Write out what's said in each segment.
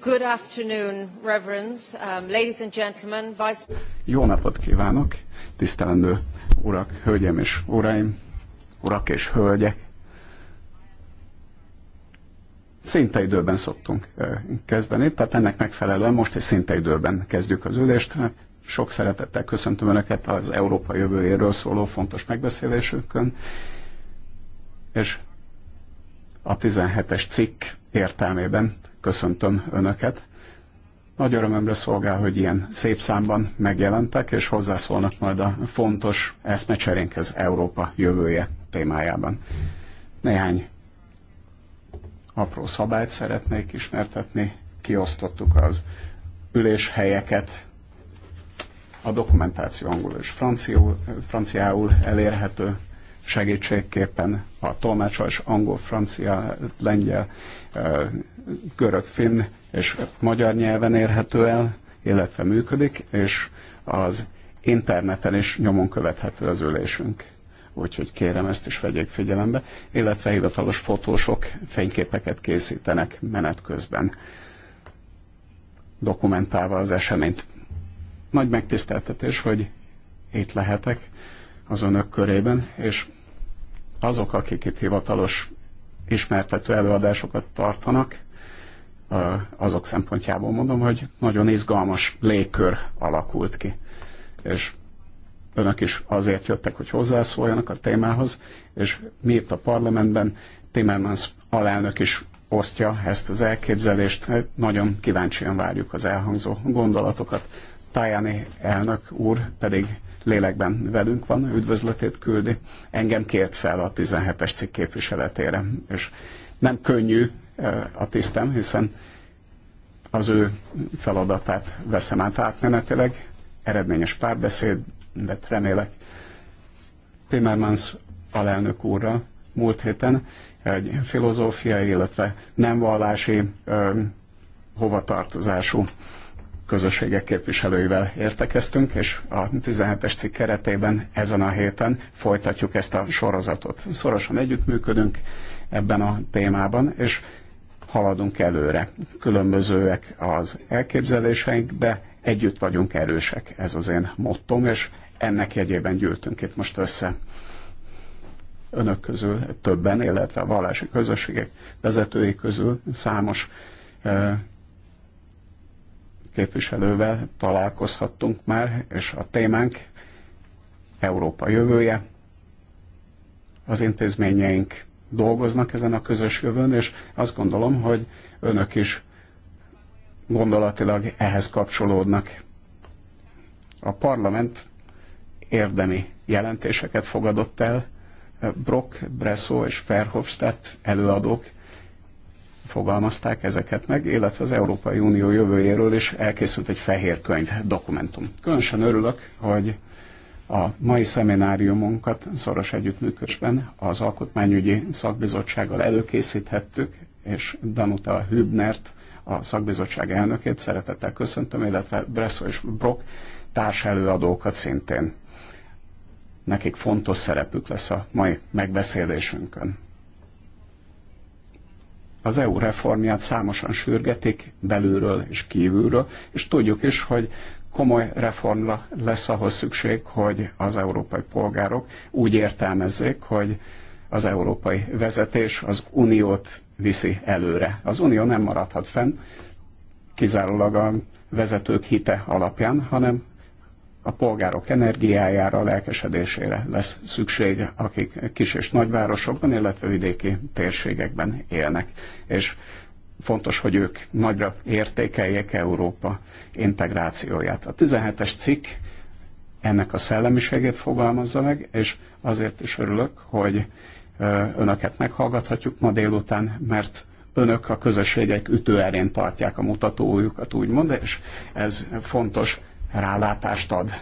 Good afternoon, reverends, um, ladies and gentlemen, vice... Jó napot kívánok, tisztelendő urak, hölgyem és uraim, urak és hölgyek. Szinte időben szoktunk kezdeni, tehát ennek megfelelően most egy szinte időben kezdjük az ülést. Sok szeretettel köszöntöm Önöket az Európa jövőjéről szóló fontos megbeszélésünkön. és a 17-es cikk értelmében köszöntöm Önöket. Nagy örömömre szolgál, hogy ilyen szép számban megjelentek, és hozzászólnak majd a fontos eszmecserénkhez Európa jövője témájában. Néhány apró szabályt szeretnék ismertetni. Kiosztottuk az üléshelyeket, a dokumentáció angolul és franciául, franciául elérhető segítségképpen a tolmácsos angol, francia, lengyel, görög, finn és magyar nyelven érhető el, illetve működik, és az interneten is nyomon követhető az ülésünk. Úgyhogy kérem, ezt is vegyék figyelembe, illetve hivatalos fotósok fényképeket készítenek menet közben, dokumentálva az eseményt. Nagy megtiszteltetés, hogy itt lehetek az önök körében, és azok, akik itt hivatalos ismertető előadásokat tartanak, azok szempontjából mondom, hogy nagyon izgalmas légkör alakult ki. És önök is azért jöttek, hogy hozzászóljanak a témához, és mi itt a parlamentben Timmermans alelnök is osztja ezt az elképzelést. Hát nagyon kíváncsian várjuk az elhangzó gondolatokat. Tajani elnök úr pedig lélekben velünk van, üdvözletét küldi. Engem kért fel a 17-es cikk képviseletére, és nem könnyű a tisztem, hiszen az ő feladatát veszem át átmenetileg, eredményes párbeszédet remélek. Timmermans alelnök úrra múlt héten egy filozófiai, illetve nem vallási ö, hovatartozású közösségek képviselőivel értekeztünk, és a 17-es cikk keretében ezen a héten folytatjuk ezt a sorozatot. Szorosan együttműködünk ebben a témában, és haladunk előre. Különbözőek az elképzeléseink, de együtt vagyunk erősek, ez az én mottom, és ennek jegyében gyűltünk itt most össze. Önök közül többen, illetve a vallási közösségek vezetői közül számos képviselővel találkozhattunk már, és a témánk Európa jövője, az intézményeink dolgoznak ezen a közös jövőn, és azt gondolom, hogy önök is gondolatilag ehhez kapcsolódnak. A parlament érdemi jelentéseket fogadott el, Brock, Bresso és Verhofstadt előadók fogalmazták ezeket meg, illetve az Európai Unió jövőjéről is elkészült egy fehér könyv, dokumentum. Különösen örülök, hogy a mai szemináriumunkat szoros együttműködésben az Alkotmányügyi Szakbizottsággal előkészíthettük, és Danuta Hübnert, a szakbizottság elnökét szeretettel köszöntöm, illetve Bresso és Brock társelőadókat szintén. Nekik fontos szerepük lesz a mai megbeszélésünkön. Az EU reformját számosan sürgetik belülről és kívülről, és tudjuk is, hogy komoly reformra lesz ahhoz szükség, hogy az európai polgárok úgy értelmezzék, hogy az európai vezetés az uniót viszi előre. Az unió nem maradhat fenn kizárólag a vezetők hite alapján, hanem a polgárok energiájára, lelkesedésére lesz szükség, akik kis és nagyvárosokban, illetve vidéki térségekben élnek. És fontos, hogy ők nagyra értékeljék Európa integrációját. A 17-es cikk ennek a szellemiségét fogalmazza meg, és azért is örülök, hogy önöket meghallgathatjuk ma délután, mert önök a közösségek ütőerén tartják a mutatójukat, úgymond, és ez fontos rálátást ad.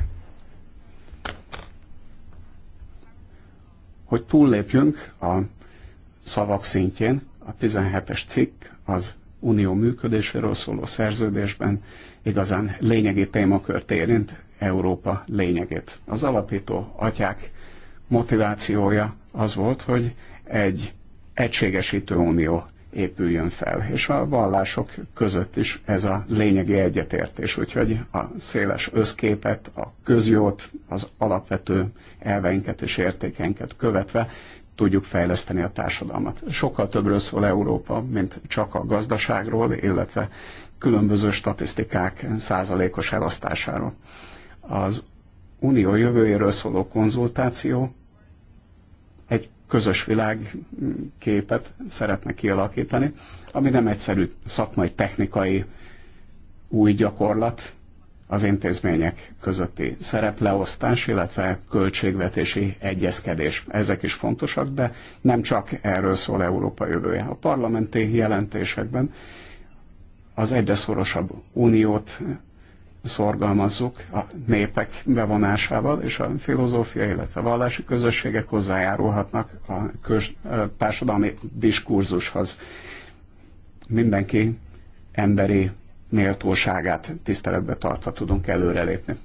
Hogy túllépjünk a szavak szintjén, a 17-es cikk az Unió működéséről szóló szerződésben igazán lényegi témakört érint, Európa lényegét. Az alapító atyák motivációja az volt, hogy egy egységesítő unió épüljön fel, és a vallások között is ez a lényegi egyetértés, úgyhogy a széles összképet, a közjót, az alapvető elveinket és értékeinket követve tudjuk fejleszteni a társadalmat. Sokkal többről szól Európa, mint csak a gazdaságról, illetve különböző statisztikák százalékos elosztásáról. Az unió jövőjéről szóló konzultáció egy közös világképet szeretne kialakítani, ami nem egyszerű szakmai, technikai új gyakorlat, az intézmények közötti szerepleosztás, illetve költségvetési egyezkedés. Ezek is fontosak, de nem csak erről szól Európa jövője. A parlamenti jelentésekben az egyre szorosabb uniót szorgalmazzuk a népek bevonásával, és a filozófia, illetve vallási közösségek hozzájárulhatnak a társadalmi diskurzushoz. Mindenki emberi méltóságát tiszteletbe tartva tudunk előrelépni.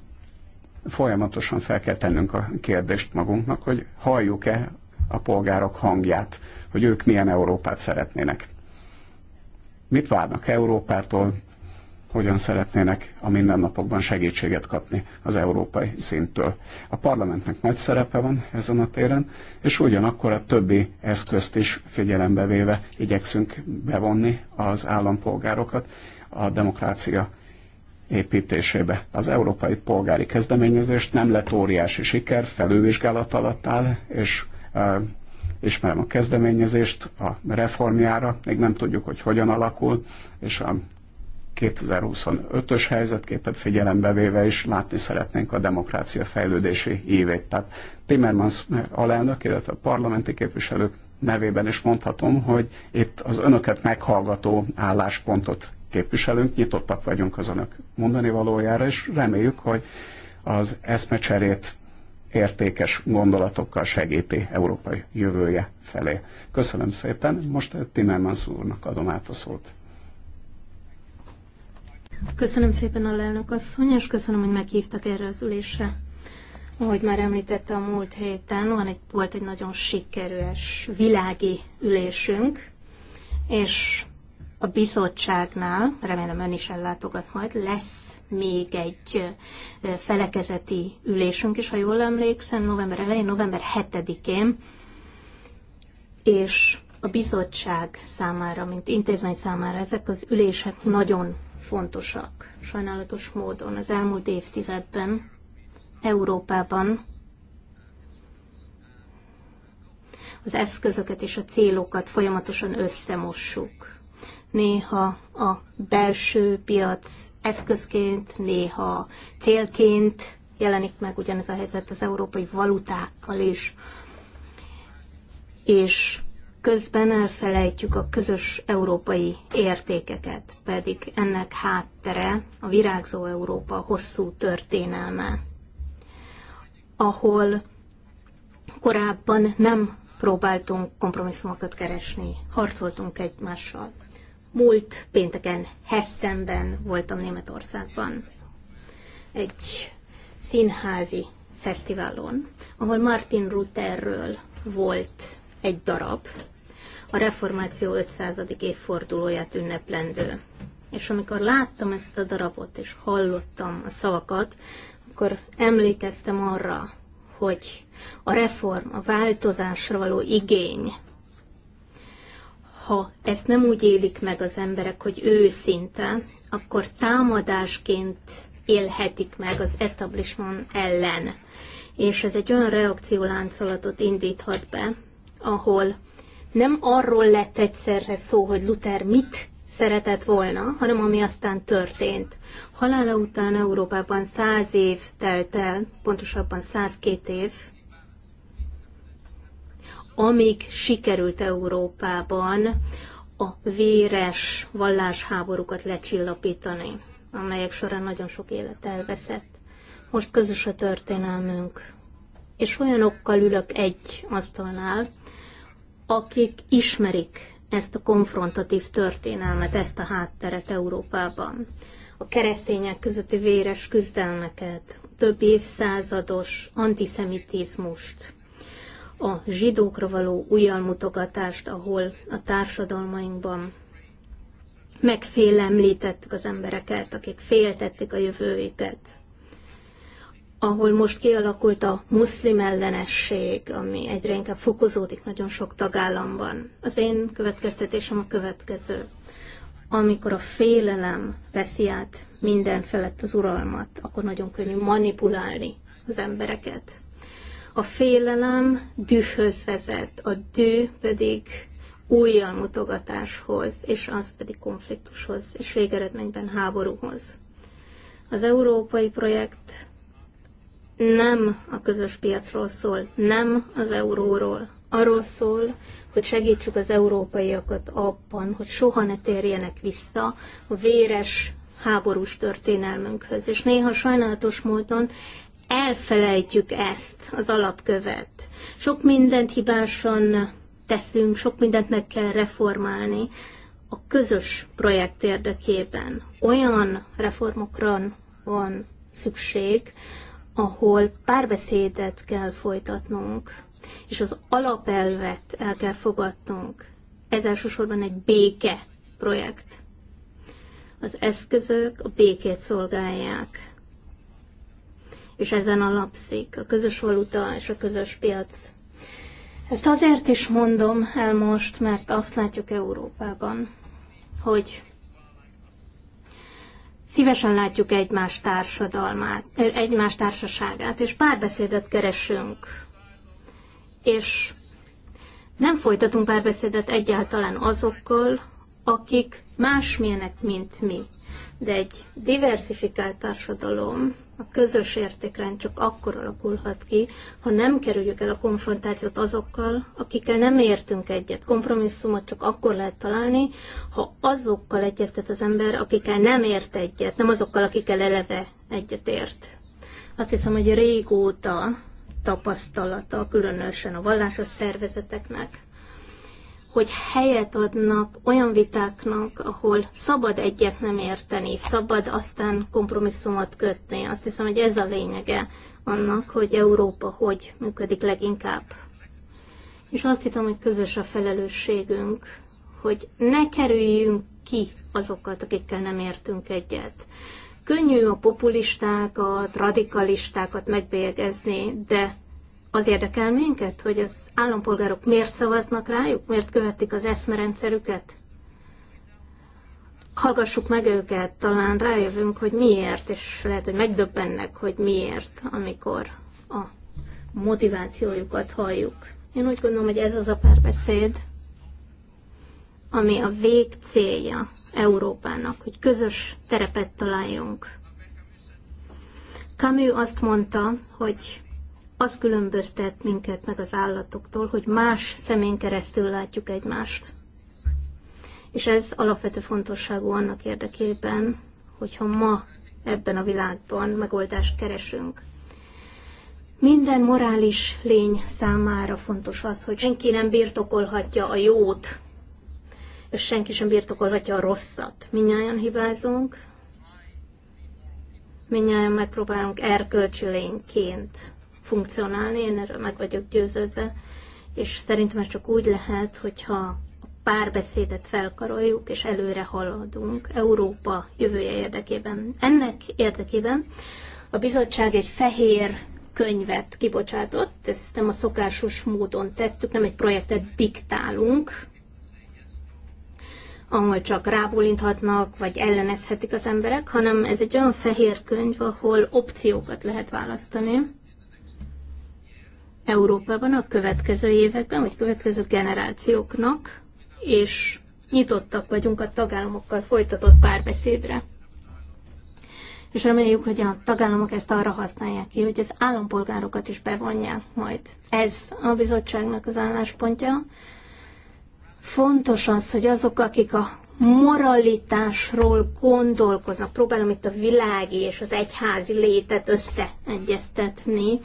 Folyamatosan fel kell tennünk a kérdést magunknak, hogy halljuk-e a polgárok hangját, hogy ők milyen Európát szeretnének. Mit várnak Európától, hogyan szeretnének a mindennapokban segítséget kapni az európai szinttől. A parlamentnek nagy szerepe van ezen a téren, és ugyanakkor a többi eszközt is figyelembe véve igyekszünk bevonni az állampolgárokat, a demokrácia építésébe. Az európai polgári kezdeményezést nem lett óriási siker, felülvizsgálat alatt áll, és e, ismerem a kezdeményezést a reformjára, még nem tudjuk, hogy hogyan alakul, és a 2025-ös helyzetképet figyelembe véve is látni szeretnénk a demokrácia fejlődési évét. Tehát Timmermans alelnök, illetve a parlamenti képviselők nevében is mondhatom, hogy itt az önöket meghallgató álláspontot képviselünk, nyitottak vagyunk az önök mondani valójára, és reméljük, hogy az eszmecserét értékes gondolatokkal segíti európai jövője felé. Köszönöm szépen, most Timmermans úrnak adom át a szót. Köszönöm szépen a lelnök asszony, és köszönöm, hogy meghívtak erre az ülésre. Ahogy már említette a múlt héten, van egy, volt egy nagyon sikerős világi ülésünk, és a bizottságnál, remélem ön is ellátogat majd, lesz még egy felekezeti ülésünk is, ha jól emlékszem, november elején, november 7-én, és a bizottság számára, mint intézmény számára ezek az ülések nagyon fontosak. Sajnálatos módon az elmúlt évtizedben Európában az eszközöket és a célokat folyamatosan összemossuk néha a belső piac eszközként, néha célként jelenik meg ugyanez a helyzet az európai valutákkal is. És közben elfelejtjük a közös európai értékeket, pedig ennek háttere a virágzó Európa hosszú történelme, ahol korábban nem próbáltunk kompromisszumokat keresni, harcoltunk egymással. Múlt pénteken Hessenben voltam Németországban. Egy színházi fesztiválon, ahol Martin Lutherről volt egy darab, a reformáció 500. évfordulóját ünneplendő. És amikor láttam ezt a darabot, és hallottam a szavakat, akkor emlékeztem arra, hogy a reform, a változásra való igény ha ezt nem úgy élik meg az emberek, hogy őszinte, akkor támadásként élhetik meg az establishment ellen. És ez egy olyan reakcióláncolatot indíthat be, ahol nem arról lett egyszerre szó, hogy Luther mit szeretett volna, hanem ami aztán történt. Halála után Európában száz év telt el, pontosabban 102 év, amíg sikerült Európában a véres vallásháborúkat lecsillapítani, amelyek során nagyon sok élet elveszett. Most közös a történelmünk, és olyanokkal ülök egy asztalnál, akik ismerik ezt a konfrontatív történelmet, ezt a hátteret Európában. A keresztények közötti véres küzdelmeket, több évszázados antiszemitizmust, a zsidókra való ujjalmutogatást, ahol a társadalmainkban megfélemlítettük az embereket, akik féltették a jövőjüket, ahol most kialakult a muszlim ellenesség, ami egyre inkább fokozódik nagyon sok tagállamban. Az én következtetésem a következő. Amikor a félelem veszi át minden felett az uralmat, akkor nagyon könnyű manipulálni az embereket. A félelem dühöz vezet, a dű pedig újjal mutogatáshoz, és az pedig konfliktushoz, és végeredményben háborúhoz. Az európai projekt nem a közös piacról szól, nem az euróról. Arról szól, hogy segítsük az európaiakat abban, hogy soha ne térjenek vissza a véres háborús történelmünkhöz. És néha sajnálatos módon elfelejtjük ezt, az alapkövet. Sok mindent hibásan teszünk, sok mindent meg kell reformálni a közös projekt érdekében. Olyan reformokra van szükség, ahol párbeszédet kell folytatnunk, és az alapelvet el kell fogadnunk. Ez elsősorban egy béke projekt. Az eszközök a békét szolgálják és ezen alapszik a közös valuta és a közös piac. Ezt azért is mondom el most, mert azt látjuk Európában, hogy szívesen látjuk egymás társadalmát, egymás társaságát, és párbeszédet keresünk. És nem folytatunk párbeszédet egyáltalán azokkal, akik másmilyenek, mint mi. De egy diversifikált társadalom a közös értékrend csak akkor alakulhat ki, ha nem kerüljük el a konfrontációt azokkal, akikkel nem értünk egyet. Kompromisszumot csak akkor lehet találni, ha azokkal egyeztet az ember, akikkel nem ért egyet, nem azokkal, akikkel eleve egyet ért. Azt hiszem, hogy régóta tapasztalata, különösen a vallásos szervezeteknek, hogy helyet adnak olyan vitáknak, ahol szabad egyet nem érteni, szabad aztán kompromisszumot kötni. Azt hiszem, hogy ez a lényege annak, hogy Európa hogy működik leginkább. És azt hiszem, hogy közös a felelősségünk, hogy ne kerüljünk ki azokat, akikkel nem értünk egyet. Könnyű a populistákat, radikalistákat megbélyegezni, de az érdekel minket, hogy az állampolgárok miért szavaznak rájuk, miért követik az eszmerendszerüket? Hallgassuk meg őket, talán rájövünk, hogy miért, és lehet, hogy megdöbbennek, hogy miért, amikor a motivációjukat halljuk. Én úgy gondolom, hogy ez az a párbeszéd, ami a végcélja Európának, hogy közös terepet találjunk. Camus azt mondta, hogy az különböztet minket meg az állatoktól, hogy más szemén keresztül látjuk egymást. És ez alapvető fontosságú annak érdekében, hogyha ma ebben a világban megoldást keresünk. Minden morális lény számára fontos az, hogy senki nem birtokolhatja a jót, és senki sem birtokolhatja a rosszat. Minnyáján hibázunk, minnyáján megpróbálunk erkölcsi lényként funkcionálni, én erről meg vagyok győződve, és szerintem ez csak úgy lehet, hogyha a párbeszédet felkaroljuk, és előre haladunk Európa jövője érdekében. Ennek érdekében a bizottság egy fehér könyvet kibocsátott, ezt nem a szokásos módon tettük, nem egy projektet diktálunk, ahol csak rábólinthatnak, vagy ellenezhetik az emberek, hanem ez egy olyan fehér könyv, ahol opciókat lehet választani, Európában a következő években, vagy következő generációknak, és nyitottak vagyunk a tagállamokkal folytatott párbeszédre. És reméljük, hogy a tagállamok ezt arra használják ki, hogy az állampolgárokat is bevonják majd. Ez a bizottságnak az álláspontja. Fontos az, hogy azok, akik a moralitásról gondolkoznak, próbálom itt a világi és az egyházi létet összeegyeztetni,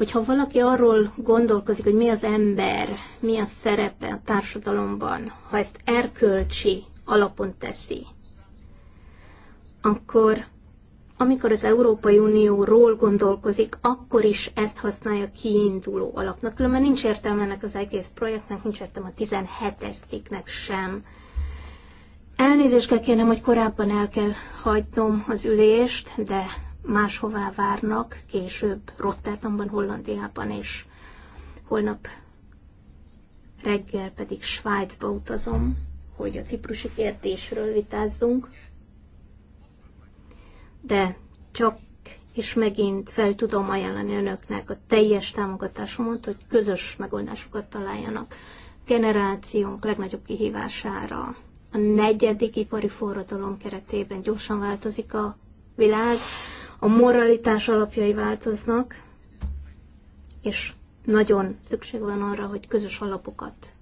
hogyha valaki arról gondolkozik, hogy mi az ember, mi a szerepe a társadalomban, ha ezt erkölcsi alapon teszi, akkor amikor az Európai Unióról gondolkozik, akkor is ezt használja kiinduló alapnak. Különben nincs értelme ennek az egész projektnek, nincs értelme a 17-es cikknek sem. Elnézést kell kérnem, hogy korábban el kell hagynom az ülést, de máshová várnak, később Rotterdamban, Hollandiában és holnap reggel pedig Svájcba utazom, hogy a ciprusi kérdésről vitázzunk. De csak és megint fel tudom ajánlani önöknek a teljes támogatásomat, hogy közös megoldásokat találjanak generációnk legnagyobb kihívására. A negyedik ipari forradalom keretében gyorsan változik a világ, a moralitás alapjai változnak, és nagyon szükség van arra, hogy közös alapokat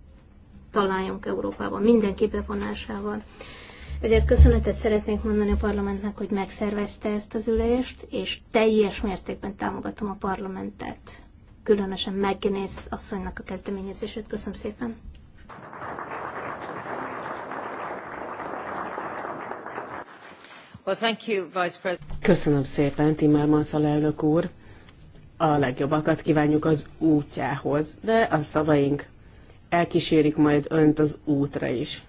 találjunk Európában, mindenki bevonásával. Ezért köszönetet szeretnék mondani a parlamentnek, hogy megszervezte ezt az ülést, és teljes mértékben támogatom a parlamentet. Különösen megnéz asszonynak a kezdeményezését. Köszönöm szépen! Köszönöm szépen, Timmermans alelnök úr. A legjobbakat kívánjuk az útjához, de a szavaink elkísérik majd önt az útra is.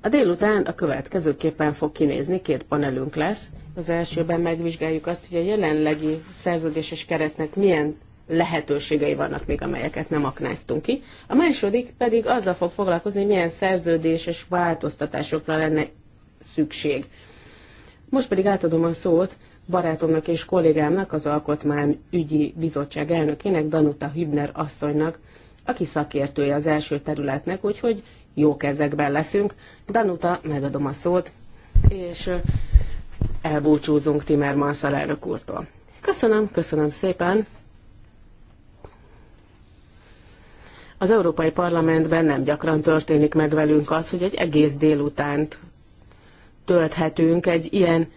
A délután a következőképpen fog kinézni, két panelünk lesz. Az elsőben megvizsgáljuk azt, hogy a jelenlegi szerződéses keretnek milyen lehetőségei vannak még, amelyeket nem aknáztunk ki. A második pedig azzal fog foglalkozni, milyen szerződéses változtatásokra lenne szükség most pedig átadom a szót barátomnak és kollégámnak, az ügyi Bizottság elnökének, Danuta Hübner asszonynak, aki szakértője az első területnek, úgyhogy jó kezekben leszünk. Danuta, megadom a szót, és elbúcsúzunk Manszal elnök úrtól. Köszönöm, köszönöm szépen. Az Európai Parlamentben nem gyakran történik meg velünk az, hogy egy egész délutánt tölthetünk egy ilyen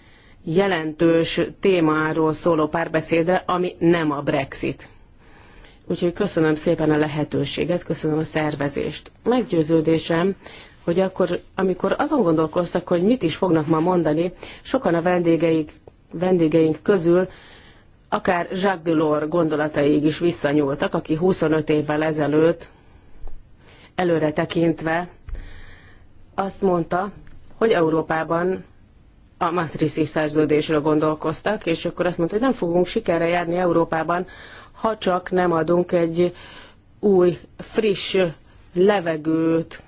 jelentős témáról szóló párbeszéde, ami nem a Brexit. Úgyhogy köszönöm szépen a lehetőséget, köszönöm a szervezést. Meggyőződésem, hogy akkor, amikor azon gondolkoztak, hogy mit is fognak ma mondani, sokan a vendégeik, vendégeink közül akár Jacques Delors gondolataig is visszanyúltak, aki 25 évvel ezelőtt előre tekintve azt mondta, hogy Európában a Maastrichti szerződésről gondolkoztak, és akkor azt mondta, hogy nem fogunk sikerre járni Európában, ha csak nem adunk egy új, friss levegőt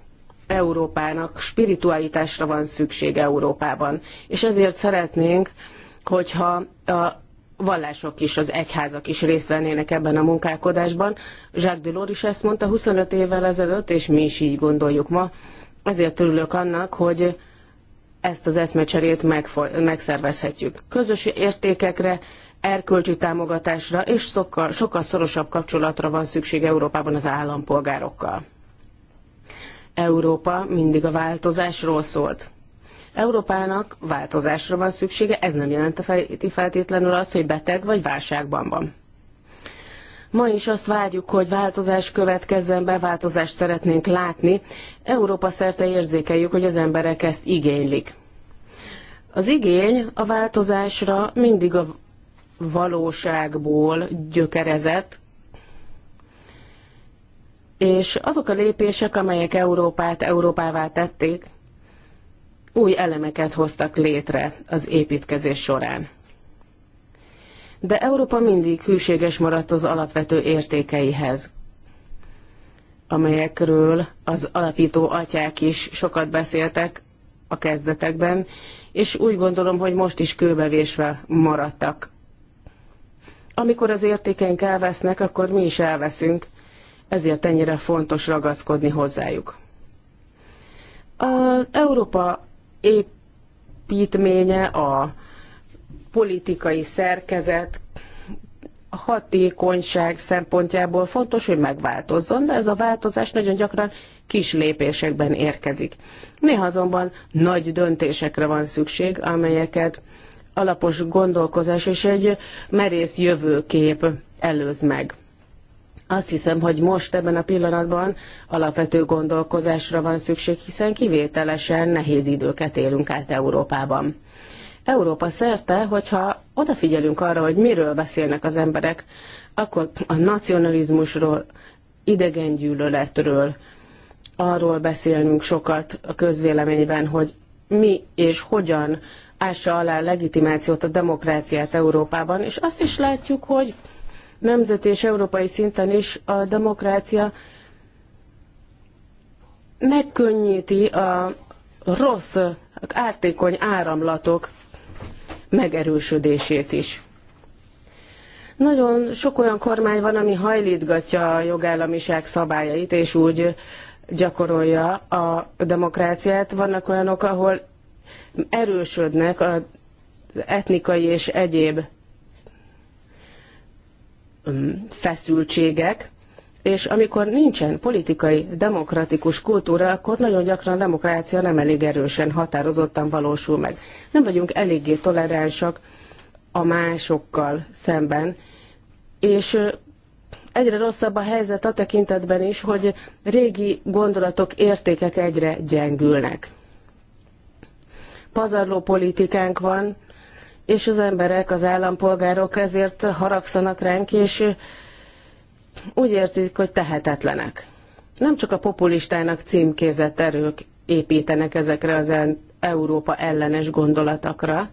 Európának, spiritualitásra van szükség Európában. És ezért szeretnénk, hogyha a vallások is, az egyházak is részt vennének ebben a munkálkodásban. Jacques Delors is ezt mondta 25 évvel ezelőtt, és mi is így gondoljuk ma. Ezért örülök annak, hogy ezt az eszmecserét megszervezhetjük. Közös értékekre, erkölcsi támogatásra és sokkal, sokkal szorosabb kapcsolatra van szükség Európában az állampolgárokkal. Európa mindig a változásról szólt. Európának változásra van szüksége, ez nem jelenti feltétlenül azt, hogy beteg vagy válságban van. Ma is azt várjuk, hogy változás következzen, beváltozást szeretnénk látni. Európa szerte érzékeljük, hogy az emberek ezt igénylik. Az igény a változásra mindig a valóságból gyökerezett, és azok a lépések, amelyek Európát Európává tették, új elemeket hoztak létre az építkezés során de Európa mindig hűséges maradt az alapvető értékeihez, amelyekről az alapító atyák is sokat beszéltek a kezdetekben, és úgy gondolom, hogy most is kőbevésve maradtak. Amikor az értékeink elvesznek, akkor mi is elveszünk, ezért ennyire fontos ragaszkodni hozzájuk. Az Európa építménye, a politikai szerkezet a hatékonyság szempontjából fontos, hogy megváltozzon, de ez a változás nagyon gyakran kis lépésekben érkezik. Néha azonban nagy döntésekre van szükség, amelyeket alapos gondolkozás és egy merész jövőkép előz meg. Azt hiszem, hogy most ebben a pillanatban alapvető gondolkozásra van szükség, hiszen kivételesen nehéz időket élünk át Európában. Európa szerte, hogyha odafigyelünk arra, hogy miről beszélnek az emberek, akkor a nacionalizmusról, idegengyűlöletről, arról beszélnünk sokat a közvéleményben, hogy mi és hogyan ássa alá a legitimációt, a demokráciát Európában, és azt is látjuk, hogy nemzeti és európai szinten is a demokrácia megkönnyíti a rossz, ártékony áramlatok megerősödését is. Nagyon sok olyan kormány van, ami hajlítgatja a jogállamiság szabályait, és úgy gyakorolja a demokráciát. Vannak olyanok, ahol erősödnek az etnikai és egyéb mm, feszültségek, és amikor nincsen politikai, demokratikus kultúra, akkor nagyon gyakran a demokrácia nem elég erősen, határozottan valósul meg. Nem vagyunk eléggé toleránsak a másokkal szemben, és egyre rosszabb a helyzet a tekintetben is, hogy régi gondolatok, értékek egyre gyengülnek. Pazarló politikánk van, és az emberek, az állampolgárok ezért haragszanak ránk, és úgy érzik, hogy tehetetlenek. Nem csak a populistának címkézett erők építenek ezekre az Európa ellenes gondolatokra,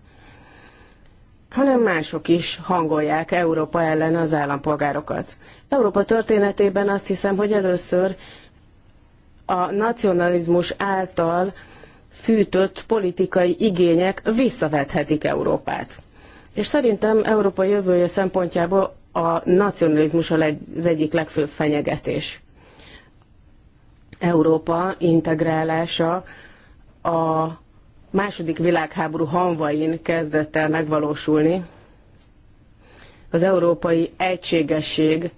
hanem mások is hangolják Európa ellen az állampolgárokat. Európa történetében azt hiszem, hogy először a nacionalizmus által fűtött politikai igények visszavethetik Európát. És szerintem Európa jövője szempontjából a nacionalizmus az egyik legfőbb fenyegetés. Európa integrálása a második világháború hanvain kezdett el megvalósulni. Az európai egységesség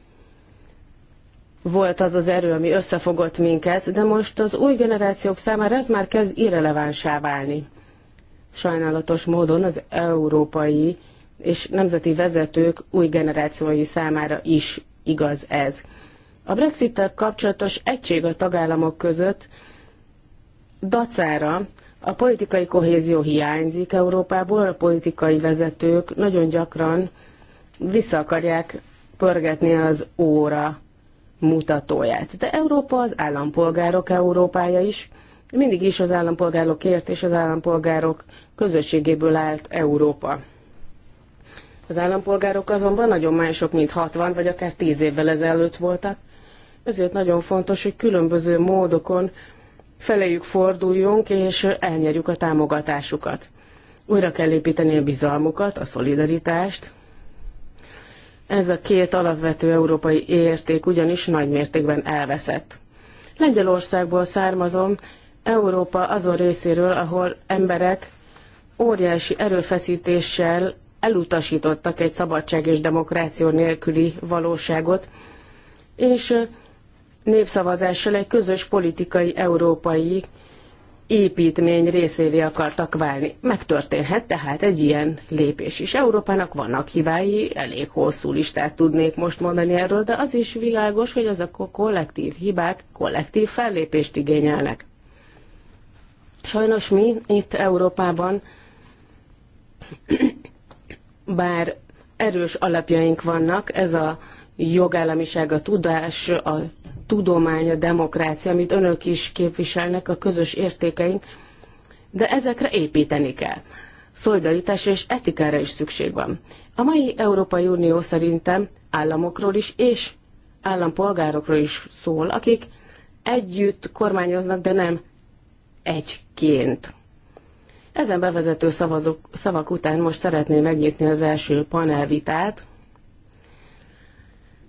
volt az az erő, ami összefogott minket, de most az új generációk számára ez már kezd irrelevánsá válni. Sajnálatos módon az európai és nemzeti vezetők új generációi számára is igaz ez. A brexit kapcsolatos egység a tagállamok között dacára a politikai kohézió hiányzik Európából, a politikai vezetők nagyon gyakran vissza akarják pörgetni az óra mutatóját. De Európa az állampolgárok Európája is, mindig is az állampolgárokért és az állampolgárok közösségéből állt Európa. Az állampolgárok azonban nagyon mások, mint 60 vagy akár 10 évvel ezelőtt voltak, ezért nagyon fontos, hogy különböző módokon feléjük forduljunk és elnyerjük a támogatásukat. Újra kell építeni a bizalmukat, a szolidaritást. Ez a két alapvető európai érték ugyanis nagy mértékben elveszett. Lengyelországból származom, Európa azon részéről, ahol emberek óriási erőfeszítéssel elutasítottak egy szabadság és demokráció nélküli valóságot, és népszavazással egy közös politikai európai építmény részévé akartak válni. Megtörténhet tehát egy ilyen lépés is. Európának vannak hibái, elég hosszú listát tudnék most mondani erről, de az is világos, hogy ezek a kollektív hibák kollektív fellépést igényelnek. Sajnos mi itt Európában bár erős alapjaink vannak, ez a jogállamiság, a tudás, a tudomány, a demokrácia, amit önök is képviselnek, a közös értékeink, de ezekre építeni kell. Szolidaritásra és etikára is szükség van. A mai Európai Unió szerintem államokról is és állampolgárokról is szól, akik együtt kormányoznak, de nem egyként. Ezen bevezető szavazok, szavak után most szeretném megnyitni az első panelvitát.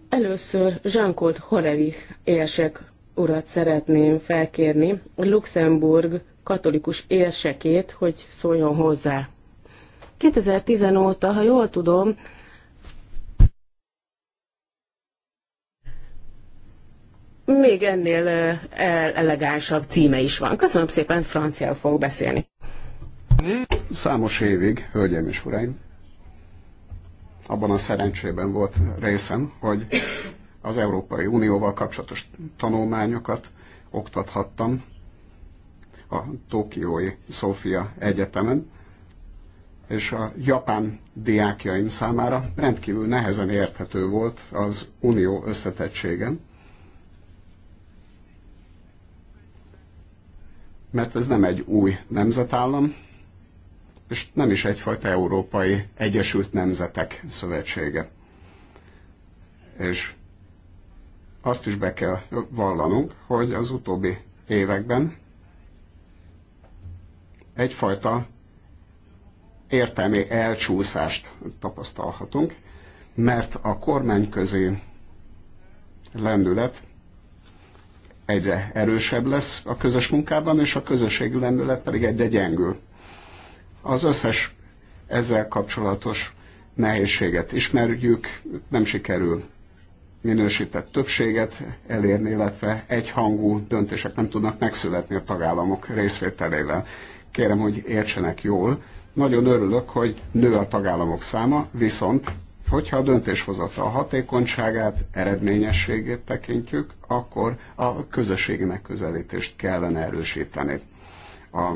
Először Jean-Claude Horerich érsek urat szeretném felkérni, Luxemburg katolikus érsekét, hogy szóljon hozzá. 2010 óta, ha jól tudom, még ennél eh, elegánsabb címe is van. Köszönöm szépen, franciául fog beszélni. Számos évig, hölgyeim és uraim, abban a szerencsében volt részem, hogy az Európai Unióval kapcsolatos tanulmányokat oktathattam a Tokiói Szófia Egyetemen, és a japán diákjaim számára rendkívül nehezen érthető volt az unió összetettségen, mert ez nem egy új nemzetállam, és nem is egyfajta Európai Egyesült Nemzetek Szövetsége. És azt is be kell vallanunk, hogy az utóbbi években egyfajta értelmi elcsúszást tapasztalhatunk, mert a kormányközi lendület egyre erősebb lesz a közös munkában, és a közösségi lendület pedig egyre gyengül az összes ezzel kapcsolatos nehézséget ismerjük, nem sikerül minősített többséget elérni, illetve egyhangú döntések nem tudnak megszületni a tagállamok részvételével. Kérem, hogy értsenek jól. Nagyon örülök, hogy nő a tagállamok száma, viszont hogyha a döntéshozata a hatékonyságát, eredményességét tekintjük, akkor a közösségi megközelítést kellene erősíteni. A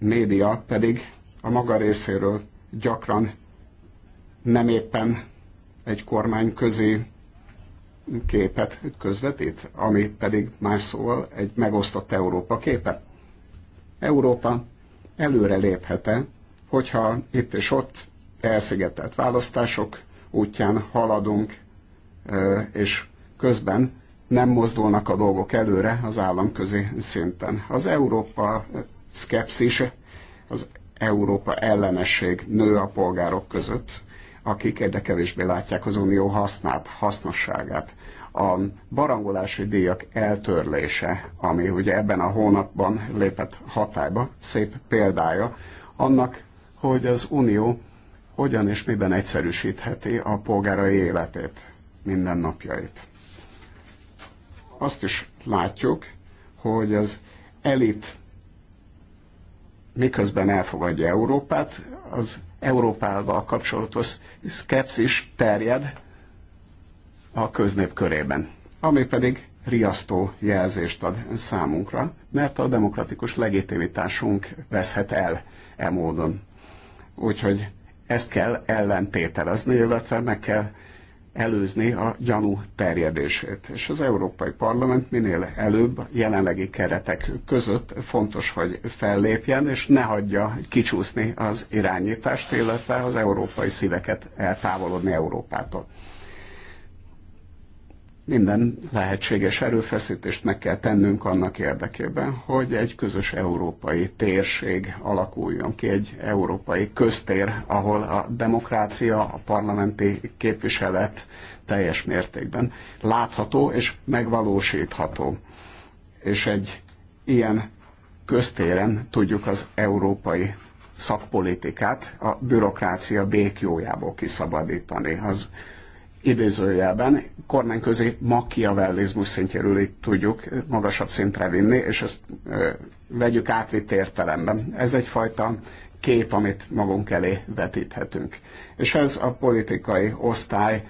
média pedig a maga részéről gyakran nem éppen egy kormány közé képet közvetít, ami pedig más szóval egy megosztott Európa képe. Európa előre léphete, hogyha itt és ott elszigetelt választások útján haladunk, és közben nem mozdulnak a dolgok előre az államközi szinten. Az Európa szkepszise, az Európa ellenesség nő a polgárok között, akik egyre kevésbé látják az unió hasznát, hasznosságát. A barangolási díjak eltörlése, ami ugye ebben a hónapban lépett hatályba, szép példája annak, hogy az unió hogyan és miben egyszerűsítheti a polgárai életét, mindennapjait. Azt is látjuk, hogy az elit miközben elfogadja Európát, az Európával kapcsolatos szkepszis terjed a köznép körében, ami pedig riasztó jelzést ad számunkra, mert a demokratikus legitimitásunk veszhet el e módon. Úgyhogy ezt kell ellentételezni, illetve meg kell előzni a gyanú terjedését. És az Európai Parlament minél előbb jelenlegi keretek között fontos, hogy fellépjen, és ne hagyja kicsúszni az irányítást, illetve az európai szíveket eltávolodni Európától minden lehetséges erőfeszítést meg kell tennünk annak érdekében, hogy egy közös európai térség alakuljon ki, egy európai köztér, ahol a demokrácia, a parlamenti képviselet teljes mértékben látható és megvalósítható. És egy ilyen köztéren tudjuk az európai szakpolitikát a bürokrácia békjójából kiszabadítani. Az idézőjelben kormányközi makiavellizmus szintjéről itt tudjuk magasabb szintre vinni, és ezt ö, vegyük átvitt értelemben. Ez egyfajta kép, amit magunk elé vetíthetünk. És ez a politikai osztály,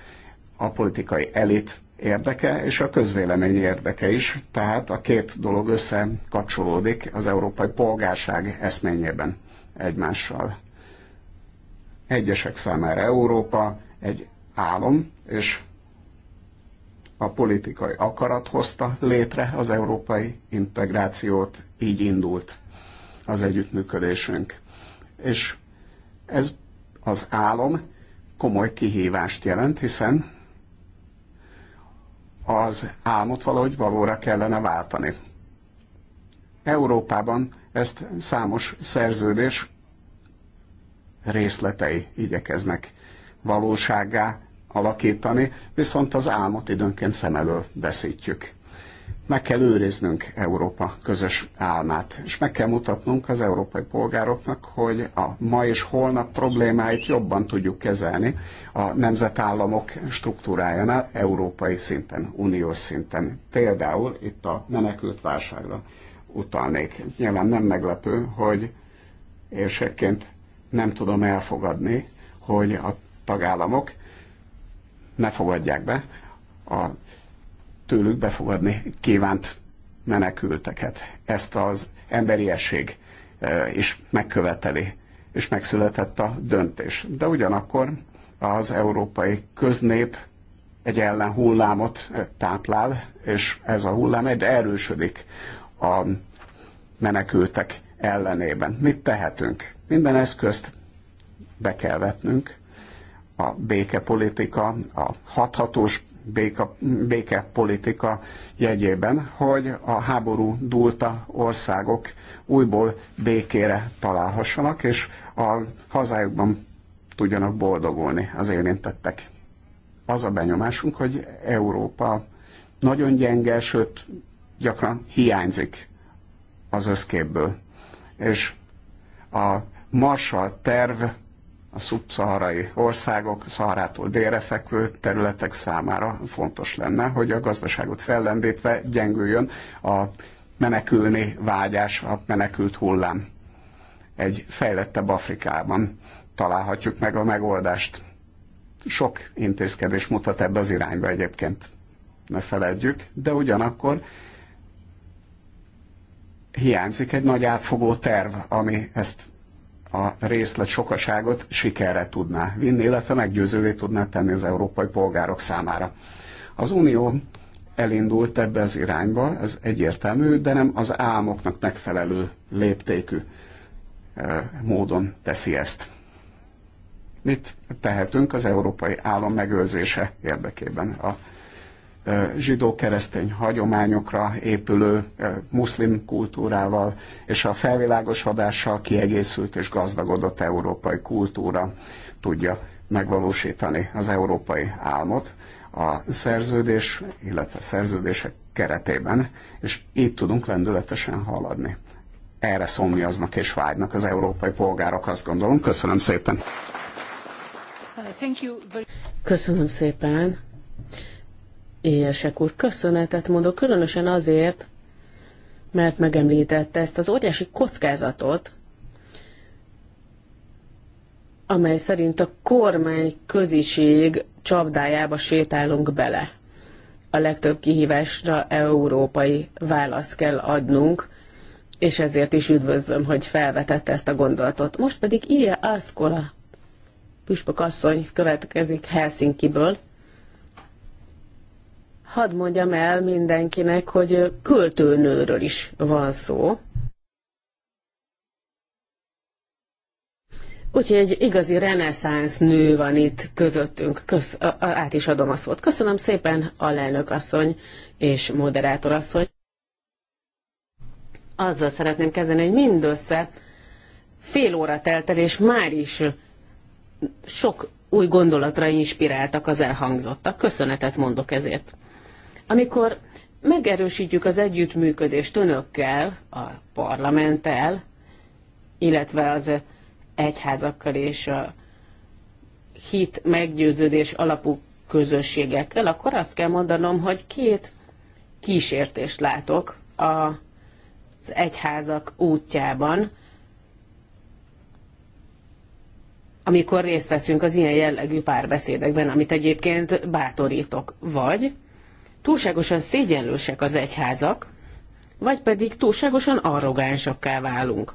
a politikai elit érdeke, és a közvélemény érdeke is. Tehát a két dolog össze kapcsolódik az európai polgárság eszményében egymással. Egyesek számára Európa egy álom és a politikai akarat hozta létre az európai integrációt, így indult az együttműködésünk. És ez az álom komoly kihívást jelent, hiszen az álmot valahogy valóra kellene váltani. Európában ezt számos szerződés részletei igyekeznek valóságá alakítani, viszont az álmot időnként szem elől veszítjük. Meg kell őriznünk Európa közös álmát, és meg kell mutatnunk az európai polgároknak, hogy a ma és holnap problémáit jobban tudjuk kezelni a nemzetállamok struktúrájánál, európai szinten, uniós szinten. Például itt a menekült válságra utalnék. Nyilván nem meglepő, hogy érsekként nem tudom elfogadni, hogy a tagállamok ne fogadják be a tőlük befogadni kívánt menekülteket. Ezt az emberiesség e, is megköveteli, és megszületett a döntés. De ugyanakkor az európai köznép egy ellen hullámot e, táplál, és ez a hullám egy erősödik a menekültek ellenében. Mit tehetünk? Minden eszközt be kell vetnünk a békepolitika, a hathatós béka, békepolitika jegyében, hogy a háború dúlta országok újból békére találhassanak, és a hazájukban tudjanak boldogulni az érintettek. Az a benyomásunk, hogy Európa nagyon gyenge, sőt gyakran hiányzik az összképből. És a Marshall terv a szubszaharai országok, szaharától délre fekvő területek számára fontos lenne, hogy a gazdaságot fellendítve gyengüljön a menekülni vágyás, a menekült hullám. Egy fejlettebb Afrikában találhatjuk meg a megoldást. Sok intézkedés mutat ebbe az irányba egyébként, ne feledjük, de ugyanakkor hiányzik egy nagy átfogó terv, ami ezt a részlet sokaságot sikerre tudná vinni, illetve meggyőzővé tudná tenni az európai polgárok számára. Az Unió elindult ebbe az irányba, ez egyértelmű, de nem az álmoknak megfelelő léptékű e, módon teszi ezt. Mit tehetünk az európai állam megőrzése érdekében? A zsidó-keresztény hagyományokra épülő muszlim kultúrával és a felvilágosodással kiegészült és gazdagodott európai kultúra tudja megvalósítani az európai álmot a szerződés, illetve szerződések keretében, és így tudunk lendületesen haladni. Erre szomjaznak és vágynak az európai polgárok, azt gondolom. Köszönöm szépen! Uh, Köszönöm szépen! Éjesek úr, köszönetet mondok, különösen azért, mert megemlítette ezt az óriási kockázatot, amely szerint a kormány köziség csapdájába sétálunk bele. A legtöbb kihívásra európai választ kell adnunk, és ezért is üdvözlöm, hogy felvetette ezt a gondolatot. Most pedig Ilja Ászkola, püspök asszony következik Helsinkiből, Hadd mondjam el mindenkinek, hogy költőnőről is van szó. Úgyhogy egy igazi reneszánsz nő van itt közöttünk. Kösz, a, a, át is adom a szót. Köszönöm szépen, alelnök asszony és moderátor asszony. Azzal szeretném kezdeni, hogy mindössze fél óra telt el, és már is sok új gondolatra inspiráltak az elhangzottak. Köszönetet mondok ezért. Amikor megerősítjük az együttműködést önökkel, a parlamenttel, illetve az egyházakkal és a hit meggyőződés alapú közösségekkel, akkor azt kell mondanom, hogy két kísértést látok az egyházak útjában, amikor részt veszünk az ilyen jellegű párbeszédekben, amit egyébként bátorítok. Vagy túlságosan szégyenlősek az egyházak, vagy pedig túlságosan arrogánsakká válunk.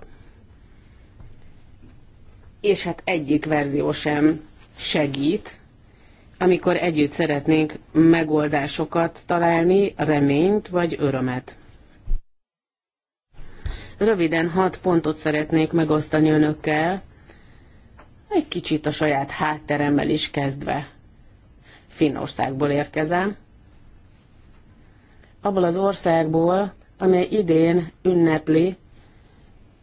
És hát egyik verzió sem segít, amikor együtt szeretnénk megoldásokat találni, reményt vagy örömet. Röviden hat pontot szeretnék megosztani önökkel, egy kicsit a saját hátteremmel is kezdve. Finnországból érkezem, abból az országból, amely idén ünnepli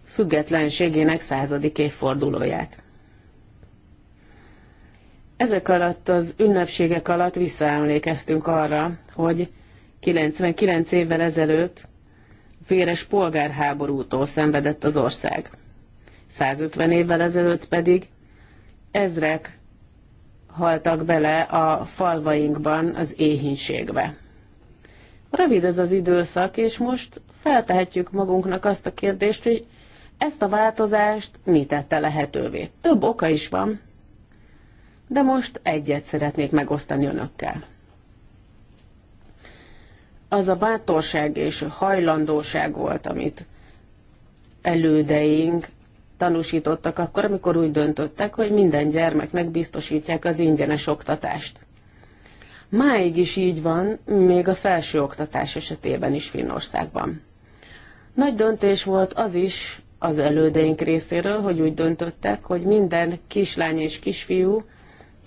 függetlenségének századik évfordulóját. Ezek alatt az ünnepségek alatt visszaemlékeztünk arra, hogy 99 évvel ezelőtt véres polgárháborútól szenvedett az ország. 150 évvel ezelőtt pedig ezrek haltak bele a falvainkban az éhínségbe. Rövid ez az időszak, és most feltehetjük magunknak azt a kérdést, hogy ezt a változást mi tette lehetővé. Több oka is van, de most egyet szeretnék megosztani önökkel. Az a bátorság és hajlandóság volt, amit elődeink tanúsítottak akkor, amikor úgy döntöttek, hogy minden gyermeknek biztosítják az ingyenes oktatást. Máig is így van, még a felső oktatás esetében is Finnországban. Nagy döntés volt az is az elődeink részéről, hogy úgy döntöttek, hogy minden kislány és kisfiú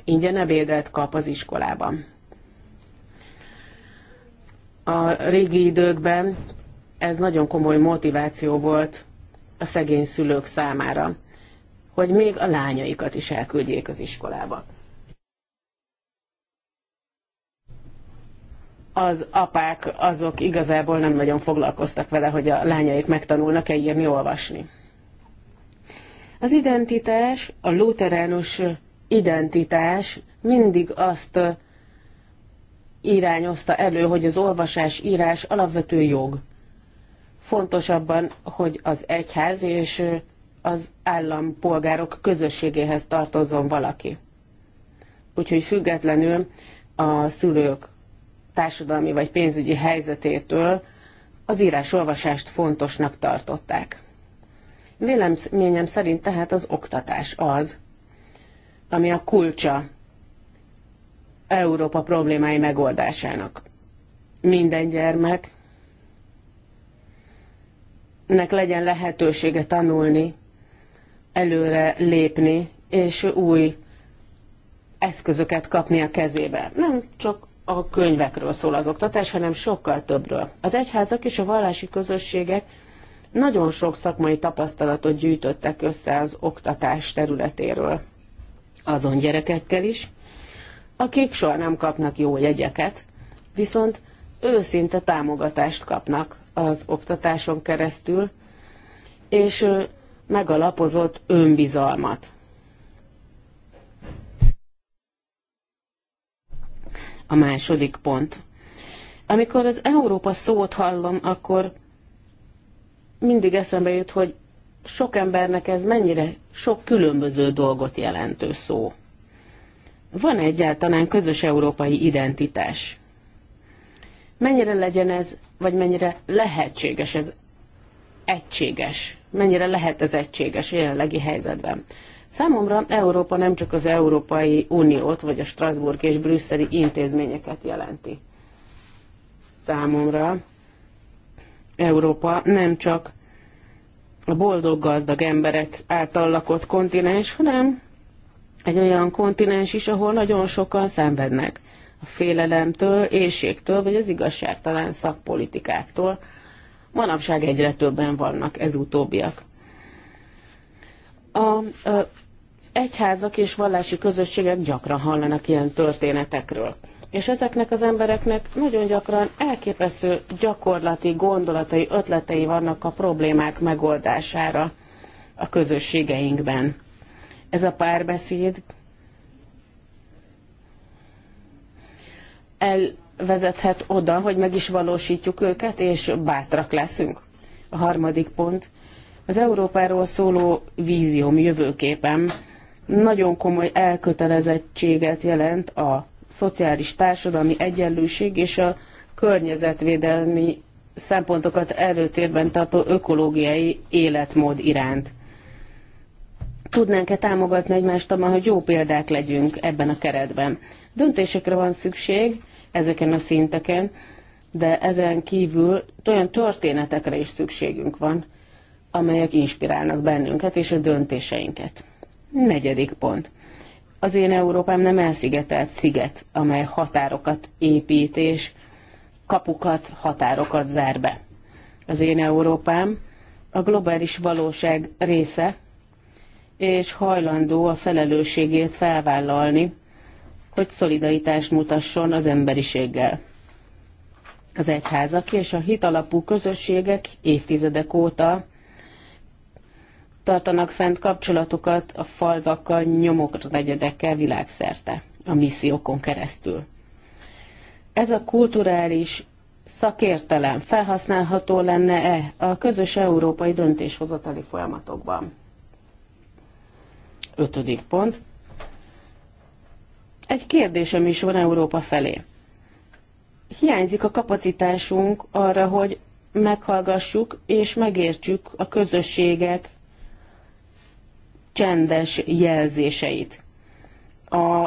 ingyen ebédet kap az iskolában. A régi időkben ez nagyon komoly motiváció volt a szegény szülők számára, hogy még a lányaikat is elküldjék az iskolába. az apák azok igazából nem nagyon foglalkoztak vele, hogy a lányaik megtanulnak-e írni, olvasni. Az identitás, a luteránus identitás mindig azt irányozta elő, hogy az olvasás-írás alapvető jog. Fontosabban, hogy az egyház és az állampolgárok közösségéhez tartozzon valaki. Úgyhogy függetlenül a szülők társadalmi vagy pénzügyi helyzetétől az írásolvasást fontosnak tartották. Véleményem szerint tehát az oktatás az, ami a kulcsa Európa problémái megoldásának. Minden gyermek nek legyen lehetősége tanulni, előre lépni, és új eszközöket kapni a kezébe. Nem csak a könyvekről szól az oktatás, hanem sokkal többről. Az egyházak és a vallási közösségek nagyon sok szakmai tapasztalatot gyűjtöttek össze az oktatás területéről. Azon gyerekekkel is, akik soha nem kapnak jó jegyeket, viszont őszinte támogatást kapnak az oktatáson keresztül, és megalapozott önbizalmat. a második pont. Amikor az Európa szót hallom, akkor mindig eszembe jut, hogy sok embernek ez mennyire sok különböző dolgot jelentő szó. Van egyáltalán közös európai identitás. Mennyire legyen ez, vagy mennyire lehetséges ez egységes? Mennyire lehet ez egységes a jelenlegi helyzetben? Számomra Európa nem csak az Európai Uniót, vagy a Strasbourg és brüsszeli intézményeket jelenti. Számomra Európa nem csak a boldog gazdag emberek által lakott kontinens, hanem egy olyan kontinens is, ahol nagyon sokan szenvednek a félelemtől, éjségtől, vagy az igazságtalan szakpolitikáktól. Manapság egyre többen vannak ez utóbbiak. A, a az egyházak és vallási közösségek gyakran hallanak ilyen történetekről. És ezeknek az embereknek nagyon gyakran elképesztő gyakorlati gondolatai, ötletei vannak a problémák megoldására a közösségeinkben. Ez a párbeszéd elvezethet oda, hogy meg is valósítjuk őket, és bátrak leszünk. A harmadik pont – az Európáról szóló vízióm, jövőképem nagyon komoly elkötelezettséget jelent a szociális társadalmi egyenlőség és a környezetvédelmi szempontokat előtérben tartó ökológiai életmód iránt. Tudnánk-e támogatni egymást abban, hogy jó példák legyünk ebben a keretben? Döntésekre van szükség ezeken a szinteken, de ezen kívül olyan történetekre is szükségünk van, amelyek inspirálnak bennünket és a döntéseinket. Negyedik pont. Az én Európám nem elszigetelt sziget, amely határokat épít és kapukat, határokat zár be. Az én Európám a globális valóság része, és hajlandó a felelősségét felvállalni, hogy szolidaritást mutasson az emberiséggel. Az egyházak és a hitalapú közösségek évtizedek óta tartanak fent kapcsolatokat a falvakkal, nyomokra negyedekkel világszerte a missziókon keresztül. Ez a kulturális szakértelem felhasználható lenne-e a közös európai döntéshozatali folyamatokban? Ötödik pont. Egy kérdésem is van Európa felé. Hiányzik a kapacitásunk arra, hogy meghallgassuk és megértsük a közösségek csendes jelzéseit. A,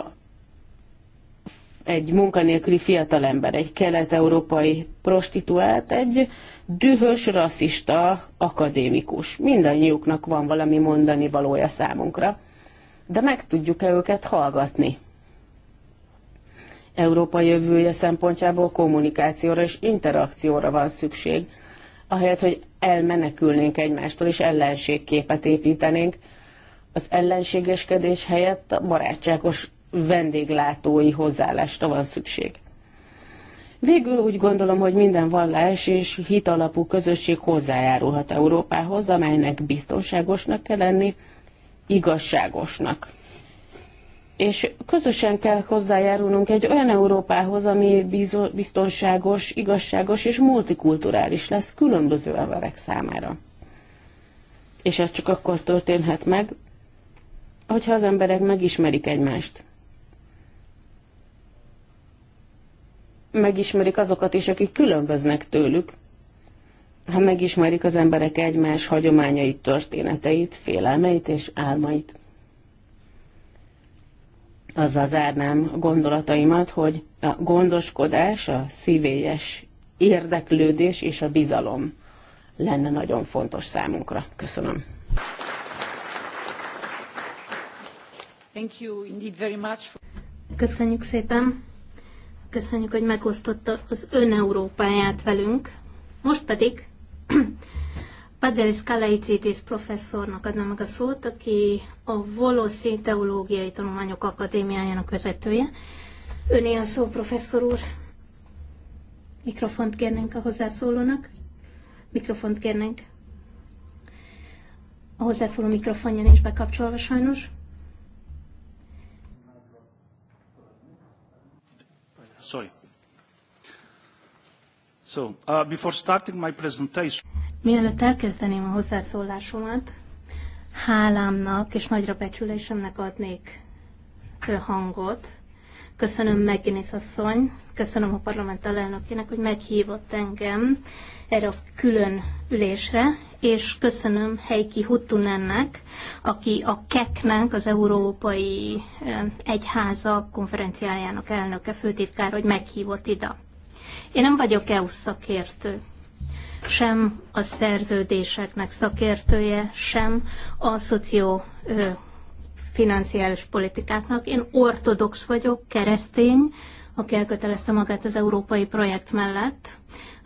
egy munkanélküli fiatalember, egy kelet-európai prostituált, egy dühös, rasszista akadémikus. Mindannyiuknak van valami mondani valója számunkra, de meg tudjuk-e őket hallgatni? Európa jövője szempontjából kommunikációra és interakcióra van szükség, ahelyett, hogy elmenekülnénk egymástól és ellenségképet építenénk, az ellenségeskedés helyett a barátságos vendéglátói hozzáállásra van szükség. Végül úgy gondolom, hogy minden vallás és hit alapú közösség hozzájárulhat Európához, amelynek biztonságosnak kell lenni, igazságosnak. És közösen kell hozzájárulnunk egy olyan Európához, ami biztonságos, igazságos és multikulturális lesz különböző emberek számára. És ez csak akkor történhet meg, hogyha az emberek megismerik egymást. Megismerik azokat is, akik különböznek tőlük. Ha megismerik az emberek egymás hagyományait, történeteit, félelmeit és álmait. Azzal zárnám a gondolataimat, hogy a gondoskodás, a szívélyes érdeklődés és a bizalom lenne nagyon fontos számunkra. Köszönöm. Köszönjük szépen. Köszönjük, hogy megosztotta az ön Európáját velünk. Most pedig Padelis Kalaicitis professzornak adnám meg a szót, aki a Voloszi Teológiai Tanulmányok Akadémiájának vezetője. Öné a szó, professzor úr. Mikrofont kérnénk a hozzászólónak. Mikrofont kérnénk. A hozzászóló mikrofonja nincs bekapcsolva sajnos. sorry. So, uh, before starting my presentation... Mielőtt elkezdeném a hozzászólásomat, hálámnak és nagyra becsülésemnek adnék hangot. Köszönöm Megginis asszony, köszönöm a parlament alelnökének, hogy meghívott engem erre a külön ülésre, és köszönöm Heiki Huttunennek, aki a KEK-nek, az Európai Egyháza konferenciájának elnöke, főtitkár, hogy meghívott ide. Én nem vagyok EU szakértő, sem a szerződéseknek szakértője, sem a szoció financiális politikáknak. Én ortodox vagyok, keresztény, aki elkötelezte magát az európai projekt mellett,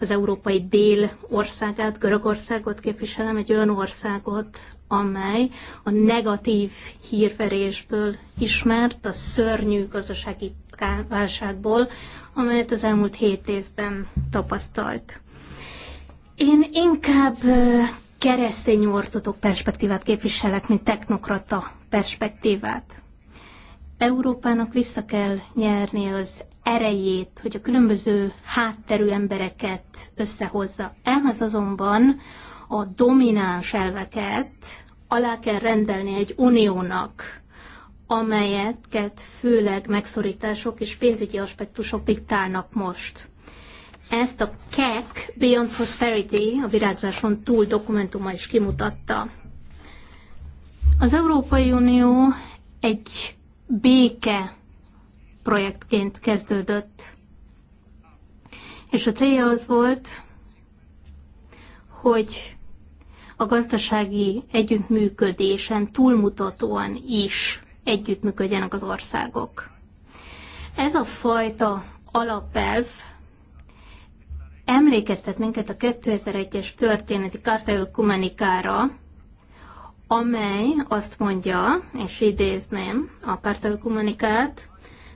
az európai dél országát, Görögországot képviselem, egy olyan országot, amely a negatív hírverésből ismert, a szörnyű gazdasági válságból, amelyet az elmúlt hét évben tapasztalt. Én inkább keresztény ortodok perspektívát képviselek, mint technokrata perspektívát. Európának vissza kell nyernie az erejét, hogy a különböző hátterű embereket összehozza. Ehhez azonban a domináns elveket alá kell rendelni egy uniónak, amelyeket főleg megszorítások és pénzügyi aspektusok diktálnak most. Ezt a KEK Beyond Prosperity a virágzáson túl dokumentuma is kimutatta. Az Európai Unió egy béke projektként kezdődött. És a célja az volt, hogy a gazdasági együttműködésen túlmutatóan is együttműködjenek az országok. Ez a fajta alapelv emlékeztet minket a 2001-es történeti Cartel Kumanikára, amely azt mondja, és idézném a Cartel Kumanikát,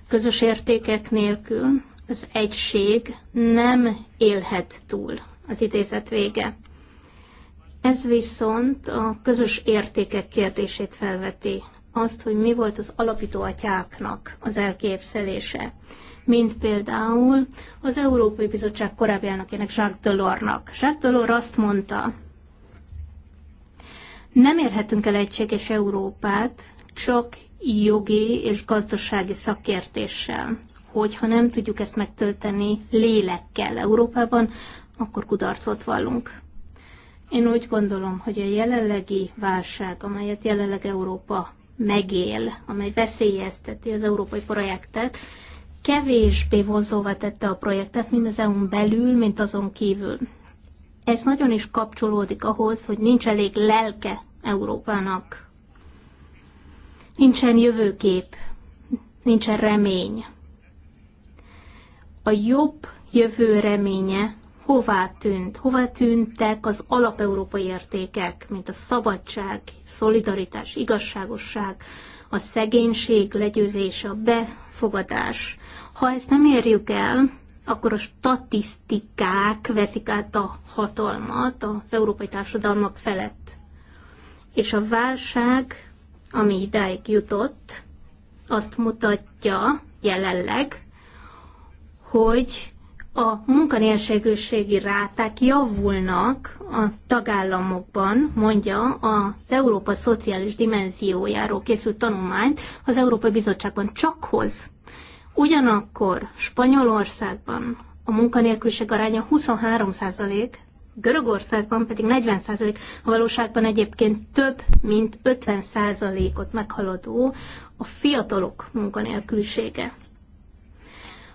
Közös értékek nélkül az egység nem élhet túl az idézet vége. Ez viszont a közös értékek kérdését felveti. Azt, hogy mi volt az alapító atyáknak az elképzelése. Mint például az Európai Bizottság korábbiának ének Jacques Delorsnak. Jacques Delors azt mondta, nem érhetünk el egységes Európát, csak jogi és gazdasági szakértéssel. Hogyha nem tudjuk ezt megtölteni lélekkel Európában, akkor kudarcot vallunk. Én úgy gondolom, hogy a jelenlegi válság, amelyet jelenleg Európa megél, amely veszélyezteti az európai projektet, kevésbé vonzóvá tette a projektet, mind az EU-n belül, mint azon kívül. Ez nagyon is kapcsolódik ahhoz, hogy nincs elég lelke Európának Nincsen jövőkép, nincsen remény. A jobb jövő reménye hová tűnt? Hová tűntek az alapeurópai értékek, mint a szabadság, szolidaritás, igazságosság, a szegénység legyőzése, a befogadás? Ha ezt nem érjük el, akkor a statisztikák veszik át a hatalmat az európai társadalmak felett. És a válság ami idáig jutott, azt mutatja jelenleg, hogy a munkanélségűségi ráták javulnak a tagállamokban, mondja az Európa Szociális Dimenziójáról készült tanulmányt az Európai Bizottságban csakhoz. Ugyanakkor Spanyolországban a munkanélküliség aránya 23 Görögországban pedig 40% a valóságban egyébként több, mint 50%-ot meghaladó a fiatalok munkanélkülisége.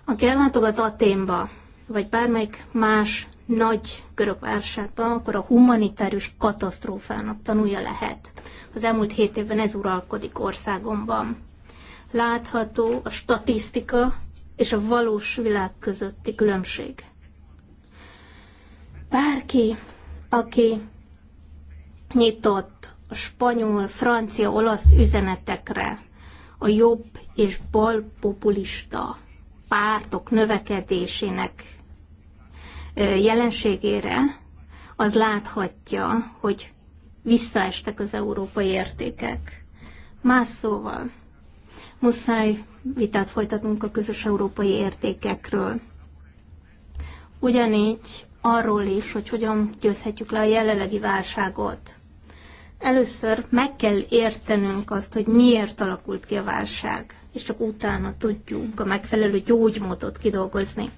Aki ellátogat Aténba, vagy bármelyik más nagy görög válságban, akkor a humanitárius katasztrófának tanulja lehet. Az elmúlt hét évben ez uralkodik országomban. Látható a statisztika és a valós világ közötti különbség. Bárki, aki nyitott a spanyol, francia, olasz üzenetekre, a jobb és bal populista pártok növekedésének jelenségére, az láthatja, hogy visszaestek az európai értékek. Más szóval, muszáj vitát folytatunk a közös európai értékekről. Ugyanígy arról is, hogy hogyan győzhetjük le a jelenlegi válságot. Először meg kell értenünk azt, hogy miért alakult ki a válság, és csak utána tudjunk a megfelelő gyógymódot kidolgozni.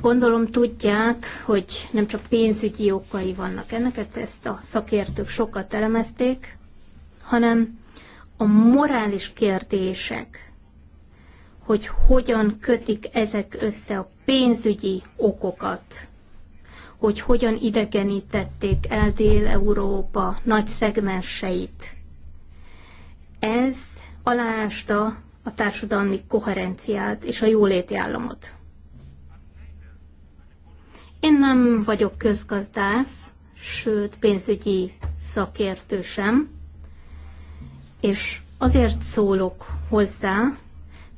Gondolom tudják, hogy nem csak pénzügyi okai vannak ennek, hát ezt a szakértők sokat elemezték, hanem a morális kérdések, hogy hogyan kötik ezek össze a pénzügyi okokat, hogy hogyan idegenítették el Dél-Európa nagy szegmenseit. Ez aláásta a társadalmi koherenciát és a jóléti államot. Én nem vagyok közgazdász, sőt pénzügyi szakértő sem, és azért szólok hozzá,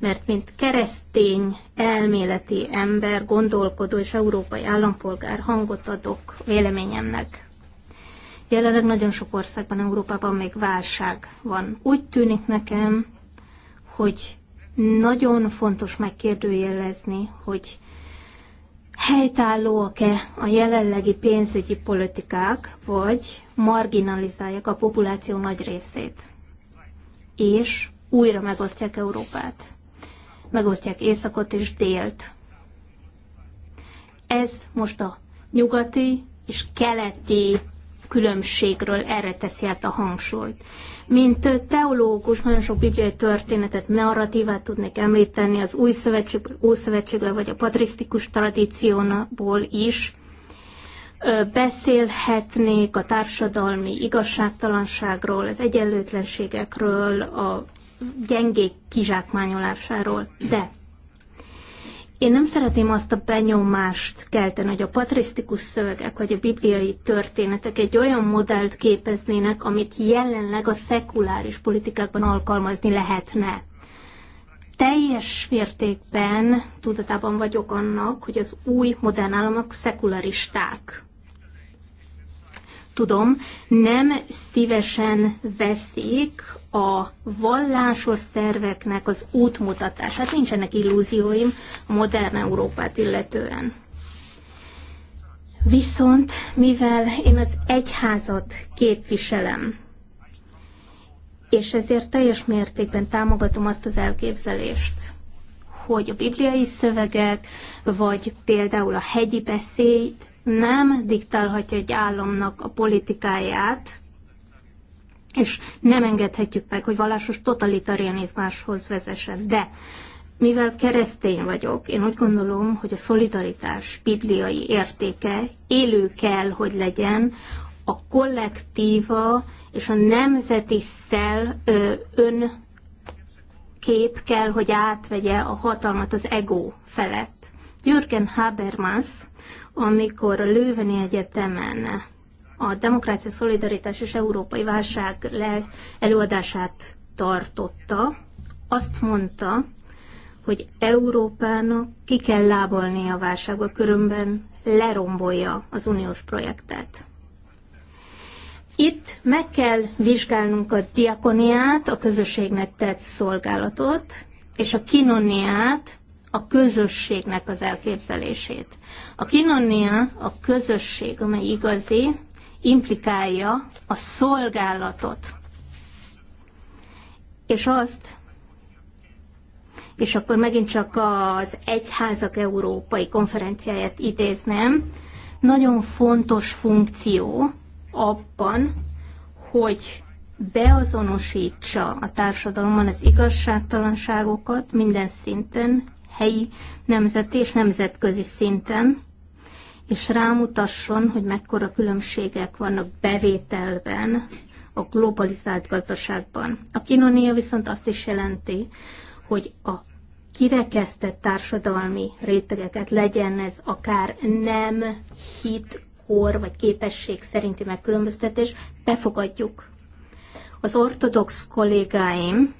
mert mint keresztény, elméleti ember, gondolkodó és európai állampolgár hangot adok véleményemnek. Jelenleg nagyon sok országban, Európában még válság van. Úgy tűnik nekem, hogy nagyon fontos megkérdőjelezni, hogy helytállóak-e a jelenlegi pénzügyi politikák, vagy marginalizálják a populáció nagy részét, és újra megosztják Európát megosztják északot és délt. Ez most a nyugati és keleti különbségről erre teszi át a hangsúlyt. Mint teológus nagyon sok bibliai történetet, narratívát tudnék említeni az új, szövetség, új szövetségből vagy a patrisztikus tradícióból is. Beszélhetnék a társadalmi igazságtalanságról, az egyenlőtlenségekről, a gyengék kizsákmányolásáról, de én nem szeretném azt a benyomást kelteni, hogy a patrisztikus szövegek vagy a bibliai történetek egy olyan modellt képeznének, amit jelenleg a szekuláris politikákban alkalmazni lehetne. Teljes mértékben tudatában vagyok annak, hogy az új modern államok szekularisták. Tudom, nem szívesen veszik a vallásos szerveknek az Hát Nincsenek illúzióim a modern Európát illetően. Viszont, mivel én az egyházat képviselem, és ezért teljes mértékben támogatom azt az elképzelést, hogy a bibliai szövegek, vagy például a hegyi beszéd nem diktálhatja egy államnak a politikáját, és nem engedhetjük meg, hogy vallásos totalitarianizmáshoz vezessen. De mivel keresztény vagyok, én úgy gondolom, hogy a szolidaritás bibliai értéke élő kell, hogy legyen a kollektíva és a nemzeti szel ön kép kell, hogy átvegye a hatalmat az ego felett. Jürgen Habermas, amikor a Lőveni Egyetemen a Demokrácia, Szolidaritás és Európai Válság előadását tartotta, azt mondta, hogy Európának ki kell lábolni a válságba, körülben lerombolja az uniós projektet. Itt meg kell vizsgálnunk a diakoniát, a közösségnek tett szolgálatot, és a kinoniát, a közösségnek az elképzelését. A kinonia a közösség, amely igazi, implikálja a szolgálatot. És azt, és akkor megint csak az Egyházak Európai Konferenciáját idéznem, nagyon fontos funkció abban, hogy beazonosítsa a társadalomban az igazságtalanságokat minden szinten, helyi, nemzeti és nemzetközi szinten, és rámutasson, hogy mekkora különbségek vannak bevételben a globalizált gazdaságban. A kinonia viszont azt is jelenti, hogy a kirekesztett társadalmi rétegeket legyen ez akár nem hit, kor vagy képesség szerinti megkülönböztetés, befogadjuk. Az ortodox kollégáim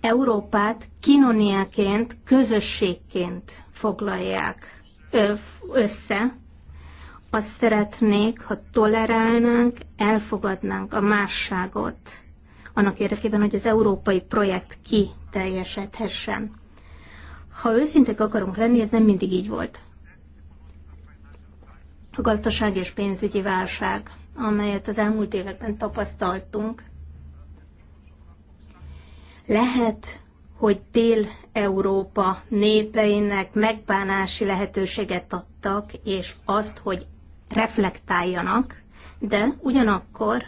Európát kinoniaként, közösségként foglalják össze, azt szeretnék, ha tolerálnánk, elfogadnánk a másságot, annak érdekében, hogy az európai projekt kiteljesedhessen. Ha őszintek akarunk lenni, ez nem mindig így volt. A gazdaság és pénzügyi válság, amelyet az elmúlt években tapasztaltunk, lehet hogy Dél-Európa népeinek megbánási lehetőséget adtak, és azt, hogy reflektáljanak, de ugyanakkor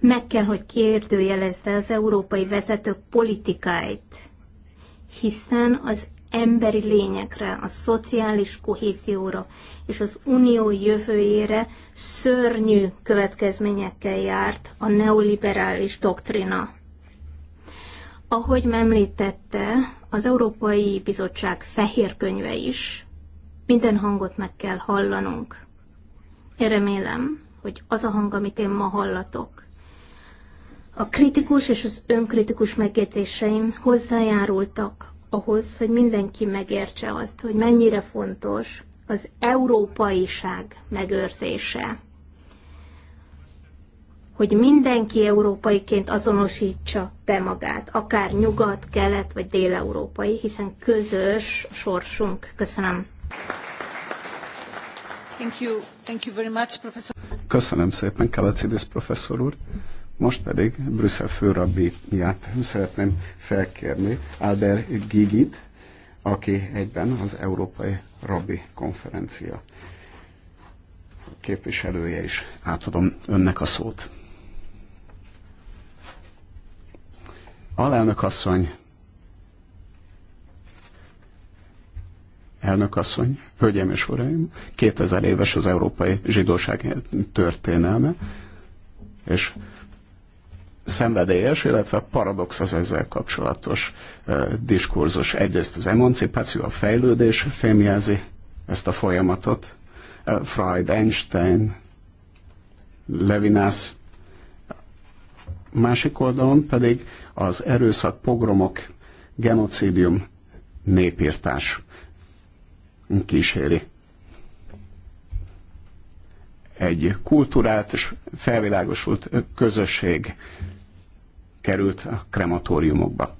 meg kell, hogy kérdőjelezze az európai vezetők politikáit, hiszen az emberi lényekre, a szociális kohézióra és az unió jövőjére szörnyű következményekkel járt a neoliberális doktrina. Ahogy említette, az Európai Bizottság fehér könyve is, minden hangot meg kell hallanunk. Én remélem, hogy az a hang, amit én ma hallatok, a kritikus és az önkritikus megjegyzéseim hozzájárultak ahhoz, hogy mindenki megértse azt, hogy mennyire fontos az európaiság megőrzése hogy mindenki európaiként azonosítsa be magát, akár nyugat, kelet vagy déleurópai, hiszen közös a sorsunk. Köszönöm. Thank you. Thank you very much, professor. Köszönöm szépen, Kalacidis professzor úr. Most pedig Brüsszel miatt szeretném felkérni, Albert Gigit, aki egyben az Európai Rabbi Konferencia képviselője is. Átadom önnek a szót. Alelnök asszony, elnök asszony, hölgyeim és uraim, 2000 éves az európai zsidóság történelme, és szenvedélyes, illetve paradox az ezzel kapcsolatos diskurzus. Egyrészt az emancipáció, a fejlődés fémjelzi ezt a folyamatot. Freud, Einstein, Levinas, másik oldalon pedig az erőszak, pogromok, genocidium, népírtás kíséri. Egy kultúrát és felvilágosult közösség került a krematóriumokba.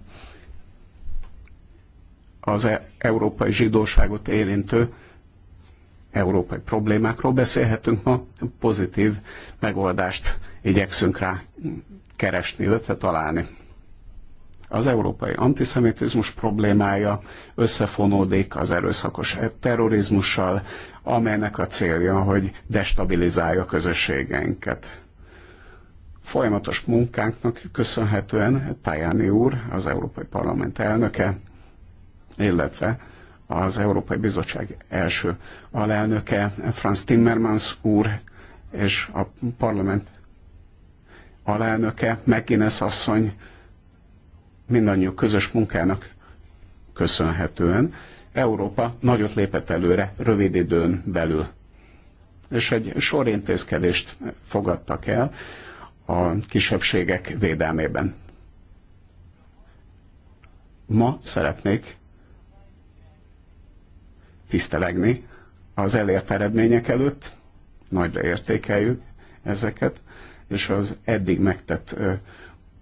Az e európai zsidóságot érintő európai problémákról beszélhetünk ma, pozitív megoldást igyekszünk rá keresni, illetve találni. Az európai antiszemitizmus problémája összefonódik az erőszakos terrorizmussal, amelynek a célja, hogy destabilizálja közösségeinket. Folyamatos munkánknak köszönhetően Tajani úr, az Európai Parlament elnöke, illetve az Európai Bizottság első alelnöke, Franz Timmermans úr, és a parlament alelnöke, McGuinness asszony mindannyiuk közös munkának köszönhetően Európa nagyot lépett előre rövid időn belül. És egy sor intézkedést fogadtak el a kisebbségek védelmében. Ma szeretnék tisztelegni az elért eredmények előtt, nagyra értékeljük ezeket, és az eddig megtett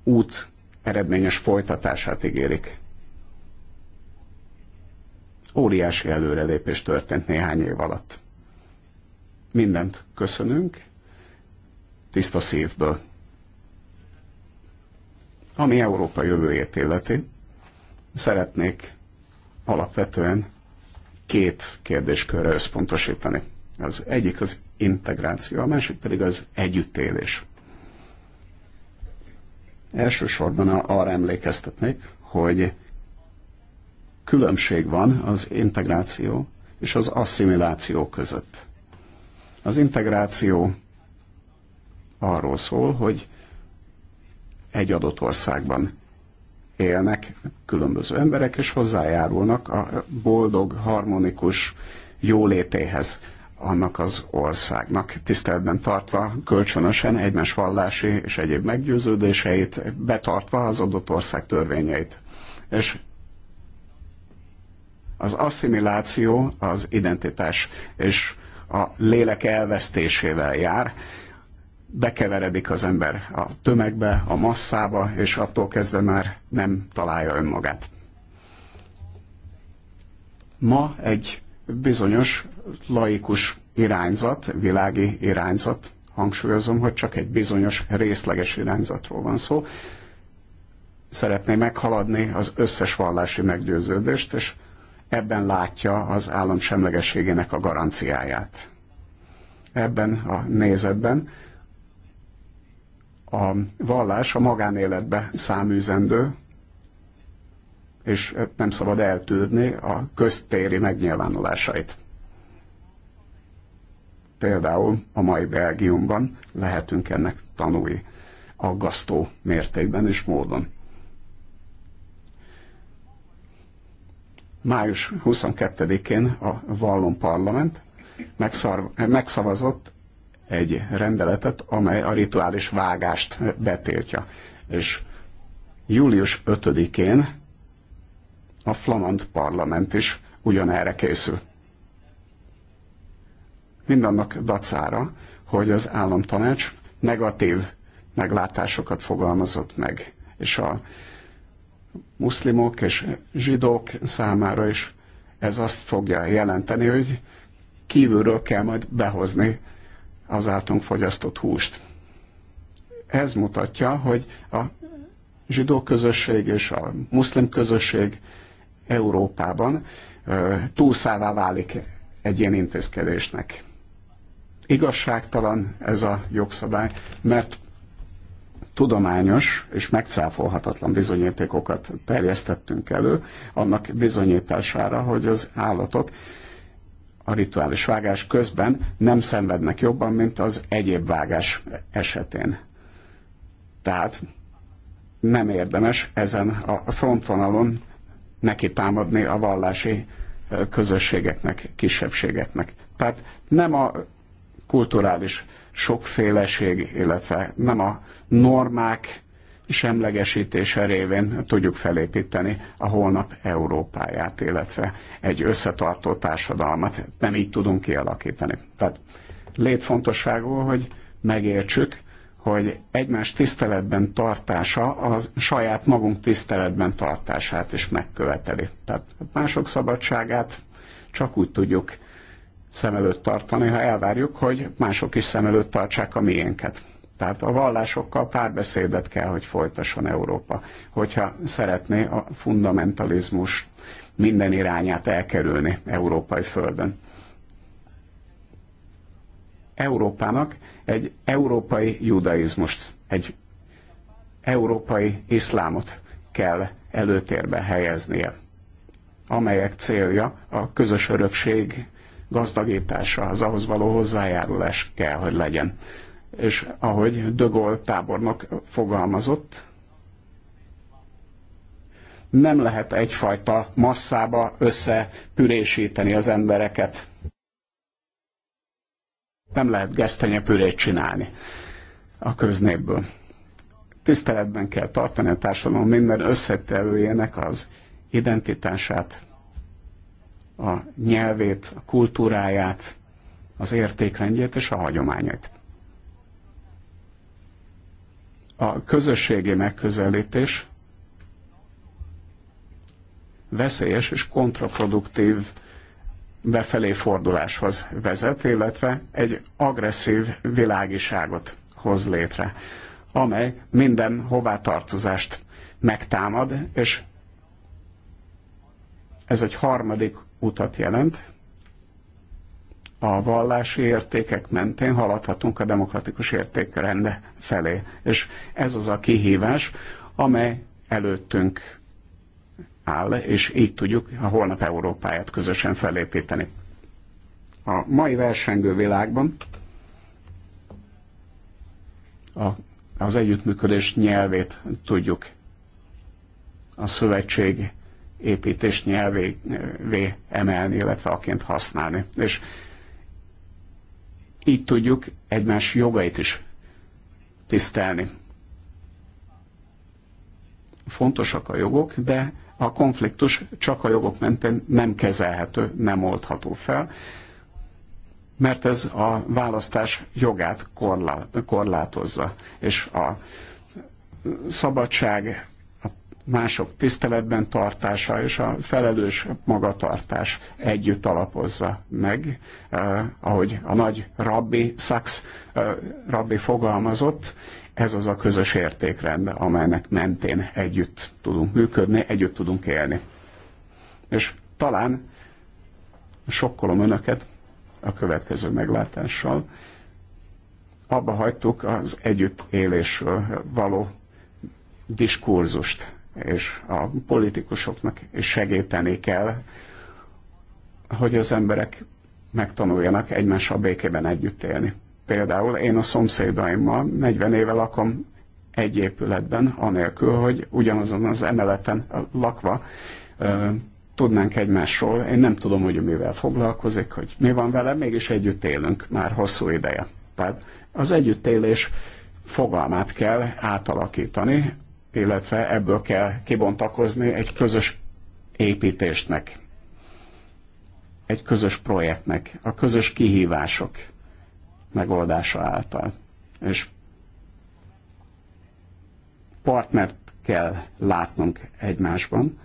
út eredményes folytatását ígérik. Óriási előrelépés történt néhány év alatt. Mindent köszönünk, tiszta szívből. Ami Európa jövőjét illeti, szeretnék alapvetően két kérdéskörre összpontosítani. Az egyik az integráció, a másik pedig az együttélés. Elsősorban arra emlékeztetnék, hogy különbség van az integráció és az asszimiláció között. Az integráció arról szól, hogy egy adott országban élnek különböző emberek, és hozzájárulnak a boldog, harmonikus jólétéhez annak az országnak, tiszteletben tartva kölcsönösen egymás vallási és egyéb meggyőződéseit, betartva az adott ország törvényeit. És az asszimiláció az identitás és a lélek elvesztésével jár, bekeveredik az ember a tömegbe, a masszába, és attól kezdve már nem találja önmagát. Ma egy bizonyos laikus irányzat, világi irányzat, hangsúlyozom, hogy csak egy bizonyos részleges irányzatról van szó, szeretné meghaladni az összes vallási meggyőződést, és ebben látja az állam semlegességének a garanciáját. Ebben a nézetben a vallás a magánéletbe száműzendő, és nem szabad eltűrni a köztéri megnyilvánulásait. Például a mai Belgiumban lehetünk ennek tanúi aggasztó mértékben és módon. Május 22-én a Vallon Parlament megszavazott egy rendeletet, amely a rituális vágást betiltja. És július 5-én a Flamand Parlament is ugyanerre készül mindannak dacára, hogy az államtanács negatív meglátásokat fogalmazott meg, és a muszlimok és zsidók számára is ez azt fogja jelenteni, hogy kívülről kell majd behozni az általunk fogyasztott húst. Ez mutatja, hogy a zsidó közösség és a muszlim közösség Európában túlszává válik egy ilyen intézkedésnek igazságtalan ez a jogszabály, mert tudományos és megcáfolhatatlan bizonyítékokat terjesztettünk elő, annak bizonyítására, hogy az állatok a rituális vágás közben nem szenvednek jobban, mint az egyéb vágás esetén. Tehát nem érdemes ezen a frontvonalon neki támadni a vallási közösségeknek, kisebbségeknek. Tehát nem a kulturális sokféleség, illetve nem a normák semlegesítése révén tudjuk felépíteni a holnap Európáját, illetve egy összetartó társadalmat. Nem így tudunk kialakítani. Tehát létfontosságú, hogy megértsük, hogy egymás tiszteletben tartása a saját magunk tiszteletben tartását is megköveteli. Tehát mások szabadságát csak úgy tudjuk szem előtt tartani, ha elvárjuk, hogy mások is szem előtt tartsák a miénket. Tehát a vallásokkal párbeszédet kell, hogy folytasson Európa, hogyha szeretné a fundamentalizmus minden irányát elkerülni európai földön. Európának egy európai judaizmust, egy európai iszlámot kell előtérbe helyeznie, amelyek célja a közös örökség gazdagítása, az ahhoz való hozzájárulás kell, hogy legyen. És ahogy De Gaulle tábornok fogalmazott, nem lehet egyfajta masszába összepürésíteni az embereket. Nem lehet gesztenyepürét csinálni a köznépből. Tiszteletben kell tartani a társadalom minden összetevőjének az identitását, a nyelvét, a kultúráját, az értékrendjét és a hagyományait. A közösségi megközelítés veszélyes és kontraproduktív befelé forduláshoz vezet, illetve egy agresszív világiságot hoz létre, amely minden hová tartozást megtámad, és ez egy harmadik utat jelent. A vallási értékek mentén haladhatunk a demokratikus értékrend felé. És ez az a kihívás, amely előttünk áll, és így tudjuk a holnap Európáját közösen felépíteni. A mai versengő világban a, az együttműködés nyelvét tudjuk a szövetség építés nyelvévé emelni, illetve aként használni. És így tudjuk egymás jogait is tisztelni. Fontosak a jogok, de a konfliktus csak a jogok mentén nem kezelhető, nem oldható fel, mert ez a választás jogát korlátozza, és a szabadság mások tiszteletben tartása és a felelős magatartás együtt alapozza meg, eh, ahogy a nagy rabbi Sachs eh, rabbi fogalmazott, ez az a közös értékrend, amelynek mentén együtt tudunk működni, együtt tudunk élni. És talán sokkolom önöket a következő meglátással. Abba hagytuk az együttélésről való diskurzust és a politikusoknak is segíteni kell, hogy az emberek megtanuljanak egymással békében együtt élni. Például én a szomszédaimmal 40 éve lakom egy épületben, anélkül, hogy ugyanazon az emeleten lakva tudnánk egymásról. Én nem tudom, hogy mivel foglalkozik, hogy mi van vele, mégis együtt élünk már hosszú ideje. Tehát az együttélés fogalmát kell átalakítani illetve ebből kell kibontakozni egy közös építésnek, egy közös projektnek, a közös kihívások megoldása által. És partnert kell látnunk egymásban,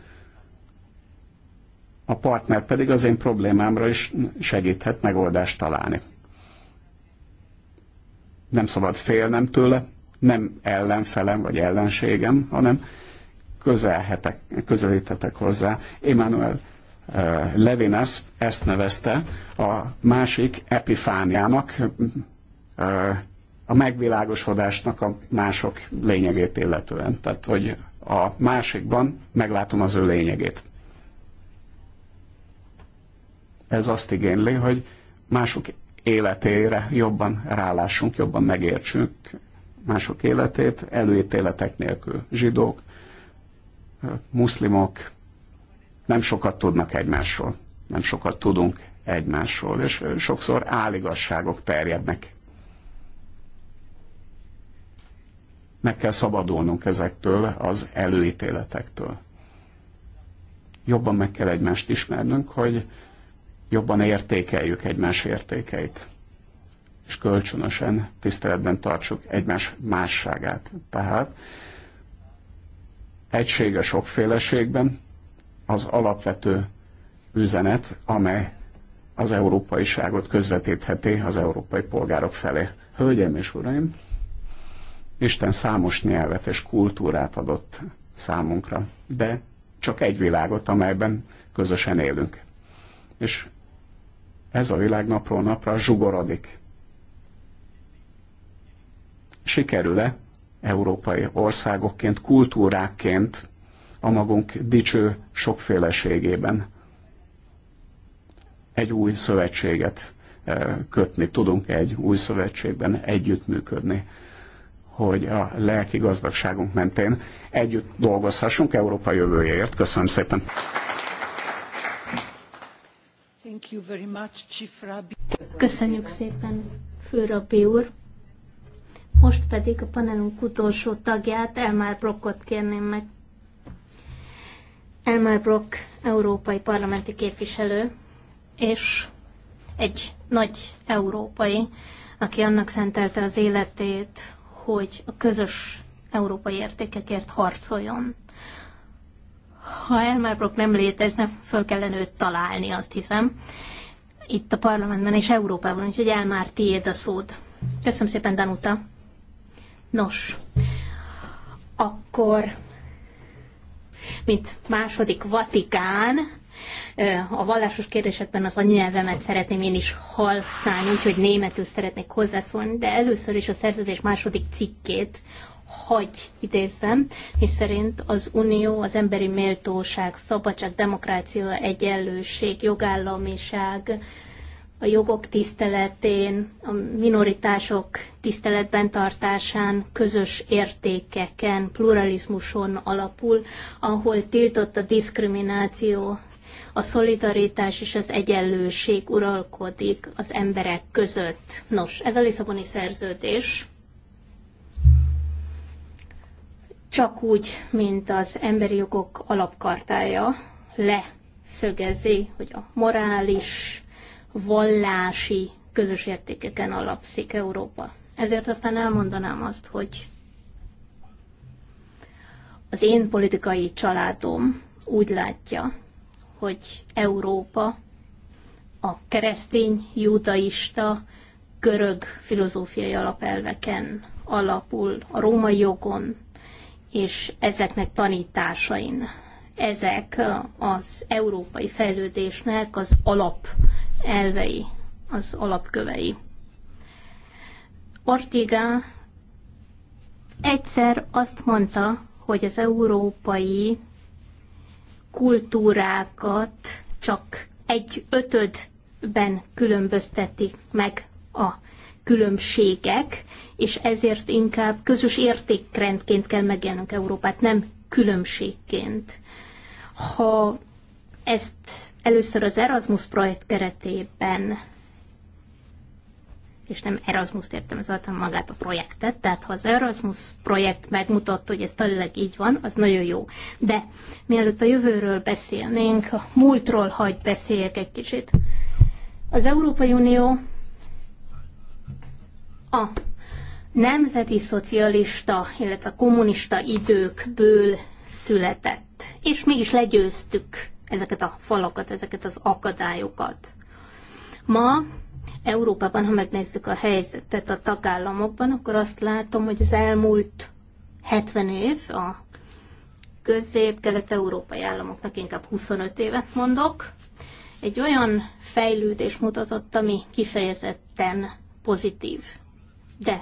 a partner pedig az én problémámra is segíthet megoldást találni. Nem szabad félnem tőle, nem ellenfelem vagy ellenségem, hanem közelhetek, közelíthetek hozzá. Emmanuel eh, Levinas ezt nevezte a másik epifániának, eh, a megvilágosodásnak a mások lényegét illetően. Tehát, hogy a másikban meglátom az ő lényegét. Ez azt igényli, hogy mások életére jobban rálássunk, jobban megértsünk, mások életét előítéletek nélkül. Zsidók, muszlimok nem sokat tudnak egymásról, nem sokat tudunk egymásról, és sokszor áligasságok terjednek. Meg kell szabadulnunk ezektől az előítéletektől. Jobban meg kell egymást ismernünk, hogy jobban értékeljük egymás értékeit és kölcsönösen tiszteletben tartsuk egymás másságát. Tehát egysége sokféleségben az alapvető üzenet, amely az európai ságot közvetítheti az európai polgárok felé. Hölgyeim és uraim, Isten számos nyelvet és kultúrát adott számunkra, de csak egy világot, amelyben közösen élünk. És ez a világ napról napra zsugorodik sikerül-e európai országokként, kultúrákként a magunk dicső sokféleségében egy új szövetséget eh, kötni, tudunk egy új szövetségben együttműködni, hogy a lelki gazdagságunk mentén együtt dolgozhassunk Európa jövőjéért. Köszönöm szépen! Köszönjük szépen, főrapi úr! Most pedig a panelunk utolsó tagját, Elmar Brockot kérném meg. Elmar Brock, európai parlamenti képviselő, és egy nagy európai, aki annak szentelte az életét, hogy a közös európai értékekért harcoljon. Ha Elmar Brock nem létezne, föl kellene őt találni, azt hiszem. Itt a parlamentben és Európában, úgyhogy Elmar, tiéd a szót. Köszönöm szépen, Danuta. Nos, akkor, mint második Vatikán, a vallásos kérdésekben az anyanyelvemet szeretném én is használni, úgyhogy németül szeretnék hozzászólni, de először is a szerződés második cikkét hagy idézzem, és szerint az Unió az emberi méltóság, szabadság, demokrácia, egyenlőség, jogállamiság, a jogok tiszteletén, a minoritások tiszteletben tartásán, közös értékeken, pluralizmuson alapul, ahol tiltott a diszkrimináció, a szolidaritás és az egyenlőség uralkodik az emberek között. Nos, ez a Lisszaboni szerződés csak úgy, mint az emberi jogok alapkartája leszögezi, hogy a morális, vallási közös értékeken alapszik Európa. Ezért aztán elmondanám azt, hogy az én politikai családom úgy látja, hogy Európa a keresztény, judaista, görög filozófiai alapelveken alapul, a római jogon és ezeknek tanításain. Ezek az európai fejlődésnek az alap elvei, az alapkövei. Ortiga egyszer azt mondta, hogy az európai kultúrákat csak egy ötödben különböztetik meg a különbségek, és ezért inkább közös értékrendként kell megjelennünk Európát, nem különbségként. Ha ezt Először az Erasmus projekt keretében, és nem Erasmus értem ez alatt, magát a projektet, tehát ha az Erasmus projekt megmutatta, hogy ez tényleg így van, az nagyon jó. De mielőtt a jövőről beszélnénk, a múltról hagy beszéljek egy kicsit. Az Európai Unió a nemzeti szocialista, illetve kommunista időkből született. És mégis legyőztük ezeket a falakat, ezeket az akadályokat. Ma Európában, ha megnézzük a helyzetet a tagállamokban, akkor azt látom, hogy az elmúlt 70 év a közép-kelet-európai államoknak inkább 25 évet mondok, egy olyan fejlődés mutatott, ami kifejezetten pozitív. De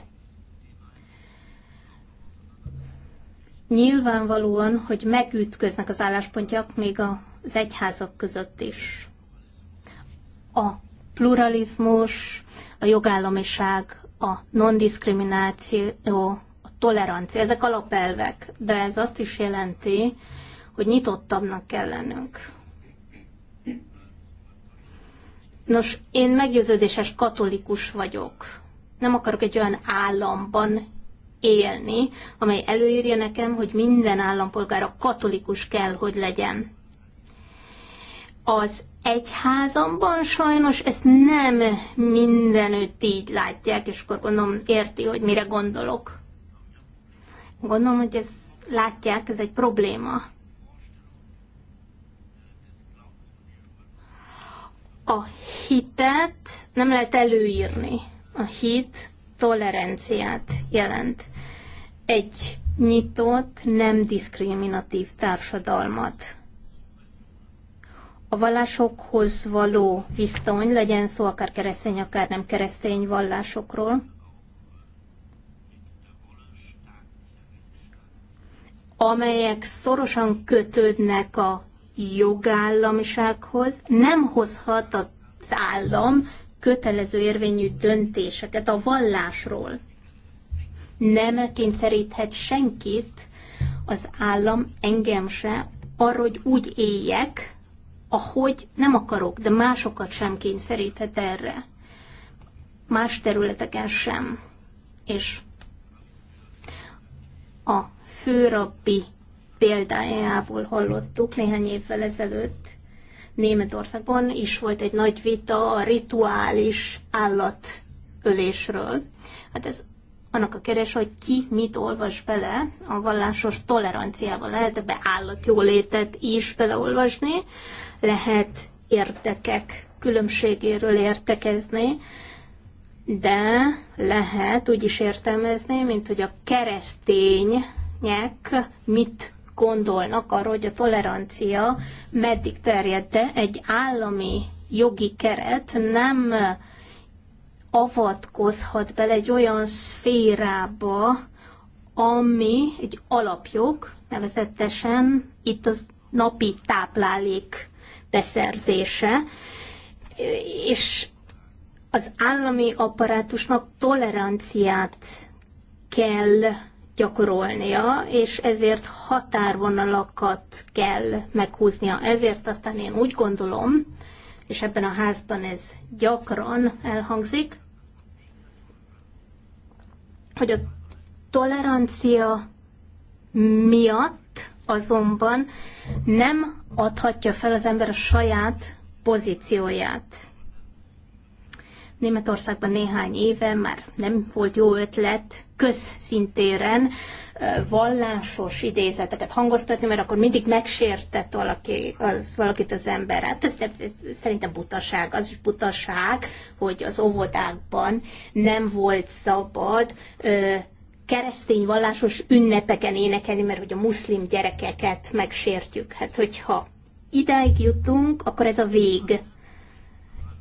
nyilvánvalóan, hogy megütköznek az álláspontjak még a az egyházak között is. A pluralizmus, a jogállamiság, a nondiskrimináció, a tolerancia, ezek alapelvek, de ez azt is jelenti, hogy nyitottabbnak kell lennünk. Nos, én meggyőződéses katolikus vagyok. Nem akarok egy olyan államban élni, amely előírja nekem, hogy minden állampolgára katolikus kell, hogy legyen. Az egyházamban sajnos ezt nem mindenütt így látják, és akkor gondolom érti, hogy mire gondolok. Gondolom, hogy ezt látják, ez egy probléma. A hitet nem lehet előírni. A hit toleranciát jelent. Egy nyitott, nem diszkriminatív társadalmat a vallásokhoz való viszony, legyen szó akár keresztény, akár nem keresztény vallásokról, amelyek szorosan kötődnek a jogállamisághoz, nem hozhat az állam kötelező érvényű döntéseket a vallásról. Nem kényszeríthet senkit az állam engem se arra, hogy úgy éljek, ahogy nem akarok, de másokat sem kényszeríthet erre. Más területeken sem. És a főrabbi példájából hallottuk néhány évvel ezelőtt, Németországban is volt egy nagy vita a rituális állatölésről. Hát ez annak a keres, hogy ki mit olvas bele, a vallásos toleranciával lehet be állatjólétet is beleolvasni, lehet értekek különbségéről értekezni, de lehet úgy is értelmezni, mint hogy a keresztények mit gondolnak arról, hogy a tolerancia meddig terjed, de egy állami jogi keret nem avatkozhat bele egy olyan szférába, ami egy alapjog, nevezetesen itt az napi táplálék beszerzése, és az állami apparátusnak toleranciát kell gyakorolnia, és ezért határvonalakat kell meghúznia. Ezért aztán én úgy gondolom, és ebben a házban ez gyakran elhangzik, hogy a tolerancia miatt azonban nem adhatja fel az ember a saját pozícióját. Németországban néhány éve már nem volt jó ötlet közszintéren vallásos idézeteket hangoztatni, mert akkor mindig megsértett valaki, az, valakit az ember. Hát ez, ez, szerintem butaság. Az is butaság, hogy az óvodákban nem volt szabad ö, keresztény vallásos ünnepeken énekelni, mert hogy a muszlim gyerekeket megsértjük. Hát, hogyha ideig jutunk, akkor ez a vég.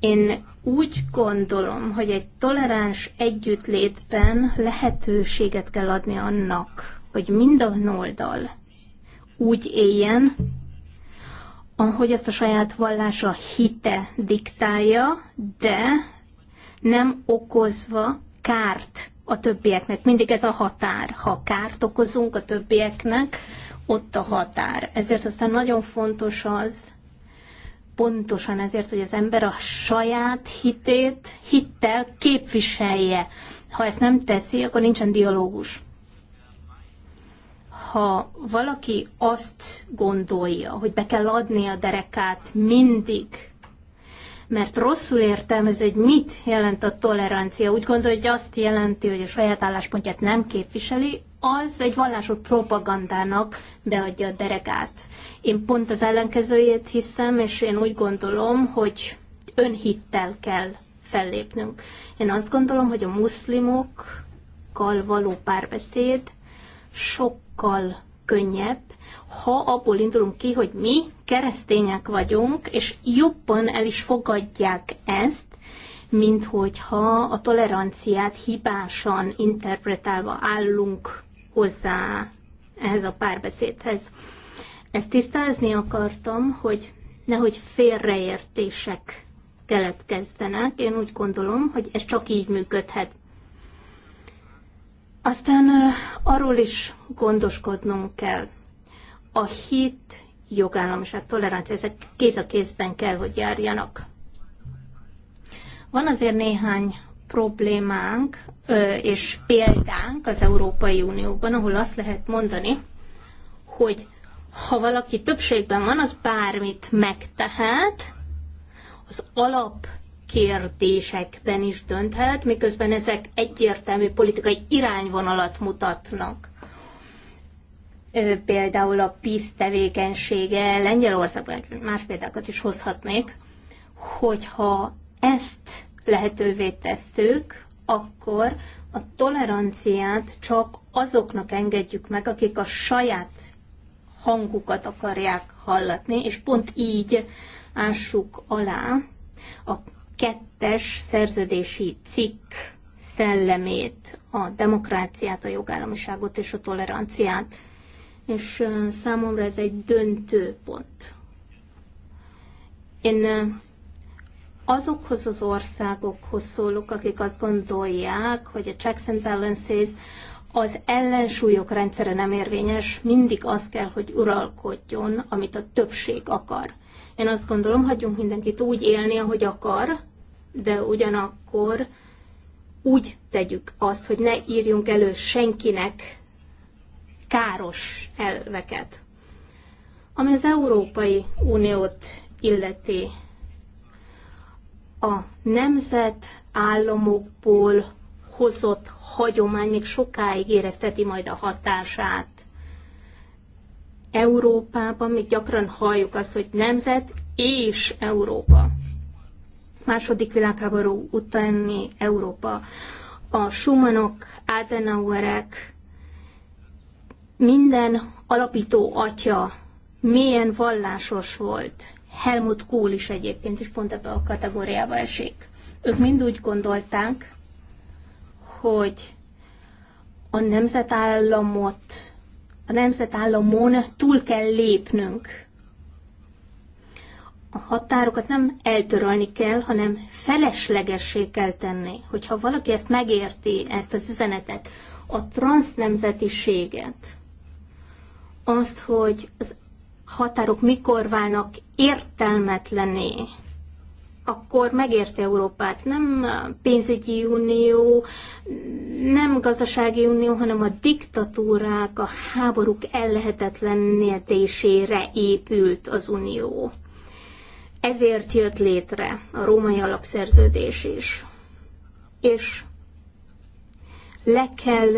Én úgy gondolom, hogy egy toleráns együttlétben lehetőséget kell adni annak, hogy mind a oldal úgy éljen, ahogy ezt a saját vallása hite diktálja, de nem okozva kárt a többieknek. Mindig ez a határ. Ha kárt okozunk a többieknek, ott a határ. Ezért aztán nagyon fontos az, pontosan ezért, hogy az ember a saját hitét, hittel képviselje. Ha ezt nem teszi, akkor nincsen dialógus. Ha valaki azt gondolja, hogy be kell adni a derekát mindig, mert rosszul értem, ez egy mit jelent a tolerancia. Úgy gondolja, hogy azt jelenti, hogy a saját álláspontját nem képviseli, az egy vallásos propagandának beadja a derekát. Én pont az ellenkezőjét hiszem, és én úgy gondolom, hogy önhittel kell fellépnünk. Én azt gondolom, hogy a muszlimokkal való párbeszéd sokkal könnyebb, ha abból indulunk ki, hogy mi keresztények vagyunk, és jobban el is fogadják ezt, mint hogyha a toleranciát hibásan interpretálva állunk hozzá ehhez a párbeszédhez. Ezt tisztázni akartam, hogy nehogy félreértések keletkeztenek. Én úgy gondolom, hogy ez csak így működhet. Aztán arról is gondoskodnunk kell, a hit, jogállamiság, tolerancia, ezek kéz a kézben kell, hogy járjanak. Van azért néhány problémánk és példánk az Európai Unióban, ahol azt lehet mondani, hogy ha valaki többségben van, az bármit megtehet, az alap kérdésekben is dönthet, miközben ezek egyértelmű politikai irányvonalat mutatnak például a PISZ tevékenysége Lengyelországban, más példákat is hozhatnék, hogyha ezt lehetővé tesszük, akkor a toleranciát csak azoknak engedjük meg, akik a saját hangukat akarják hallatni, és pont így ássuk alá a kettes szerződési cikk szellemét, a demokráciát, a jogállamiságot és a toleranciát és számomra ez egy döntő pont. Én azokhoz az országokhoz szólok, akik azt gondolják, hogy a checks and balances az ellensúlyok rendszere nem érvényes, mindig az kell, hogy uralkodjon, amit a többség akar. Én azt gondolom, hagyjunk mindenkit úgy élni, ahogy akar, de ugyanakkor úgy tegyük azt, hogy ne írjunk elő senkinek káros elveket. Ami az Európai Uniót illeti, a nemzet államokból hozott hagyomány még sokáig érezteti majd a hatását. Európában még gyakran halljuk azt, hogy nemzet és Európa. Második világháború utáni Európa. A Schumannok, Adenauerek, minden alapító atya milyen vallásos volt. Helmut Kohl is egyébként is pont ebbe a kategóriába esik. Ők mind úgy gondolták, hogy a nemzetállamot, a nemzetállamon túl kell lépnünk. A határokat nem eltörölni kell, hanem feleslegessé kell tenni. Hogyha valaki ezt megérti, ezt az üzenetet, a transznemzetiséget, azt, hogy az határok mikor válnak értelmetlené, akkor megérti Európát. Nem pénzügyi unió, nem gazdasági unió, hanem a diktatúrák, a háborúk ellehetetlenítésére épült az unió. Ezért jött létre a római alapszerződés is. És le kell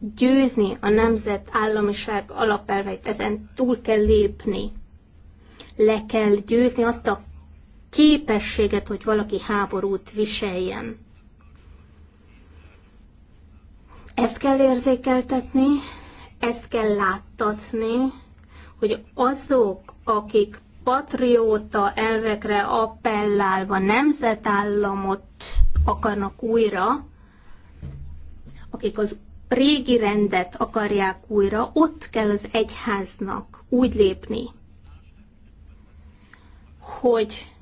győzni a nemzet államiság alapelveit, ezen túl kell lépni. Le kell győzni azt a képességet, hogy valaki háborút viseljen. Ezt kell érzékeltetni, ezt kell láttatni, hogy azok, akik patrióta elvekre appellálva nemzetállamot akarnak újra, akik az régi rendet akarják újra, ott kell az egyháznak úgy lépni, hogy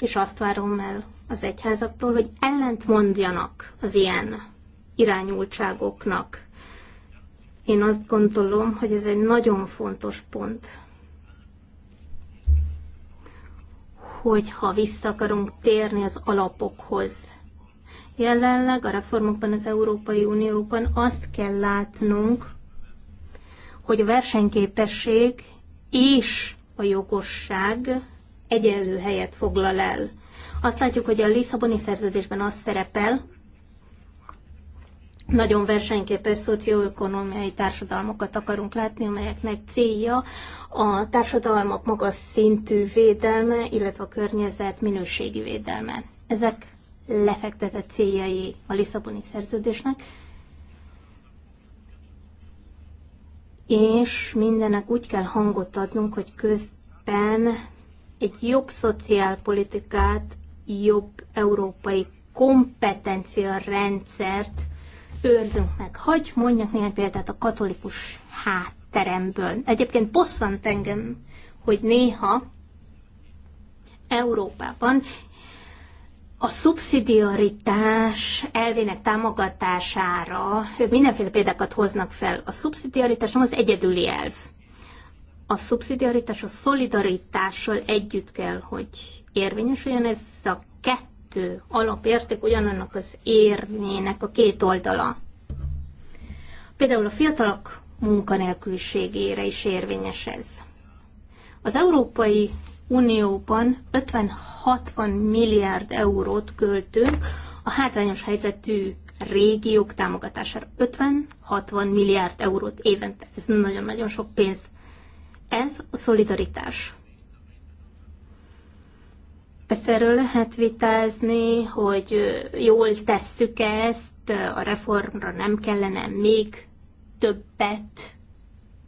és azt várom el az egyházaktól, hogy ellent mondjanak az ilyen irányultságoknak. Én azt gondolom, hogy ez egy nagyon fontos pont. Hogyha vissza akarunk térni az alapokhoz, Jelenleg a reformokban az Európai Unióban azt kell látnunk, hogy a versenyképesség és a jogosság egyenlő helyet foglal el. Azt látjuk, hogy a Lisszaboni szerződésben az szerepel, nagyon versenyképes szocioökonomiai társadalmakat akarunk látni, amelyeknek célja a társadalmak magas szintű védelme, illetve a környezet minőségi védelme. Ezek lefektetett céljai a Lisszaboni szerződésnek, és mindennek úgy kell hangot adnunk, hogy közben egy jobb szociálpolitikát, jobb európai kompetencia rendszert őrzünk meg. Hogy mondjak néhány példát a katolikus hátteremből. Egyébként bosszant engem, hogy néha Európában a szubszidiaritás elvének támogatására mindenféle példákat hoznak fel. A szubszidiaritás nem az egyedüli elv. A szubszidiaritás a szolidaritással együtt kell, hogy érvényesüljön. Ez a kettő alapérték ugyanannak az érvének a két oldala. Például a fiatalok munkanélküliségére is érvényes ez. Az Európai Unióban 50-60 milliárd eurót költünk a hátrányos helyzetű régiók támogatására. 50-60 milliárd eurót évente. Ez nagyon-nagyon sok pénz. Ez a szolidaritás. Persze erről lehet vitázni, hogy jól tesszük ezt, a reformra nem kellene még többet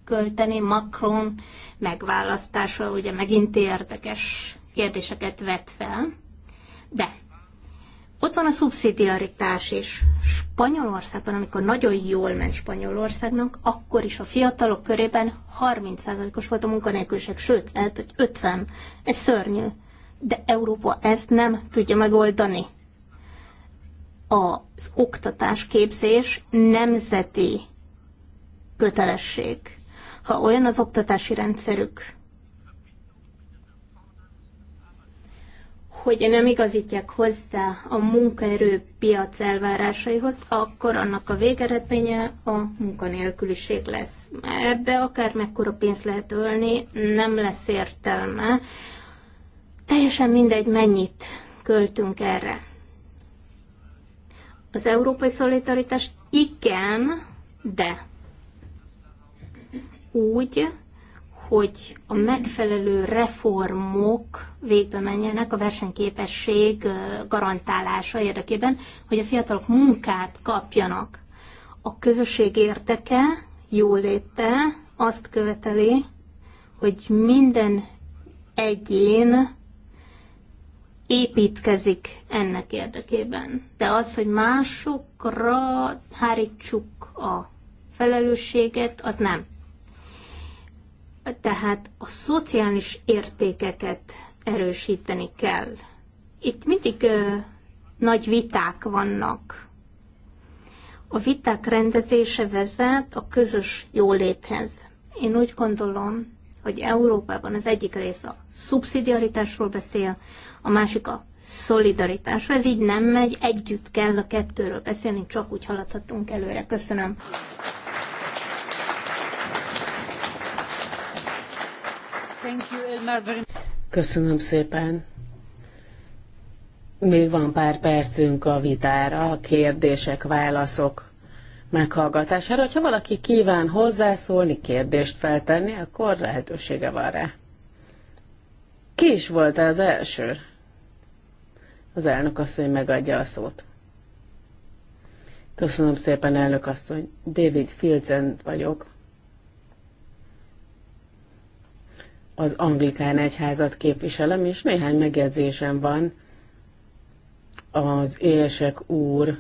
költeni. Macron megválasztása ugye megint érdekes kérdéseket vet fel. De ott van a szubszidiaritás is. Spanyolországban, amikor nagyon jól ment Spanyolországnak, akkor is a fiatalok körében 30%-os volt a munkanélküliség, sőt, lehet, hogy 50. Ez szörnyű. De Európa ezt nem tudja megoldani. Az oktatás, képzés nemzeti kötelesség ha olyan az oktatási rendszerük, hogy nem igazítják hozzá a piac elvárásaihoz, akkor annak a végeredménye a munkanélküliség lesz. Ebbe akár mekkora pénzt lehet ölni, nem lesz értelme. Teljesen mindegy, mennyit költünk erre. Az európai szolidaritás igen, de úgy, hogy a megfelelő reformok végbe menjenek a versenyképesség garantálása érdekében, hogy a fiatalok munkát kapjanak. A közösség érdeke, jóléte azt követeli, hogy minden egyén építkezik ennek érdekében. De az, hogy másokra hárítsuk a felelősséget, az nem. Tehát a szociális értékeket erősíteni kell. Itt mindig ö, nagy viták vannak. A viták rendezése vezet a közös jóléthez. Én úgy gondolom, hogy Európában az egyik rész a szubszidiaritásról beszél, a másik a szolidaritásról. Ez így nem megy, együtt kell a kettőről beszélni, csak úgy haladhatunk előre. Köszönöm. Köszönöm szépen. Még van pár percünk a vitára, a kérdések, válaszok meghallgatására. Ha valaki kíván hozzászólni, kérdést feltenni, akkor lehetősége van rá. Ki is volt az első? Az elnök asszony megadja a szót. Köszönöm szépen, elnök asszony. David Filzen vagyok. az anglikán egyházat képviselem, és néhány megjegyzésem van az élesek úr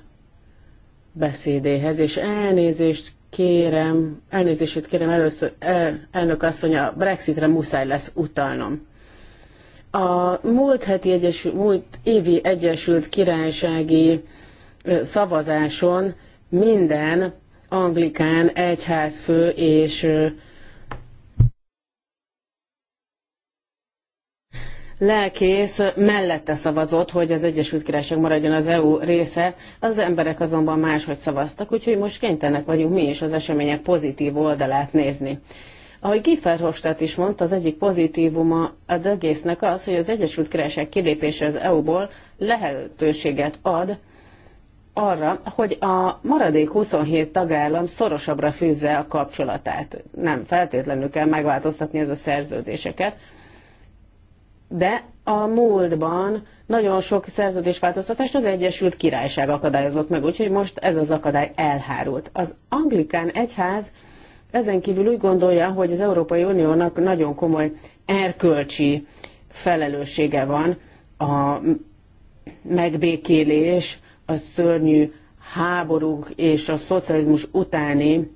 beszédéhez, és elnézést kérem, elnézését kérem először, el, elnök asszony, a Brexitre muszáj lesz utalnom. A múlt heti egyesült, múlt évi Egyesült Királysági szavazáson minden anglikán egyházfő és lelkész mellette szavazott, hogy az Egyesült Királyság maradjon az EU része, az emberek azonban máshogy szavaztak, úgyhogy most kénytelenek vagyunk mi is az események pozitív oldalát nézni. Ahogy Giffer Hofstadt is mondta, az egyik pozitívuma az egésznek az, hogy az Egyesült Királyság kilépése az EU-ból lehetőséget ad arra, hogy a maradék 27 tagállam szorosabbra fűzze a kapcsolatát. Nem feltétlenül kell megváltoztatni ez a szerződéseket, de a múltban nagyon sok szerződésváltoztatást az Egyesült Királyság akadályozott meg, úgyhogy most ez az akadály elhárult. Az anglikán egyház ezen kívül úgy gondolja, hogy az Európai Uniónak nagyon komoly erkölcsi felelőssége van a megbékélés, a szörnyű háborúk és a szocializmus utáni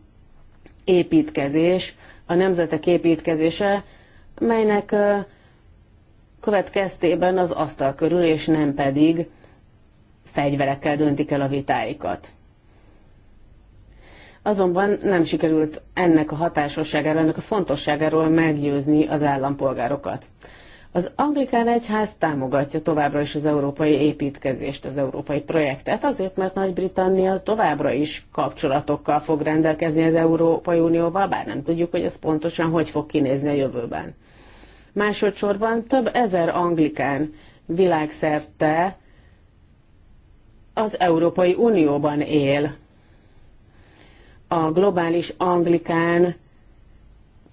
építkezés, a nemzetek építkezése, melynek következtében az asztal körül, és nem pedig fegyverekkel döntik el a vitáikat. Azonban nem sikerült ennek a hatásosságáról, ennek a fontosságáról meggyőzni az állampolgárokat. Az anglikán egyház támogatja továbbra is az európai építkezést, az európai projektet, azért, mert Nagy-Britannia továbbra is kapcsolatokkal fog rendelkezni az Európai Unióval, bár nem tudjuk, hogy ez pontosan hogy fog kinézni a jövőben. Másodszorban több ezer anglikán világszerte az Európai Unióban él. A globális anglikán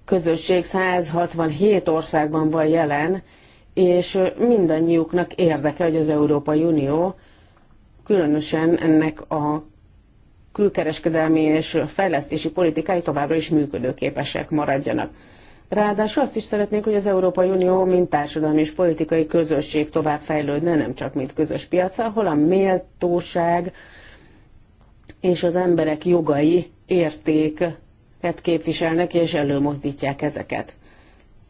közösség 167 országban van jelen, és mindannyiuknak érdeke, hogy az Európai Unió különösen ennek a külkereskedelmi és fejlesztési politikái továbbra is működőképesek maradjanak. Ráadásul azt is szeretnénk, hogy az Európai Unió, mint társadalmi és politikai közösség tovább fejlődne, nem csak mint közös piac, ahol a méltóság és az emberek jogai értéket képviselnek és előmozdítják ezeket.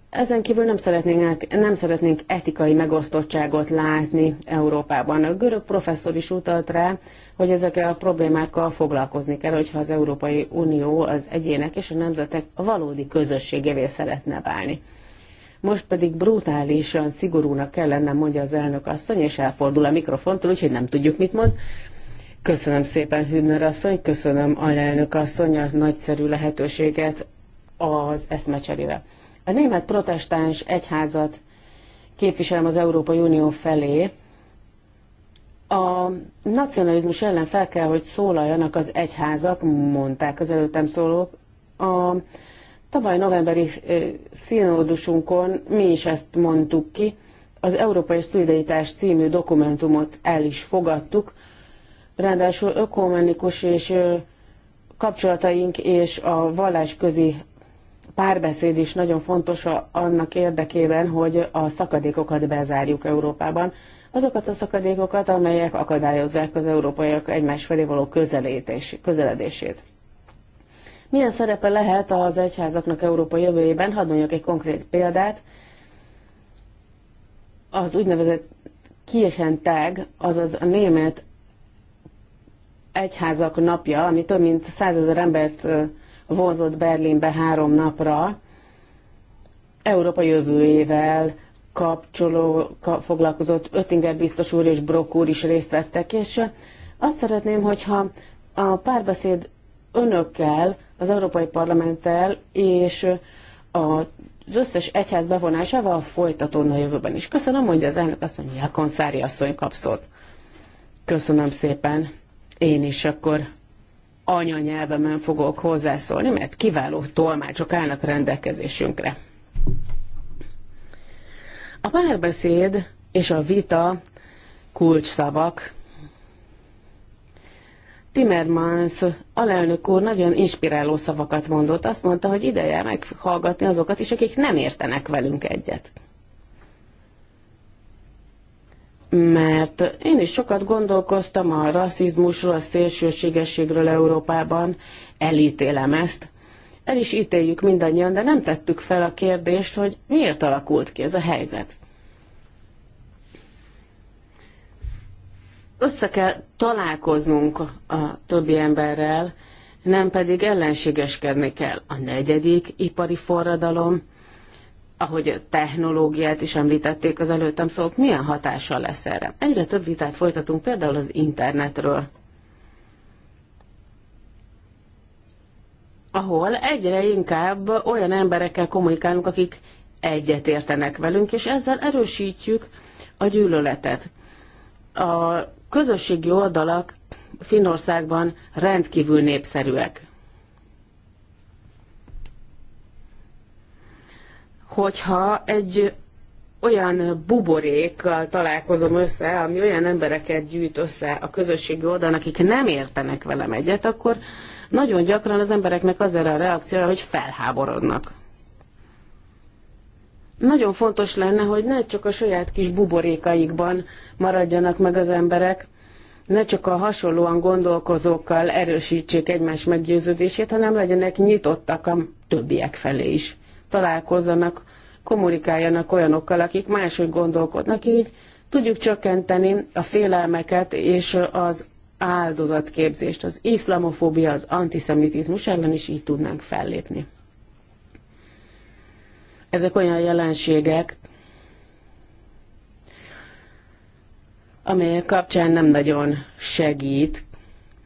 Ezen kívül nem szeretnénk, nem szeretnénk etikai megosztottságot látni Európában. A görög professzor is utalt rá, hogy ezekkel a problémákkal foglalkozni kell, hogyha az Európai Unió az egyének és a nemzetek valódi közösségévé szeretne válni. Most pedig brutálisan szigorúnak kell lennem, mondja az elnök asszony, és elfordul a mikrofontól, úgyhogy nem tudjuk, mit mond. Köszönöm szépen, Hübner asszony, köszönöm alelnök asszony a nagyszerű lehetőséget az eszmecserére. A német protestáns egyházat képviselem az Európai Unió felé, a nacionalizmus ellen fel kell, hogy szólaljanak az egyházak, mondták az előttem szólók. A tavaly novemberi eh, színódusunkon mi is ezt mondtuk ki, az Európai Szolidaritás című dokumentumot el is fogadtuk, ráadásul ökumenikus és eh, kapcsolataink és a közi párbeszéd is nagyon fontos annak érdekében, hogy a szakadékokat bezárjuk Európában azokat a szakadékokat, amelyek akadályozzák az európaiak egymás felé való közeledését. Milyen szerepe lehet az egyházaknak Európa jövőjében? Hadd mondjak egy konkrét példát. Az úgynevezett tag, azaz a német egyházak napja, ami több mint százezer embert vonzott Berlinbe három napra, Európa jövőjével, kapcsoló, ka, foglalkozott Öttinger biztos úr és Brok úr is részt vettek, és azt szeretném, hogyha a párbeszéd önökkel, az Európai Parlamenttel és az összes egyház bevonásával folytatódna a jövőben is. Köszönöm, mondja az elnök asszony, Jákon Szári asszony kapszott. Köszönöm szépen. Én is akkor anyanyelvemen fogok hozzászólni, mert kiváló tolmácsok állnak rendelkezésünkre. A párbeszéd és a vita kulcsszavak. Timmermans alelnök úr nagyon inspiráló szavakat mondott. Azt mondta, hogy ideje meghallgatni azokat is, akik nem értenek velünk egyet. Mert én is sokat gondolkoztam a rasszizmusról, a szélsőségességről Európában, elítélem ezt, el is ítéljük mindannyian, de nem tettük fel a kérdést, hogy miért alakult ki ez a helyzet. Össze kell találkoznunk a többi emberrel, nem pedig ellenségeskedni kell. A negyedik ipari forradalom, ahogy a technológiát is említették az előttem szók, milyen hatással lesz erre? Egyre több vitát folytatunk például az internetről. ahol egyre inkább olyan emberekkel kommunikálunk, akik egyet értenek velünk, és ezzel erősítjük a gyűlöletet. A közösségi oldalak Finnországban rendkívül népszerűek. Hogyha egy olyan buborékkal találkozom össze, ami olyan embereket gyűjt össze a közösségi oldalon, akik nem értenek velem egyet, akkor nagyon gyakran az embereknek az erre a reakciója, hogy felháborodnak. Nagyon fontos lenne, hogy ne csak a saját kis buborékaikban maradjanak meg az emberek, ne csak a hasonlóan gondolkozókkal erősítsék egymás meggyőződését, hanem legyenek nyitottak a többiek felé is. Találkozzanak, kommunikáljanak olyanokkal, akik máshogy gondolkodnak, így tudjuk csökkenteni a félelmeket és az áldozatképzést, az iszlamofóbia, az antiszemitizmus ellen is így tudnánk fellépni. Ezek olyan jelenségek, amelyek kapcsán nem nagyon segít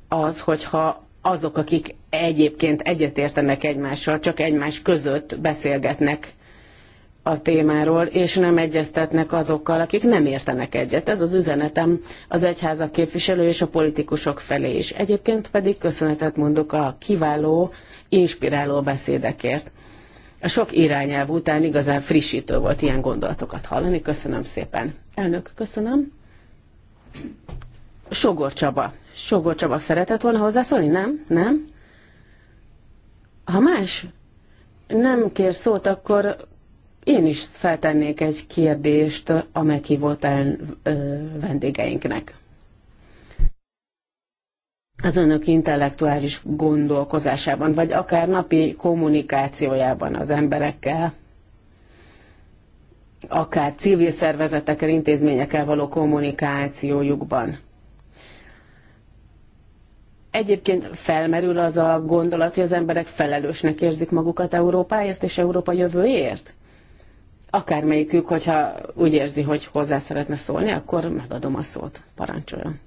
az, hogyha azok, akik egyébként egyetértenek egymással, csak egymás között beszélgetnek a témáról, és nem egyeztetnek azokkal, akik nem értenek egyet. Ez az üzenetem az egyházak képviselő és a politikusok felé is. Egyébként pedig köszönetet mondok a kiváló, inspiráló beszédekért. A sok irányelv után igazán frissítő volt ilyen gondolatokat hallani. Köszönöm szépen. Elnök, köszönöm. Sogor Csaba. Sogor Csaba szeretett volna hozzászólni? Nem? Nem? Ha más nem kér szót, akkor én is feltennék egy kérdést a meghívott vendégeinknek. Az önök intellektuális gondolkozásában, vagy akár napi kommunikációjában az emberekkel, akár civil szervezetekkel, intézményekkel való kommunikációjukban. Egyébként felmerül az a gondolat, hogy az emberek felelősnek érzik magukat Európáért és Európa jövőért? akármelyikük, hogyha úgy érzi, hogy hozzá szeretne szólni, akkor megadom a szót. Parancsoljon.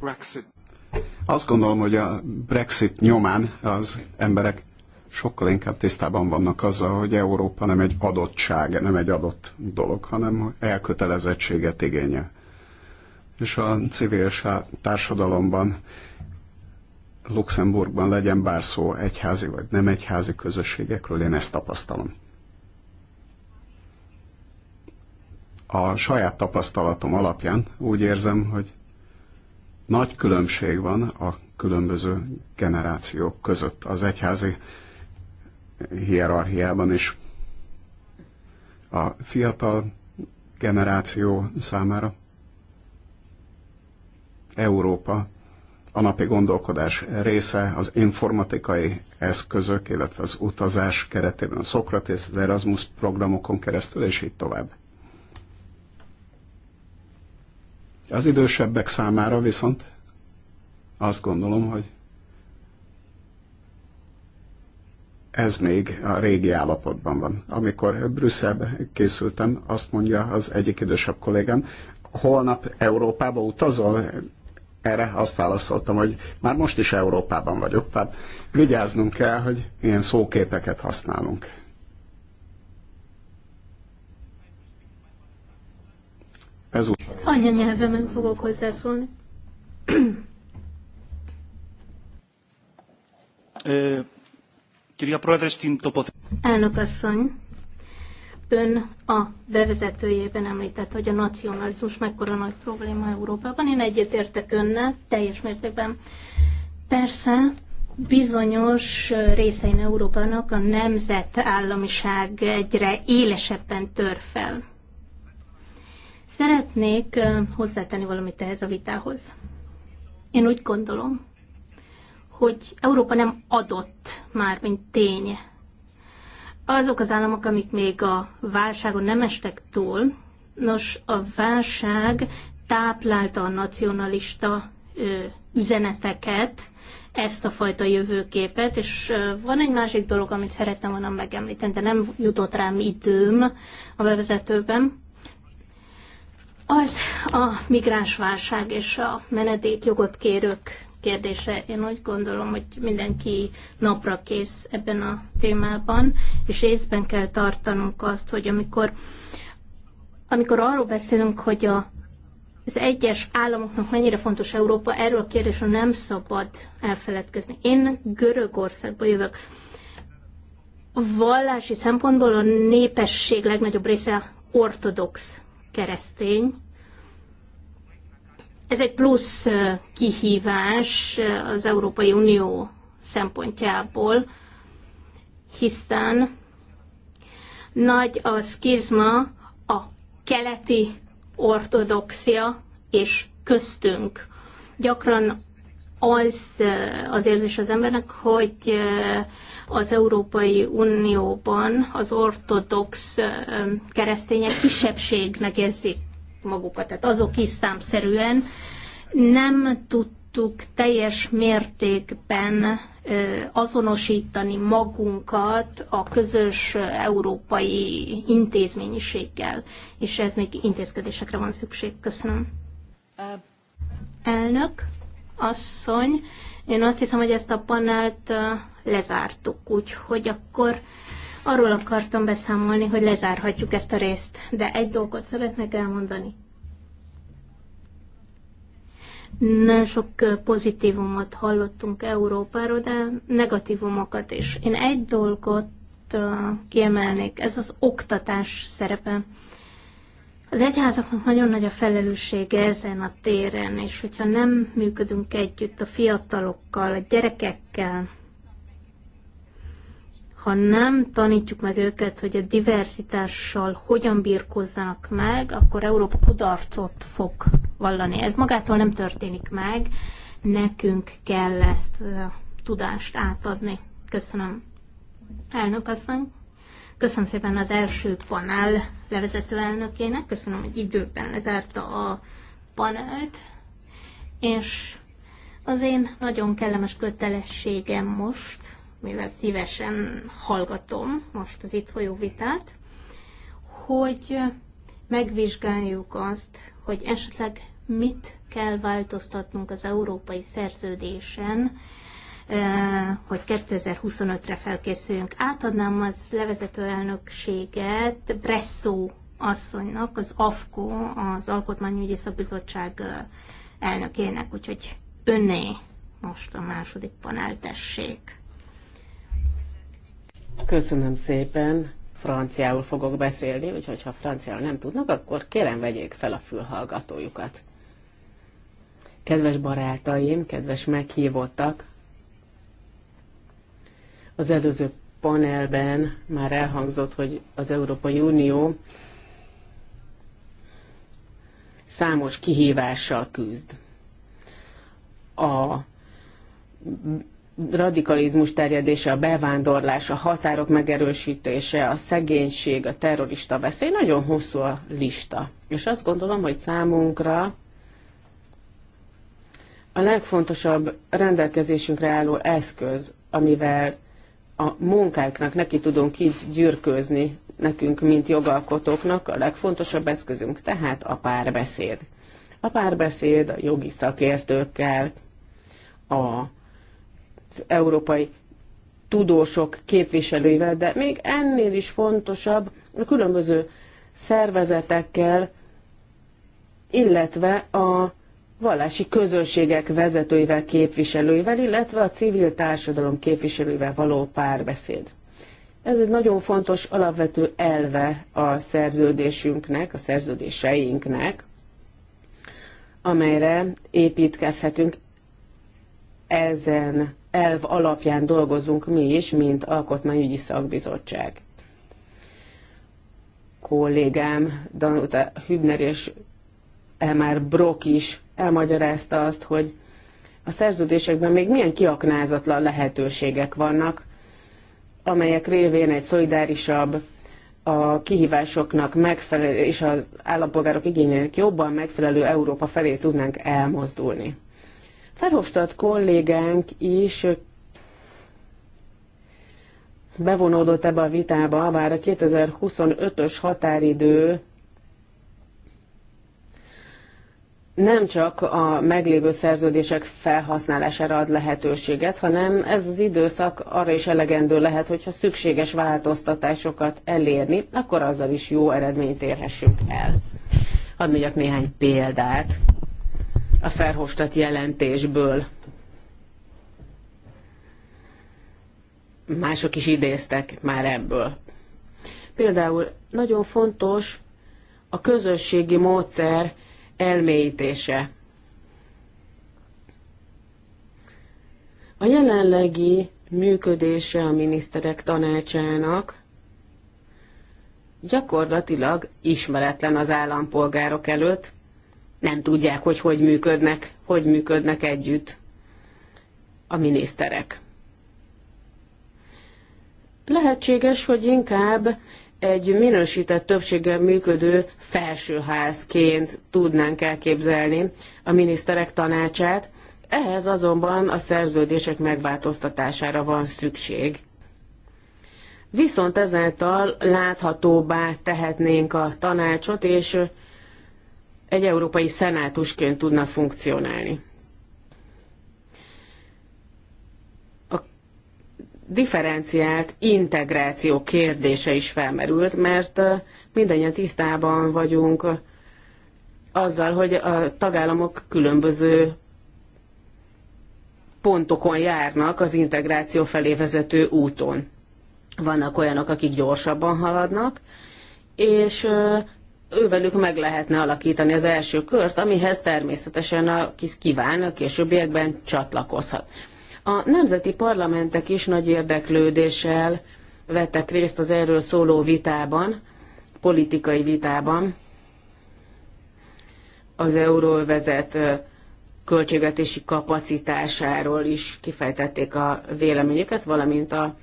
Brexit. Azt gondolom, hogy a Brexit nyomán az emberek sokkal inkább tisztában vannak azzal, hogy Európa nem egy adottság, nem egy adott dolog, hanem elkötelezettséget igénye, És a civil társadalomban Luxemburgban legyen bár szó egyházi vagy nem egyházi közösségekről, én ezt tapasztalom. A saját tapasztalatom alapján úgy érzem, hogy nagy különbség van a különböző generációk között az egyházi hierarchiában is. A fiatal generáció számára Európa a napi gondolkodás része az informatikai eszközök, illetve az utazás keretében a Szokratész, az Erasmus programokon keresztül, és így tovább. Az idősebbek számára viszont azt gondolom, hogy ez még a régi állapotban van. Amikor Brüsszelbe készültem, azt mondja az egyik idősebb kollégám, holnap Európába utazol, erre azt válaszoltam, hogy már most is Európában vagyok, tehát vigyáznunk kell, hogy ilyen szóképeket használunk. Ez úgy. nyelvemen fogok hozzászólni. Elnök asszony, ön a bevezetőjében említett, hogy a nacionalizmus mekkora nagy probléma Európában. Én egyetértek önnel, teljes mértékben. Persze, bizonyos részein Európának a nemzetállamiság egyre élesebben tör fel. Szeretnék hozzátenni valamit ehhez a vitához. Én úgy gondolom, hogy Európa nem adott már, mint tény azok az államok, amik még a válságon nem estek túl, nos, a válság táplálta a nacionalista üzeneteket, ezt a fajta jövőképet, és van egy másik dolog, amit szerettem volna megemlíteni, de nem jutott rám időm a bevezetőben. Az a migránsválság és a menedékjogot kérők kérdése. Én úgy gondolom, hogy mindenki napra kész ebben a témában, és észben kell tartanunk azt, hogy amikor, amikor arról beszélünk, hogy a, az egyes államoknak mennyire fontos Európa, erről a kérdésről nem szabad elfeledkezni. Én Görögországba jövök. Vallási szempontból a népesség legnagyobb része ortodox keresztény, ez egy plusz kihívás az Európai Unió szempontjából, hiszen nagy a szkizma a keleti ortodoxia és köztünk. Gyakran az az érzés az embernek, hogy az Európai Unióban az ortodox keresztények kisebbségnek érzik magukat, tehát azok is számszerűen nem tudtuk teljes mértékben azonosítani magunkat a közös európai intézményiséggel, és ez még intézkedésekre van szükség. Köszönöm. Elnök, asszony, én azt hiszem, hogy ezt a panelt lezártuk, úgyhogy akkor Arról akartam beszámolni, hogy lezárhatjuk ezt a részt, de egy dolgot szeretnék elmondani. Nagyon sok pozitívumot hallottunk Európáról, de negatívumokat is. Én egy dolgot kiemelnék, ez az oktatás szerepe. Az egyházaknak nagyon nagy a felelőssége ezen a téren, és hogyha nem működünk együtt a fiatalokkal, a gyerekekkel, ha nem tanítjuk meg őket, hogy a diverzitással hogyan birkozzanak meg, akkor Európa kudarcot fog vallani. Ez magától nem történik meg, nekünk kell ezt a tudást átadni. Köszönöm. Elnök asszony, köszönöm szépen az első panel levezető elnökének, köszönöm, hogy időben lezárta a panelt, és az én nagyon kellemes kötelességem most, mivel szívesen hallgatom most az itt folyó vitát, hogy megvizsgáljuk azt, hogy esetleg mit kell változtatnunk az európai szerződésen, eh, hogy 2025-re felkészüljünk. Átadnám az levezető elnökséget Bresszó asszonynak, az AFKO, az Alkotmányügyi Szakbizottság eh, elnökének, úgyhogy önné most a második panel tessék. Köszönöm szépen. Franciául fogok beszélni, úgyhogy ha franciául nem tudnak, akkor kérem vegyék fel a fülhallgatójukat. Kedves barátaim, kedves meghívottak, az előző panelben már elhangzott, hogy az Európai Unió számos kihívással küzd. A radikalizmus terjedése, a bevándorlás, a határok megerősítése, a szegénység, a terrorista veszély, nagyon hosszú a lista. És azt gondolom, hogy számunkra a legfontosabb rendelkezésünkre álló eszköz, amivel a munkáknak neki tudunk így gyűrkőzni, nekünk, mint jogalkotóknak a legfontosabb eszközünk tehát a párbeszéd. A párbeszéd a jogi szakértőkkel, a európai tudósok képviselőivel, de még ennél is fontosabb a különböző szervezetekkel, illetve a vallási közösségek vezetőivel, képviselőivel, illetve a civil társadalom képviselőivel való párbeszéd. Ez egy nagyon fontos alapvető elve a szerződésünknek, a szerződéseinknek, amelyre építkezhetünk ezen elv alapján dolgozunk mi is, mint Alkotmányügyi Szakbizottság. Kollégám Danuta Hübner és Elmár Brok is elmagyarázta azt, hogy a szerződésekben még milyen kiaknázatlan lehetőségek vannak, amelyek révén egy szolidárisabb, a kihívásoknak megfelelő és az állampolgárok igényének jobban megfelelő Európa felé tudnánk elmozdulni. Verhofstadt kollégánk is bevonódott ebbe a vitába, bár a 2025-ös határidő nem csak a meglévő szerződések felhasználására ad lehetőséget, hanem ez az időszak arra is elegendő lehet, hogyha szükséges változtatásokat elérni, akkor azzal is jó eredményt érhessünk el. Hadd mondjak néhány példát a Ferhofstadt jelentésből. Mások is idéztek már ebből. Például nagyon fontos a közösségi módszer elmélyítése. A jelenlegi működése a miniszterek tanácsának gyakorlatilag ismeretlen az állampolgárok előtt, nem tudják, hogy hogy működnek, hogy működnek együtt a miniszterek. Lehetséges, hogy inkább egy minősített többséggel működő felsőházként tudnánk elképzelni a miniszterek tanácsát, ehhez azonban a szerződések megváltoztatására van szükség. Viszont ezáltal láthatóbbá tehetnénk a tanácsot, és egy európai szenátusként tudna funkcionálni. A differenciált integráció kérdése is felmerült, mert mindannyian tisztában vagyunk azzal, hogy a tagállamok különböző pontokon járnak az integráció felé vezető úton. Vannak olyanok, akik gyorsabban haladnak, és ővelük meg lehetne alakítani az első kört, amihez természetesen a kis kíván a későbbiekben csatlakozhat. A nemzeti parlamentek is nagy érdeklődéssel vettek részt az erről szóló vitában, politikai vitában, az euróvezet költségvetési kapacitásáról is kifejtették a véleményüket, valamint a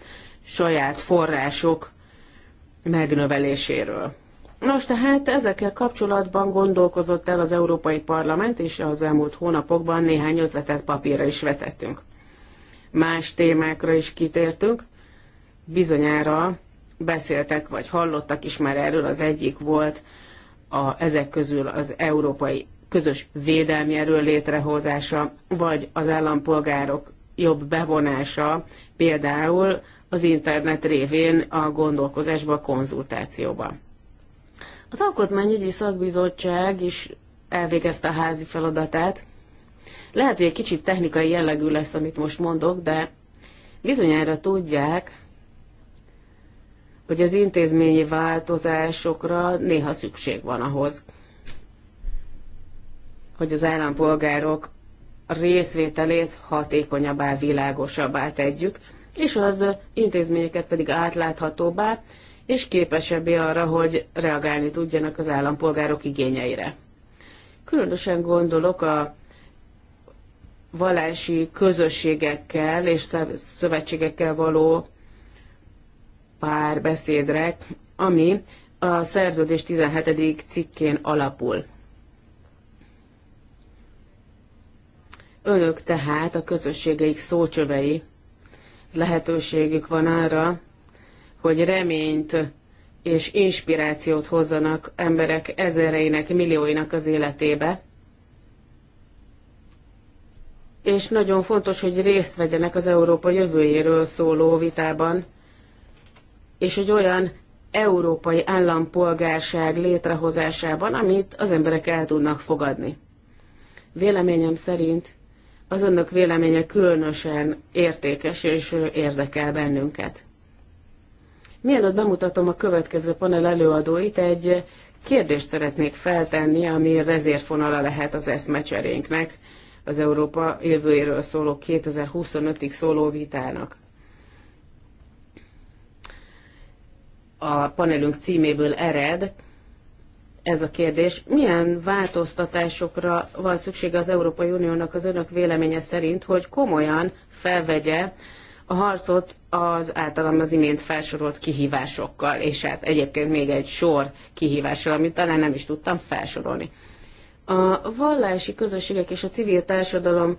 saját források megnöveléséről. Nos, tehát ezekkel kapcsolatban gondolkozott el az Európai Parlament, és az elmúlt hónapokban néhány ötletet papírra is vetettünk. Más témákra is kitértünk. Bizonyára beszéltek, vagy hallottak is már erről, az egyik volt a, ezek közül az európai közös védelmi erő létrehozása, vagy az állampolgárok jobb bevonása, például az internet révén a gondolkozásba, a konzultációba. Az Alkotmányügyi Szakbizottság is elvégezte a házi feladatát. Lehet, hogy egy kicsit technikai jellegű lesz, amit most mondok, de bizonyára tudják, hogy az intézményi változásokra néha szükség van ahhoz, hogy az állampolgárok részvételét hatékonyabbá, világosabbá tegyük, és az intézményeket pedig átláthatóbbá, és képesebbé arra, hogy reagálni tudjanak az állampolgárok igényeire. Különösen gondolok a vallási közösségekkel és szövetségekkel való párbeszédre, ami a szerződés 17. cikkén alapul. Önök tehát a közösségeik szócsövei, lehetőségük van arra, hogy reményt és inspirációt hozzanak emberek ezereinek, millióinak az életébe. És nagyon fontos, hogy részt vegyenek az Európa jövőjéről szóló vitában, és hogy olyan európai állampolgárság létrehozásában, amit az emberek el tudnak fogadni. Véleményem szerint az önök véleménye különösen értékes és érdekel bennünket. Mielőtt bemutatom a következő panel előadóit, egy kérdést szeretnék feltenni, ami vezérfonala lehet az eszmecserénknek, az Európa jövőjéről szóló 2025-ig szóló vitának. A panelünk címéből ered, ez a kérdés. Milyen változtatásokra van szükség az Európai Uniónak az önök véleménye szerint, hogy komolyan felvegye a harcot az általam az imént felsorolt kihívásokkal, és hát egyébként még egy sor kihívással, amit talán nem is tudtam felsorolni. A vallási közösségek és a civil társadalom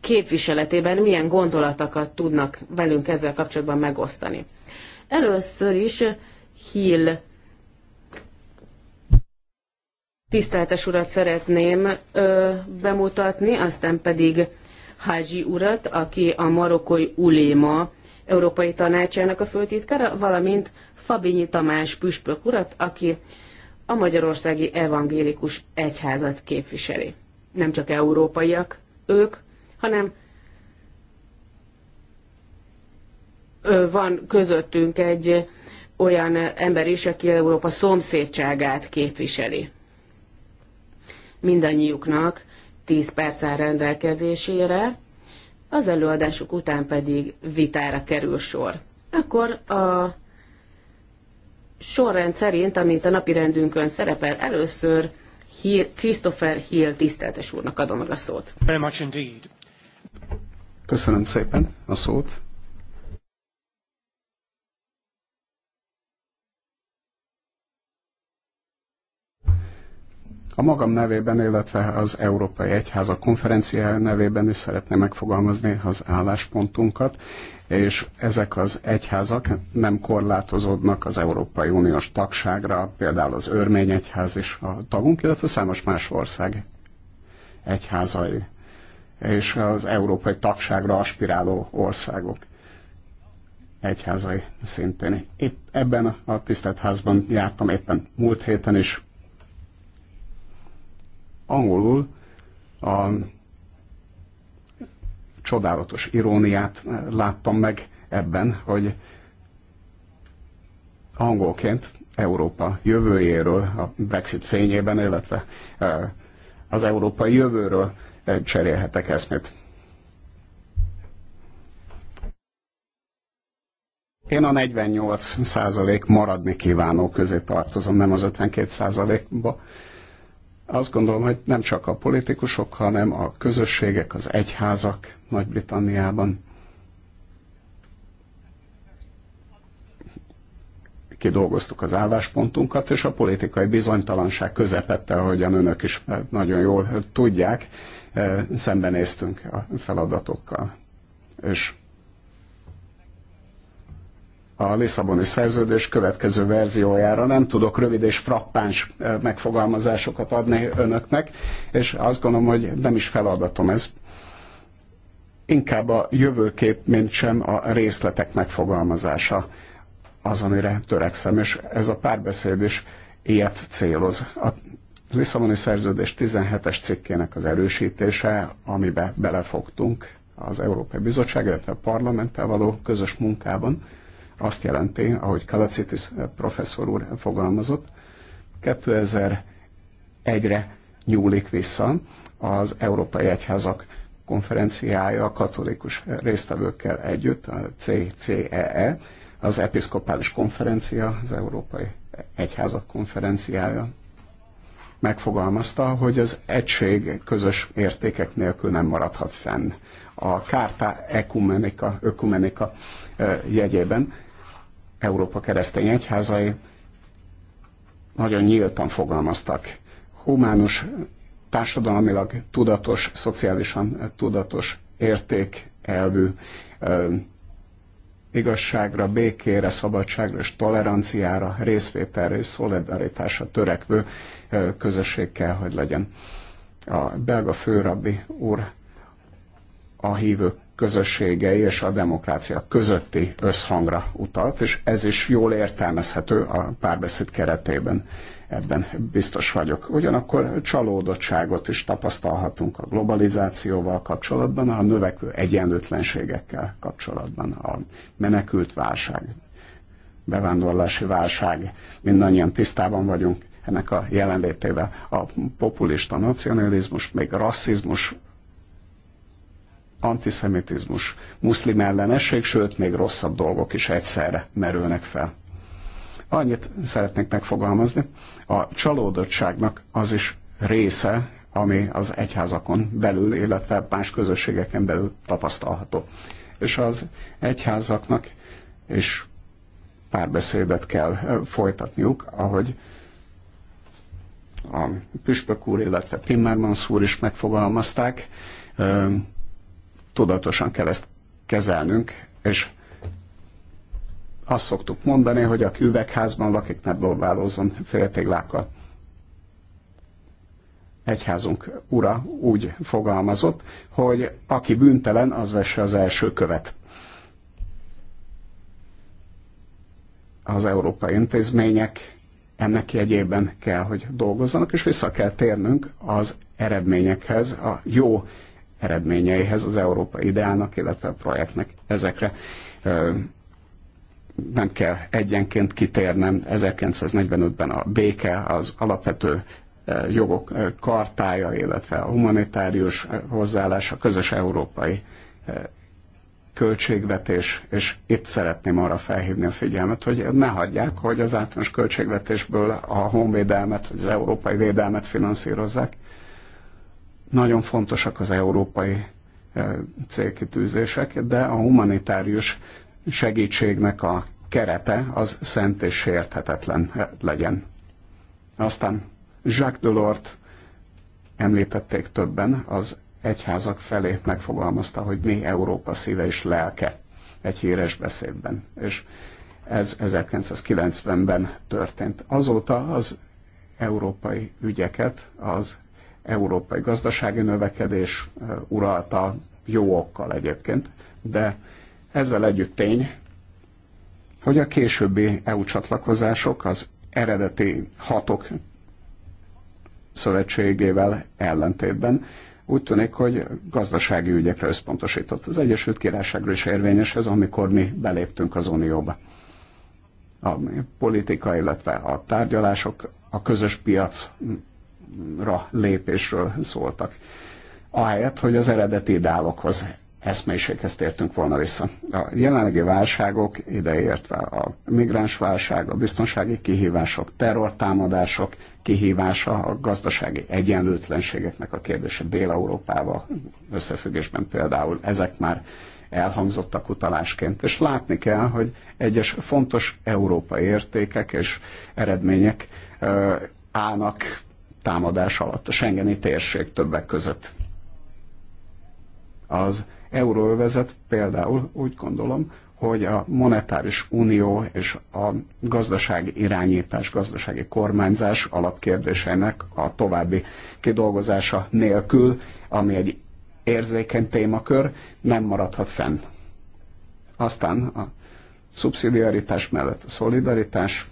képviseletében milyen gondolatokat tudnak velünk ezzel kapcsolatban megosztani. Először is Hill tiszteltes urat szeretném ö, bemutatni, aztán pedig Hágyi urat, aki a marokkói Uléma Európai Tanácsának a főtitkára, valamint Fabinyi Tamás püspök urat, aki a Magyarországi Evangélikus Egyházat képviseli. Nem csak európaiak ők, hanem van közöttünk egy olyan ember is, aki Európa szomszédságát képviseli. Mindannyiuknak 10 perc áll rendelkezésére, az előadásuk után pedig vitára kerül sor. Akkor a sorrend szerint, amint a napi rendünkön szerepel, először Hill, Christopher Hill tiszteltes úrnak adom meg a szót. Köszönöm szépen a szót. A magam nevében, illetve az Európai Egyháza konferencia nevében is szeretném megfogalmazni az álláspontunkat, és ezek az egyházak nem korlátozódnak az Európai Uniós tagságra, például az Örmény Egyház is a tagunk, illetve számos más ország egyházai, és az európai tagságra aspiráló országok egyházai szintén. Épp ebben a tisztelt házban jártam éppen múlt héten is, angolul a csodálatos iróniát eh, láttam meg ebben, hogy angolként Európa jövőjéről, a Brexit fényében, illetve eh, az európai jövőről eh, cserélhetek eszmét. Én a 48 százalék maradni kívánó közé tartozom, nem az 52 százalékba azt gondolom, hogy nem csak a politikusok, hanem a közösségek, az egyházak Nagy-Britanniában kidolgoztuk az álláspontunkat, és a politikai bizonytalanság közepette, ahogyan önök is nagyon jól tudják, szembenéztünk a feladatokkal. És a Lisszaboni szerződés következő verziójára. Nem tudok rövid és frappáns megfogalmazásokat adni önöknek, és azt gondolom, hogy nem is feladatom ez. Inkább a jövőkép, mint sem a részletek megfogalmazása az, amire törekszem, és ez a párbeszéd is ilyet céloz. A Lisszaboni szerződés 17-es cikkének az erősítése, amibe belefogtunk az Európai Bizottság, illetve a parlamenttel való közös munkában, azt jelenti, ahogy Kalacitis eh, professzor úr fogalmazott, 2001-re nyúlik vissza az Európai Egyházak konferenciája a katolikus résztvevőkkel együtt, a CCEE, e, az Episzkopális Konferencia, az Európai Egyházak konferenciája megfogalmazta, hogy az egység közös értékek nélkül nem maradhat fenn. A Kárta Ekumenika, Ökumenika eh, jegyében Európa keresztény egyházai nagyon nyíltan fogalmaztak. Humánus, társadalmilag tudatos, szociálisan tudatos érték elvű igazságra, békére, szabadságra és toleranciára, részvételre és szolidaritásra törekvő közösség kell, hogy legyen. A belga főrabbi úr a hívők közösségei és a demokrácia közötti összhangra utalt, és ez is jól értelmezhető a párbeszéd keretében. Ebben biztos vagyok. Ugyanakkor csalódottságot is tapasztalhatunk a globalizációval kapcsolatban, a növekvő egyenlőtlenségekkel kapcsolatban, a menekült válság, bevándorlási válság, mindannyian tisztában vagyunk ennek a jelenlétével. A populista nacionalizmus, még rasszizmus antiszemitizmus, muszlim ellenesség, sőt, még rosszabb dolgok is egyszerre merülnek fel. Annyit szeretnék megfogalmazni, a csalódottságnak az is része, ami az egyházakon belül, illetve más közösségeken belül tapasztalható. És az egyházaknak is párbeszédet kell folytatniuk, ahogy a püspök úr, illetve Timmermans úr is megfogalmazták, Tudatosan kell ezt kezelnünk, és azt szoktuk mondani, hogy aki üvegházban lakik, ne dolgálózzon féltéglákkal. Egyházunk ura úgy fogalmazott, hogy aki bűntelen, az vesse az első követ. Az európai intézmények ennek jegyében kell, hogy dolgozzanak, és vissza kell térnünk az eredményekhez, a jó eredményeihez, az európai ideának, illetve a projektnek. Ezekre nem kell egyenként kitérnem. 1945-ben a béke az alapvető jogok kartája, illetve a humanitárius hozzáállás, a közös európai költségvetés, és itt szeretném arra felhívni a figyelmet, hogy ne hagyják, hogy az általános költségvetésből a honvédelmet, az európai védelmet finanszírozzák, nagyon fontosak az európai e, célkitűzések, de a humanitárius segítségnek a kerete az szent és sérthetetlen e, legyen. Aztán Jacques Delort említették többen, az egyházak felé megfogalmazta, hogy mi Európa szíve és lelke egy híres beszédben. És ez 1990-ben történt. Azóta az európai ügyeket az európai gazdasági növekedés uralta jó okkal egyébként, de ezzel együtt tény, hogy a későbbi EU csatlakozások az eredeti hatok szövetségével ellentétben úgy tűnik, hogy gazdasági ügyekre összpontosított. Az Egyesült Királyságról is érvényes ez, amikor mi beléptünk az Unióba. A politika, illetve a tárgyalások a közös piac ra lépésről szóltak. Ahelyett, hogy az eredeti ideálokhoz, eszmélyiséghez tértünk volna vissza. A jelenlegi válságok, ideértve a migráns válság, a biztonsági kihívások, terrortámadások kihívása, a gazdasági egyenlőtlenségeknek a kérdése Dél-Európával összefüggésben például, ezek már elhangzottak utalásként, és látni kell, hogy egyes fontos európai értékek és eredmények állnak támadás alatt, a Schengeni térség többek között. Az euróövezet például úgy gondolom, hogy a monetáris unió és a gazdasági irányítás, gazdasági kormányzás alapkérdéseinek a további kidolgozása nélkül, ami egy érzékeny témakör, nem maradhat fenn. Aztán a szubszidiaritás mellett a szolidaritás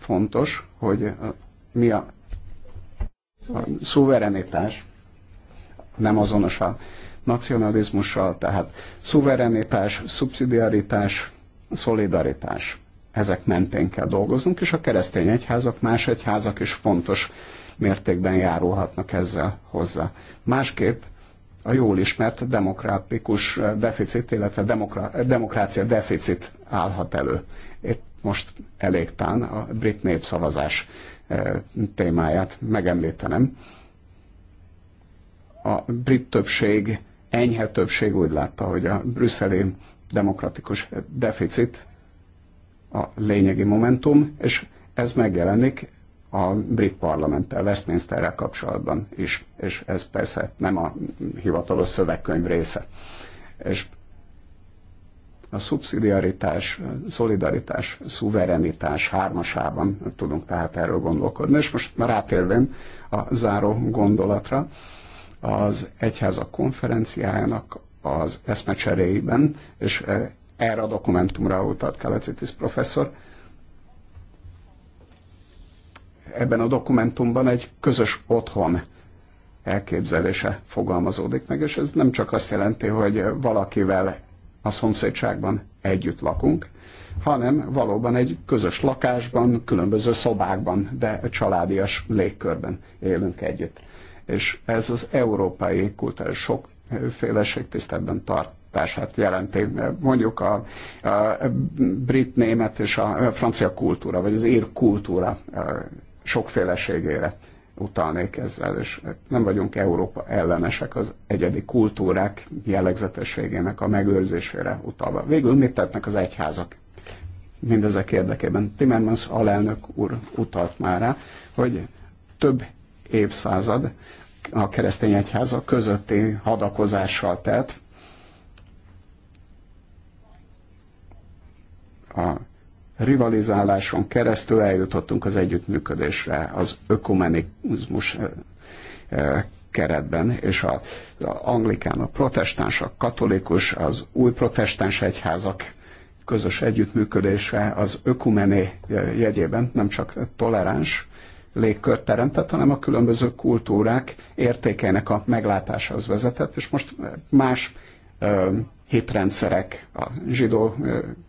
fontos, hogy a mi a, a szuverenitás, nem azonos a nacionalizmussal, tehát szuverenitás, szubszidiaritás, szolidaritás. Ezek mentén kell dolgoznunk, és a keresztény egyházak, más egyházak is fontos mértékben járulhatnak ezzel hozzá. Másképp a jól ismert demokratikus deficit, illetve demokra, demokrácia deficit állhat elő. Itt most elégtán a brit népszavazás E, témáját megemlítenem. A brit többség, enyhe többség úgy látta, hogy a brüsszeli demokratikus deficit a lényegi momentum, és ez megjelenik a brit parlamenttel, Westminsterrel kapcsolatban is, és ez persze nem a hivatalos szövegkönyv része. És a szubszidiaritás, szolidaritás, szuverenitás hármasában tudunk tehát erről gondolkodni. És most már rátérvén a záró gondolatra, az egyházak konferenciájának az eszmecseréiben, és e, erre a dokumentumra utalt Kelecitis professzor, ebben a dokumentumban egy közös otthon elképzelése fogalmazódik meg, és ez nem csak azt jelenti, hogy valakivel a szomszédságban együtt lakunk, hanem valóban egy közös lakásban, különböző szobákban, de családias légkörben élünk együtt. És ez az európai kultúra sokféleség tiszteletben tartását jelenti. Mondjuk a, a brit, német és a francia kultúra, vagy az ír kultúra sokféleségére utalnék ezzel, és nem vagyunk Európa ellenesek az egyedi kultúrák jellegzetességének a megőrzésére utalva. Végül mit tettnek az egyházak? Mindezek érdekében Timmermans alelnök úr utalt már rá, hogy több évszázad a keresztény egyháza közötti hadakozással tett a rivalizáláson keresztül eljutottunk az együttműködésre az ökumenizmus keretben, és a, anglikán, a protestáns, a katolikus, az új protestáns egyházak közös együttműködése az ökumené jegyében nem csak toleráns légkört teremtett, hanem a különböző kultúrák értékeinek a meglátásához vezetett, és most más hitrendszerek a zsidó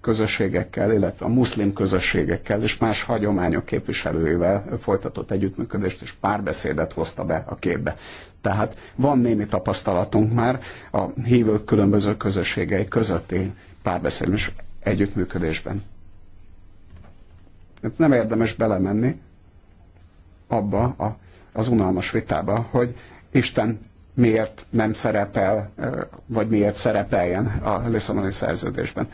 közösségekkel, illetve a muszlim közösségekkel és más hagyományok képviselőivel folytatott együttműködést és párbeszédet hozta be a képbe. Tehát van némi tapasztalatunk már a hívők különböző közösségei közötti párbeszédés együttműködésben. Nem érdemes belemenni abba a, az unalmas vitába, hogy Isten miért nem szerepel, vagy miért szerepeljen a Lisszaboni szerződésben.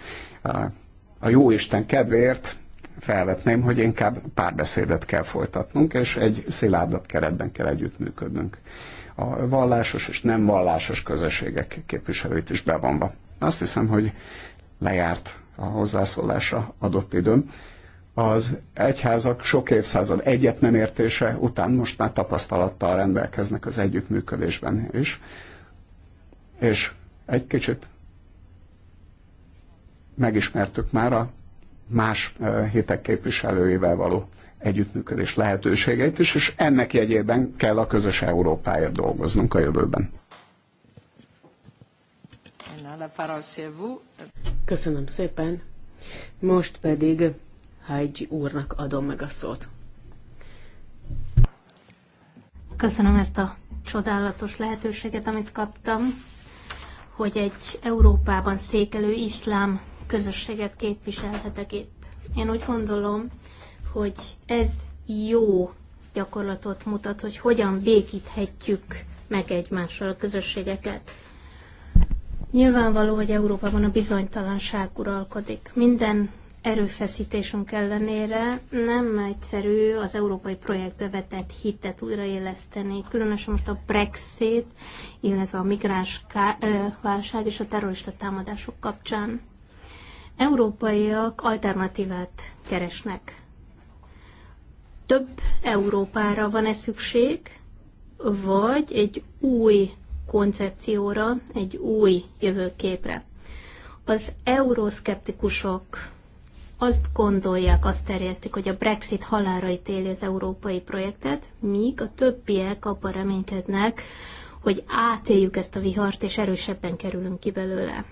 A jó Isten kedvéért felvetném, hogy inkább párbeszédet kell folytatnunk, és egy szilárdabb keretben kell együttműködnünk. A vallásos és nem vallásos közösségek képviselőit is bevonva. Azt hiszem, hogy lejárt a hozzászólásra adott időm az egyházak sok évszázad egyet nem értése után most már tapasztalattal rendelkeznek az együttműködésben is. És egy kicsit megismertük már a más hitek képviselőivel való együttműködés lehetőségeit is, és ennek jegyében kell a közös Európáért dolgoznunk a jövőben. Köszönöm szépen. Most pedig Hajgyi úrnak adom meg a szót. Köszönöm ezt a csodálatos lehetőséget, amit kaptam, hogy egy Európában székelő iszlám közösséget képviselhetek itt. Én úgy gondolom, hogy ez jó gyakorlatot mutat, hogy hogyan békíthetjük meg egymással a közösségeket. Nyilvánvaló, hogy Európában a bizonytalanság uralkodik. Minden erőfeszítésünk ellenére nem egyszerű az európai projektbe vetett hitet újraéleszteni, különösen most a Brexit, illetve a migráns válság és a terrorista támadások kapcsán. Európaiak alternatívát keresnek. Több Európára van-e szükség, vagy egy új koncepcióra, egy új jövőképre? Az euroszkeptikusok azt gondolják, azt terjesztik, hogy a Brexit halára ítéli az európai projektet, míg a többiek abban reménykednek, hogy átéljük ezt a vihart, és erősebben kerülünk ki belőle.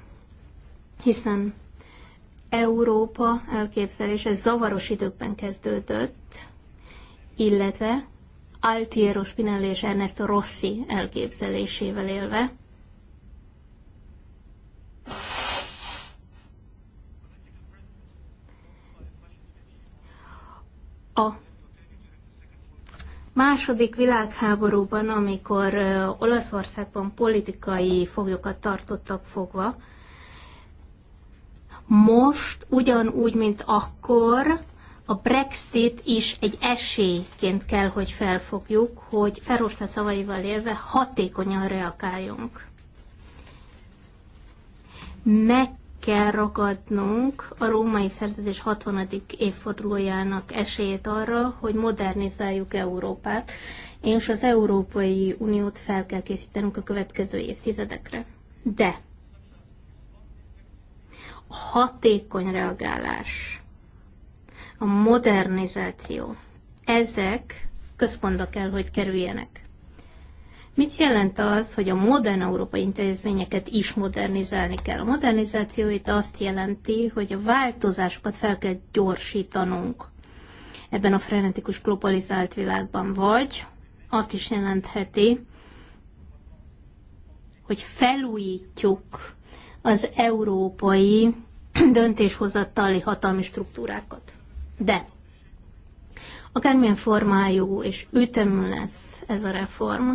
Hiszen Európa elképzelése zavaros időkben kezdődött, illetve Altiero Spinelli és Ernesto Rossi elképzelésével élve. A második világháborúban, amikor Olaszországban politikai foglyokat tartottak fogva, most ugyanúgy, mint akkor, a Brexit is egy esélyként kell, hogy felfogjuk, hogy Ferosta szavaival élve hatékonyan reagáljunk. Meg kell ragadnunk a római szerződés 60. évfordulójának esélyét arra, hogy modernizáljuk Európát, és az Európai Uniót fel kell készítenünk a következő évtizedekre. De a hatékony reagálás, a modernizáció, ezek központba kell, hogy kerüljenek. Mit jelent az, hogy a modern európai intézményeket is modernizálni kell? A modernizáció itt azt jelenti, hogy a változásokat fel kell gyorsítanunk ebben a frenetikus globalizált világban, vagy azt is jelentheti, hogy felújítjuk az európai döntéshozatali hatalmi struktúrákat. De akármilyen formájú és ütemű lesz ez a reform,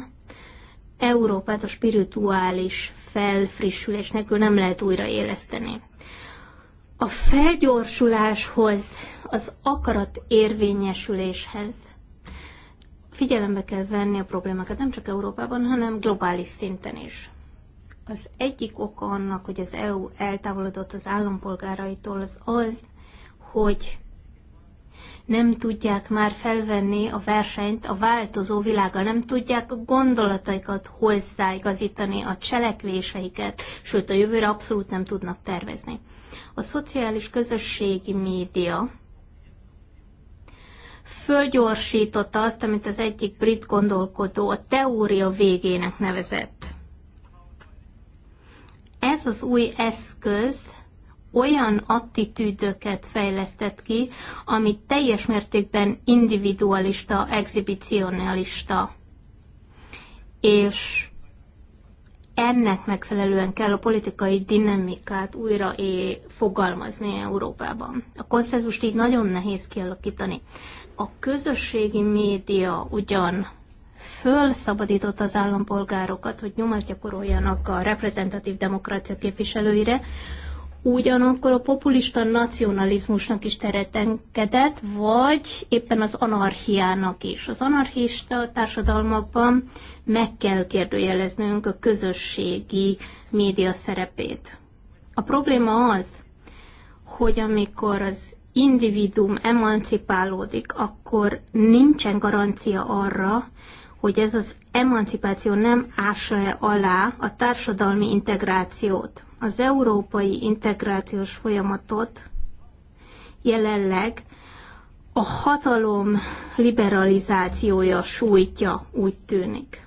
Európát a spirituális felfrissülés nélkül nem lehet újraéleszteni. A felgyorsuláshoz, az akarat érvényesüléshez figyelembe kell venni a problémákat nem csak Európában, hanem globális szinten is. Az egyik oka annak, hogy az EU eltávolodott az állampolgáraitól, az az, hogy nem tudják már felvenni a versenyt a változó világgal, nem tudják a gondolataikat hozzáigazítani, a cselekvéseiket, sőt a jövőre abszolút nem tudnak tervezni. A szociális közösségi média fölgyorsította azt, amit az egyik brit gondolkodó a teória végének nevezett. Ez az új eszköz olyan attitűdöket fejlesztett ki, ami teljes mértékben individualista, exhibicionalista. És ennek megfelelően kell a politikai dinamikát újra fogalmazni Európában. A konszenzust így nagyon nehéz kialakítani. A közösségi média ugyan fölszabadított az állampolgárokat, hogy nyomást gyakoroljanak a reprezentatív demokrácia képviselőire, ugyanakkor a populista nacionalizmusnak is teret engedett, vagy éppen az anarchiának is. Az anarchista társadalmakban meg kell kérdőjeleznünk a közösségi média szerepét. A probléma az, hogy amikor az individuum emancipálódik, akkor nincsen garancia arra, hogy ez az emancipáció nem ássa-e alá a társadalmi integrációt az európai integrációs folyamatot jelenleg a hatalom liberalizációja sújtja, úgy tűnik.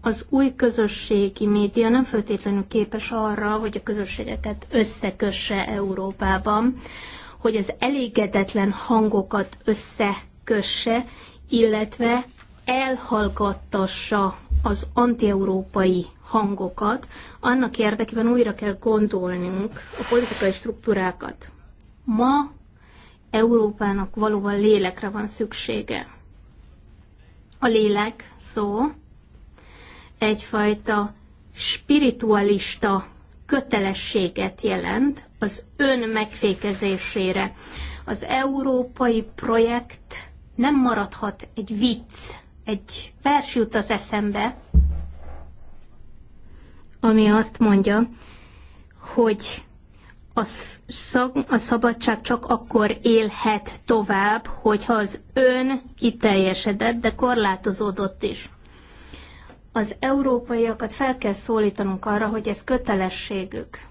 Az új közösségi média nem feltétlenül képes arra, hogy a közösségeket összekösse Európában, hogy az elégedetlen hangokat összekösse, illetve elhallgattassa az antieurópai hangokat, annak érdekében újra kell gondolnunk a politikai struktúrákat. Ma Európának valóban lélekre van szüksége. A lélek szó egyfajta spiritualista kötelességet jelent az ön megfékezésére. Az európai projekt nem maradhat egy vicc, egy vers jut az eszembe, ami azt mondja, hogy a, szag, a szabadság csak akkor élhet tovább, hogyha az ön kiteljesedett, de korlátozódott is. Az európaiakat fel kell szólítanunk arra, hogy ez kötelességük.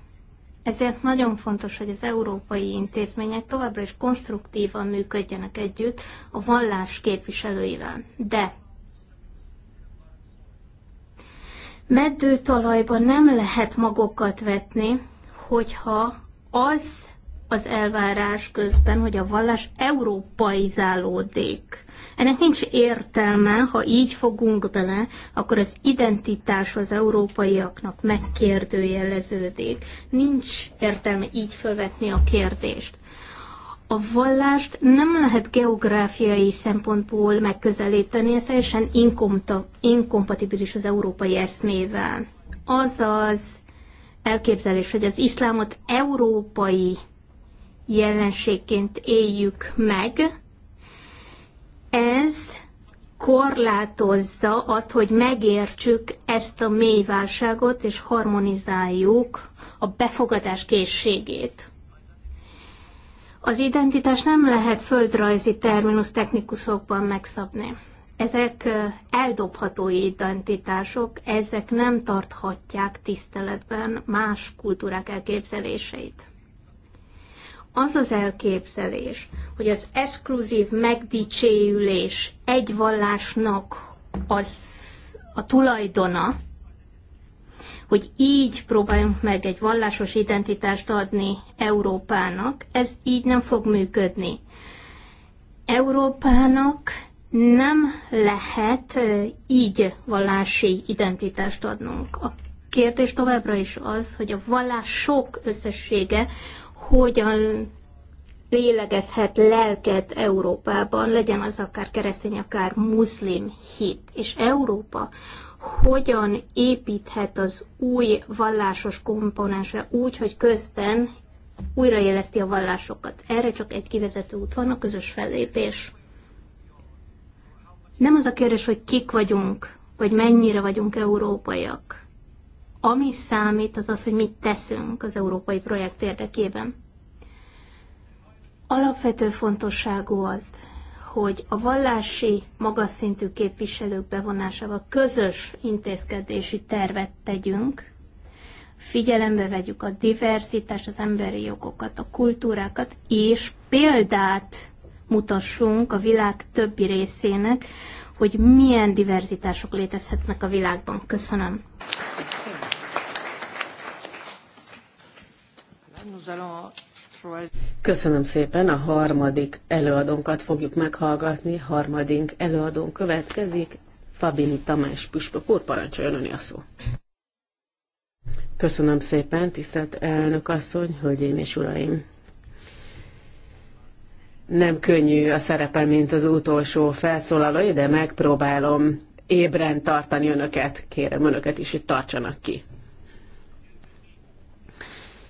Ezért nagyon fontos, hogy az európai intézmények továbbra is konstruktívan működjenek együtt a vallás képviselőivel. De Meddő talajban nem lehet magokat vetni, hogyha az az elvárás közben, hogy a vallás európaizálódik. Ennek nincs értelme, ha így fogunk bele, akkor az identitás az európaiaknak megkérdőjeleződik. Nincs értelme így felvetni a kérdést a vallást nem lehet geográfiai szempontból megközelíteni, ez teljesen inkompatibilis az európai eszmével. Azaz elképzelés, hogy az iszlámot európai jelenségként éljük meg, ez korlátozza azt, hogy megértsük ezt a mély válságot, és harmonizáljuk a befogadás készségét. Az identitás nem lehet földrajzi terminus technikusokban megszabni. Ezek eldobható identitások, ezek nem tarthatják tiszteletben más kultúrák elképzeléseit. Az az elképzelés, hogy az exkluzív megdicséülés egy vallásnak az a tulajdona, hogy így próbáljunk meg egy vallásos identitást adni Európának, ez így nem fog működni. Európának nem lehet így vallási identitást adnunk. A kérdés továbbra is az, hogy a vallás sok összessége hogyan lélegezhet lelket Európában, legyen az akár keresztény, akár muszlim hit. És Európa hogyan építhet az új vallásos komponensre úgy, hogy közben újraéleszti a vallásokat. Erre csak egy kivezető út van, a közös fellépés. Nem az a kérdés, hogy kik vagyunk, vagy mennyire vagyunk európaiak. Ami számít, az az, hogy mit teszünk az európai projekt érdekében. Alapvető fontosságú az, hogy a vallási magas szintű képviselők bevonásával közös intézkedési tervet tegyünk, figyelembe vegyük a diversitást, az emberi jogokat, a kultúrákat, és példát mutassunk a világ többi részének, hogy milyen diverzitások létezhetnek a világban. Köszönöm. Nous allons Köszönöm szépen, a harmadik előadónkat fogjuk meghallgatni. Harmadik előadónk következik, Fabini Tamás Püspök úr, parancsoljon öni a szó. Köszönöm szépen, tisztelt elnök asszony, hölgyeim és uraim! Nem könnyű a szerepe, mint az utolsó felszólaló, de megpróbálom ébren tartani önöket. Kérem önöket is, hogy tartsanak ki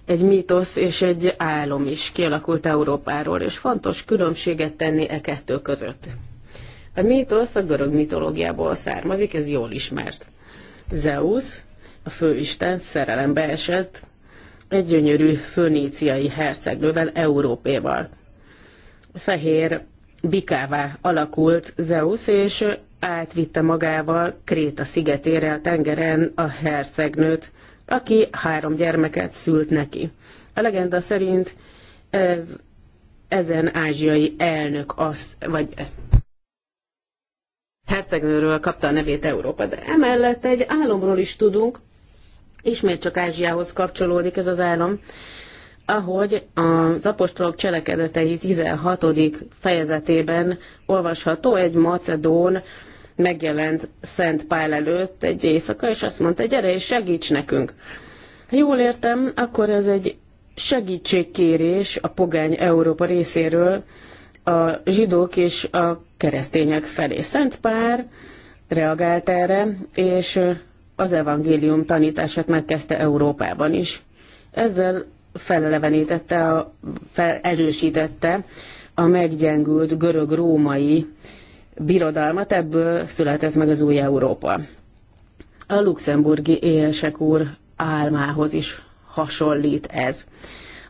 egy mítosz és egy álom is kialakult Európáról, és fontos különbséget tenni e kettő között. A mítosz a görög mitológiából származik, ez jól ismert. Zeus, a főisten szerelembe esett egy gyönyörű főníciai hercegnővel, Európéval. Fehér bikává alakult Zeus, és átvitte magával Kréta szigetére a tengeren a hercegnőt, aki három gyermeket szült neki. A legenda szerint ez ezen ázsiai elnök az, vagy hercegnőről kapta a nevét Európa, de emellett egy álomról is tudunk, ismét csak Ázsiához kapcsolódik ez az álom, ahogy az apostolok cselekedetei 16. fejezetében olvasható egy macedón megjelent Szent Pál előtt egy éjszaka, és azt mondta, gyere és segíts nekünk. Ha jól értem, akkor ez egy segítségkérés a pogány Európa részéről a zsidók és a keresztények felé. Szent Pár reagált erre, és az evangélium tanítását megkezdte Európában is. Ezzel felelevenítette, fel erősítette a meggyengült görög-római birodalmat, ebből született meg az új Európa. A luxemburgi élsek úr álmához is hasonlít ez.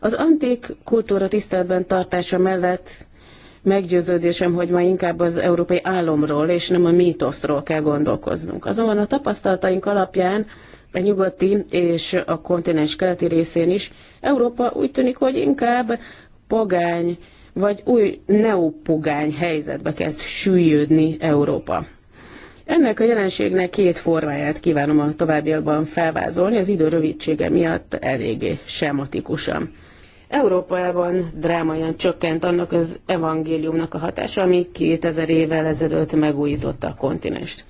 Az antik kultúra tiszteletben tartása mellett meggyőződésem, hogy ma inkább az európai álomról és nem a mítoszról kell gondolkoznunk. Azonban a tapasztalataink alapján a nyugati és a kontinens keleti részén is Európa úgy tűnik, hogy inkább pogány vagy új neopogány helyzetbe kezd süllyődni Európa. Ennek a jelenségnek két formáját kívánom a továbbiakban felvázolni, az idő rövidsége miatt eléggé sematikusan. Európában drámaian csökkent annak az evangéliumnak a hatása, ami 2000 évvel ezelőtt megújította a kontinest.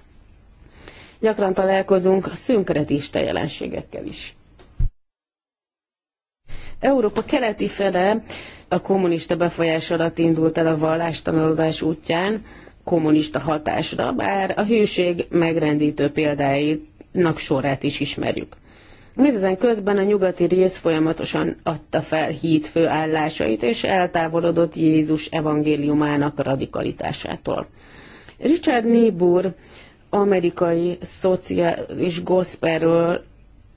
Gyakran találkozunk szünkretista jelenségekkel is. Európa keleti fele a kommunista befolyás alatt indult el a vallástanulás útján, kommunista hatásra, bár a hűség megrendítő példáinak sorát is ismerjük. Mindezen közben a nyugati rész folyamatosan adta fel hídfő állásait, és eltávolodott Jézus evangéliumának radikalitásától. Richard Niebuhr amerikai szociális gospelről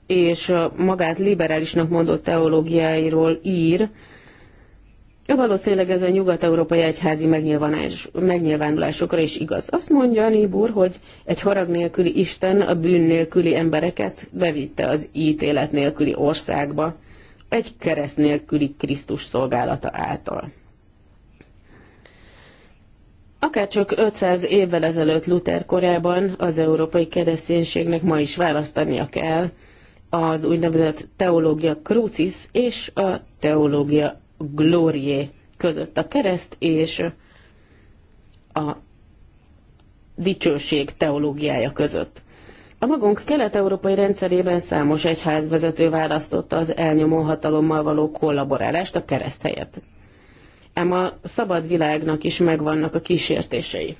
és magát liberálisnak mondott teológiáiról ír, Valószínűleg ez a nyugat-európai egyházi megnyilvánulás, megnyilvánulásokra is igaz. Azt mondja Nibur, hogy egy harag nélküli Isten a bűn nélküli embereket bevitte az ítélet nélküli országba, egy kereszt nélküli Krisztus szolgálata által. Akárcsak 500 évvel ezelőtt Luther korában az európai kereszténységnek ma is választania kell az úgynevezett teológia crucis és a teológia glorie között a kereszt és a dicsőség teológiája között. A magunk kelet-európai rendszerében számos egyházvezető választotta az elnyomó hatalommal való kollaborálást a kereszt helyett. Ám a szabad világnak is megvannak a kísértései.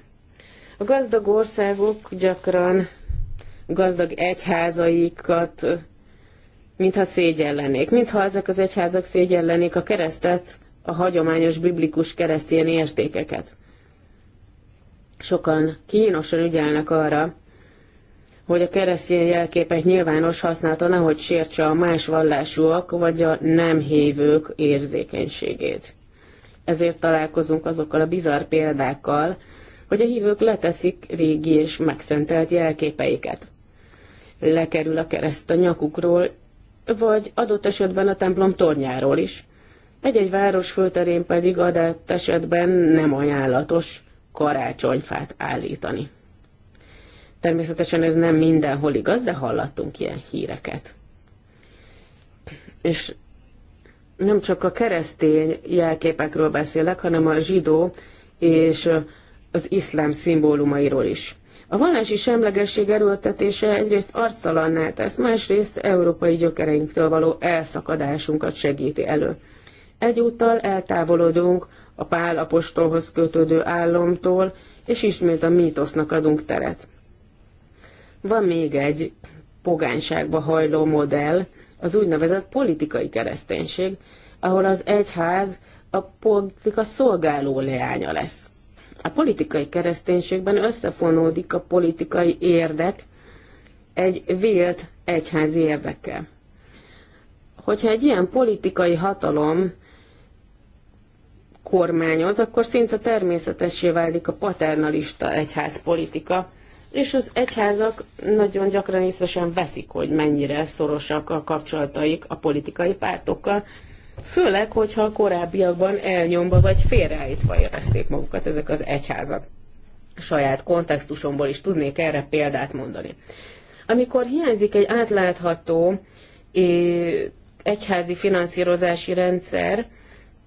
A gazdag országok gyakran gazdag egyházaikat mintha szégyellenék, mintha ezek az egyházak szégyellenék a keresztet, a hagyományos biblikus keresztény értékeket. Sokan kínosan ügyelnek arra, hogy a keresztény jelképek nyilvános használata nehogy sértse a más vallásúak vagy a nem hívők érzékenységét. Ezért találkozunk azokkal a bizarr példákkal, hogy a hívők leteszik régi és megszentelt jelképeiket. Lekerül a kereszt a nyakukról, vagy adott esetben a templom tornyáról is. Egy-egy város fölterén pedig adott esetben nem ajánlatos karácsonyfát állítani. Természetesen ez nem mindenhol igaz, de hallottunk ilyen híreket. És nem csak a keresztény jelképekről beszélek, hanem a zsidó és az iszlám szimbólumairól is. A vallási semlegesség erőltetése egyrészt arcalanná tesz, másrészt európai gyökereinktől való elszakadásunkat segíti elő. Egyúttal eltávolodunk a pálapostolhoz kötődő állomtól, és ismét a mítosznak adunk teret. Van még egy pogányságba hajló modell, az úgynevezett politikai kereszténység, ahol az egyház a politika szolgáló leánya lesz. A politikai kereszténységben összefonódik a politikai érdek egy vélt egyházi érdeke. Hogyha egy ilyen politikai hatalom kormányoz, akkor szinte természetessé válik a paternalista egyházpolitika, és az egyházak nagyon gyakran észre sem veszik, hogy mennyire szorosak a kapcsolataik a politikai pártokkal, Főleg, hogyha a korábbiakban elnyomva vagy félreállítva érezték magukat ezek az egyházak. Saját kontextusomból is tudnék erre példát mondani. Amikor hiányzik egy átlátható egyházi finanszírozási rendszer,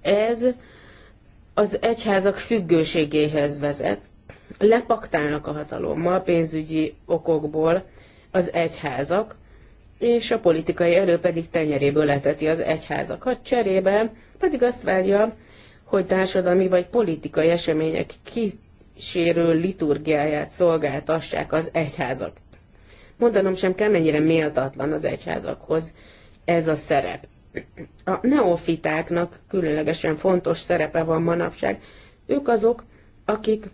ez az egyházak függőségéhez vezet. Lepaktálnak a hatalommal pénzügyi okokból az egyházak, és a politikai erő pedig tenyeréből leteti az egyházakat, cserébe pedig azt várja, hogy társadalmi vagy politikai események kísérő liturgiáját szolgáltassák az egyházak. Mondanom sem kell, mennyire méltatlan az egyházakhoz ez a szerep. A neofitáknak különlegesen fontos szerepe van manapság. Ők azok, akik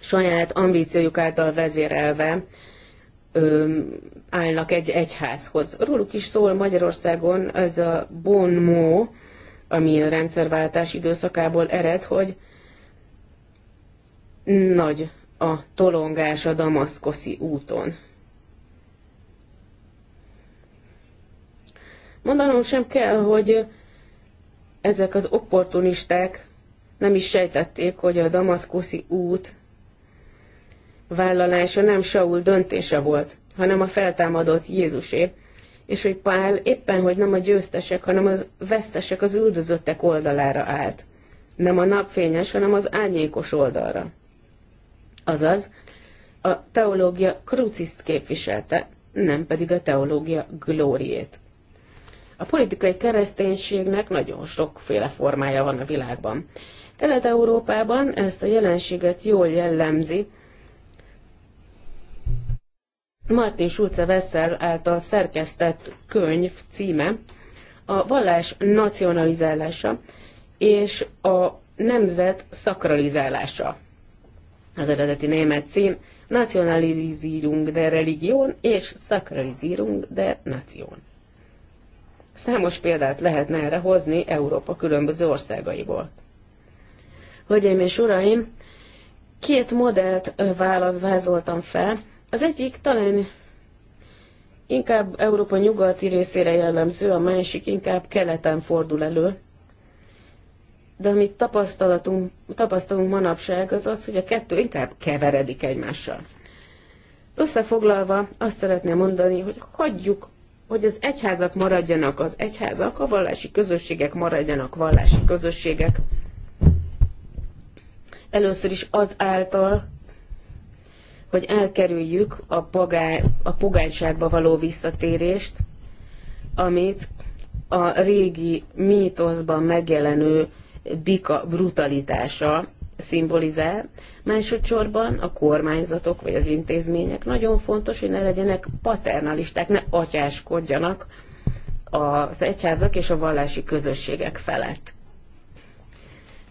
saját ambíciójuk által vezérelve állnak egy egyházhoz. Róluk is szól Magyarországon ez a bonmó, ami a rendszerváltás időszakából ered, hogy nagy a tolongás a damaszkoszi úton. Mondanom sem kell, hogy ezek az opportunisták nem is sejtették, hogy a damaszkoszi út vállalása nem Saul döntése volt, hanem a feltámadott Jézusé, és hogy Pál éppen, hogy nem a győztesek, hanem az vesztesek, az üldözöttek oldalára állt. Nem a napfényes, hanem az ányékos oldalra. Azaz, a teológia kruciszt képviselte, nem pedig a teológia glóriét. A politikai kereszténységnek nagyon sokféle formája van a világban. Kelet-Európában ezt a jelenséget jól jellemzi Martin Schulze Wessel által szerkesztett könyv címe a vallás nacionalizálása és a nemzet szakralizálása. Az eredeti német cím Nacionalizierung der Religion és Sacralisierung der Nation. Számos példát lehetne erre hozni Európa különböző országaiból. Hölgyeim és uraim, két modellt vázoltam fel, az egyik talán inkább Európa nyugati részére jellemző, a másik inkább keleten fordul elő. De amit tapasztalatunk, tapasztalunk manapság, az az, hogy a kettő inkább keveredik egymással. Összefoglalva azt szeretném mondani, hogy hagyjuk, hogy az egyházak maradjanak az egyházak, a vallási közösségek maradjanak vallási közösségek. Először is az által, hogy elkerüljük a, pogály, a pogányságba való visszatérést, amit a régi mítoszban megjelenő bika brutalitása szimbolizál. Másodszorban a kormányzatok vagy az intézmények nagyon fontos, hogy ne legyenek paternalisták, ne atyáskodjanak az egyházak és a vallási közösségek felett.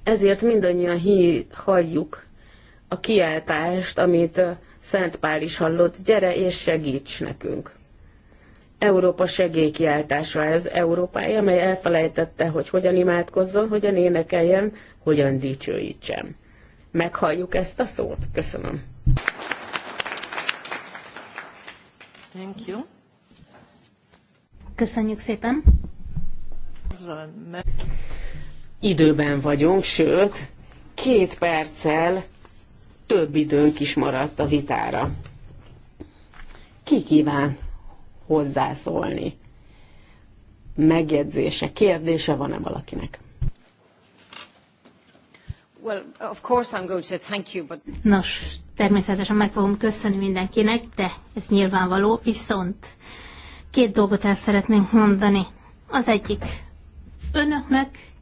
Ezért mindannyian hagyjuk a kiáltást, amit Szent Pál is hallott, gyere és segíts nekünk. Európa segélykiáltása ez Európája, amely elfelejtette, hogy hogyan imádkozzon, hogyan énekeljen, hogyan dicsőítsem. Meghalljuk ezt a szót. Köszönöm. Thank you. Köszönjük szépen. Időben vagyunk, sőt, két perccel több időnk is maradt a vitára. Ki kíván hozzászólni? Megjegyzése, kérdése van-e valakinek? Well, of course I'm going to say thank you, but... Nos, természetesen meg fogom köszönni mindenkinek, de ez nyilvánvaló, viszont két dolgot el szeretnénk mondani. Az egyik önöknek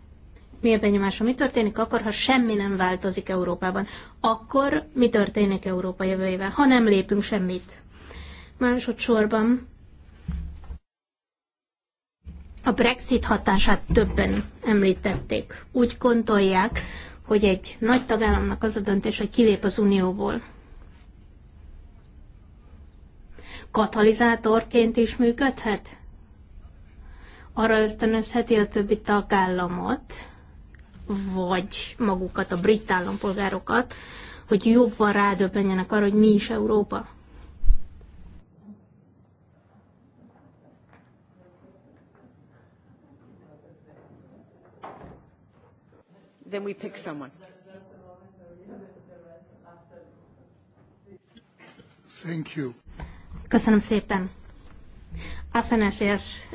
mi a benyomásom, mi történik akkor, ha semmi nem változik Európában? Akkor mi történik Európa jövőjével, ha nem lépünk semmit? Másodszorban a Brexit hatását többen említették. Úgy gondolják, hogy egy nagy tagállamnak az a döntés, hogy kilép az Unióból. Katalizátorként is működhet? Arra ösztönözheti a többi tagállamot, vagy magukat, a brit állampolgárokat, hogy jobban rádöbbenjenek arra, hogy mi is Európa. Then we pick someone. Thank you. Köszönöm szépen. Afenesias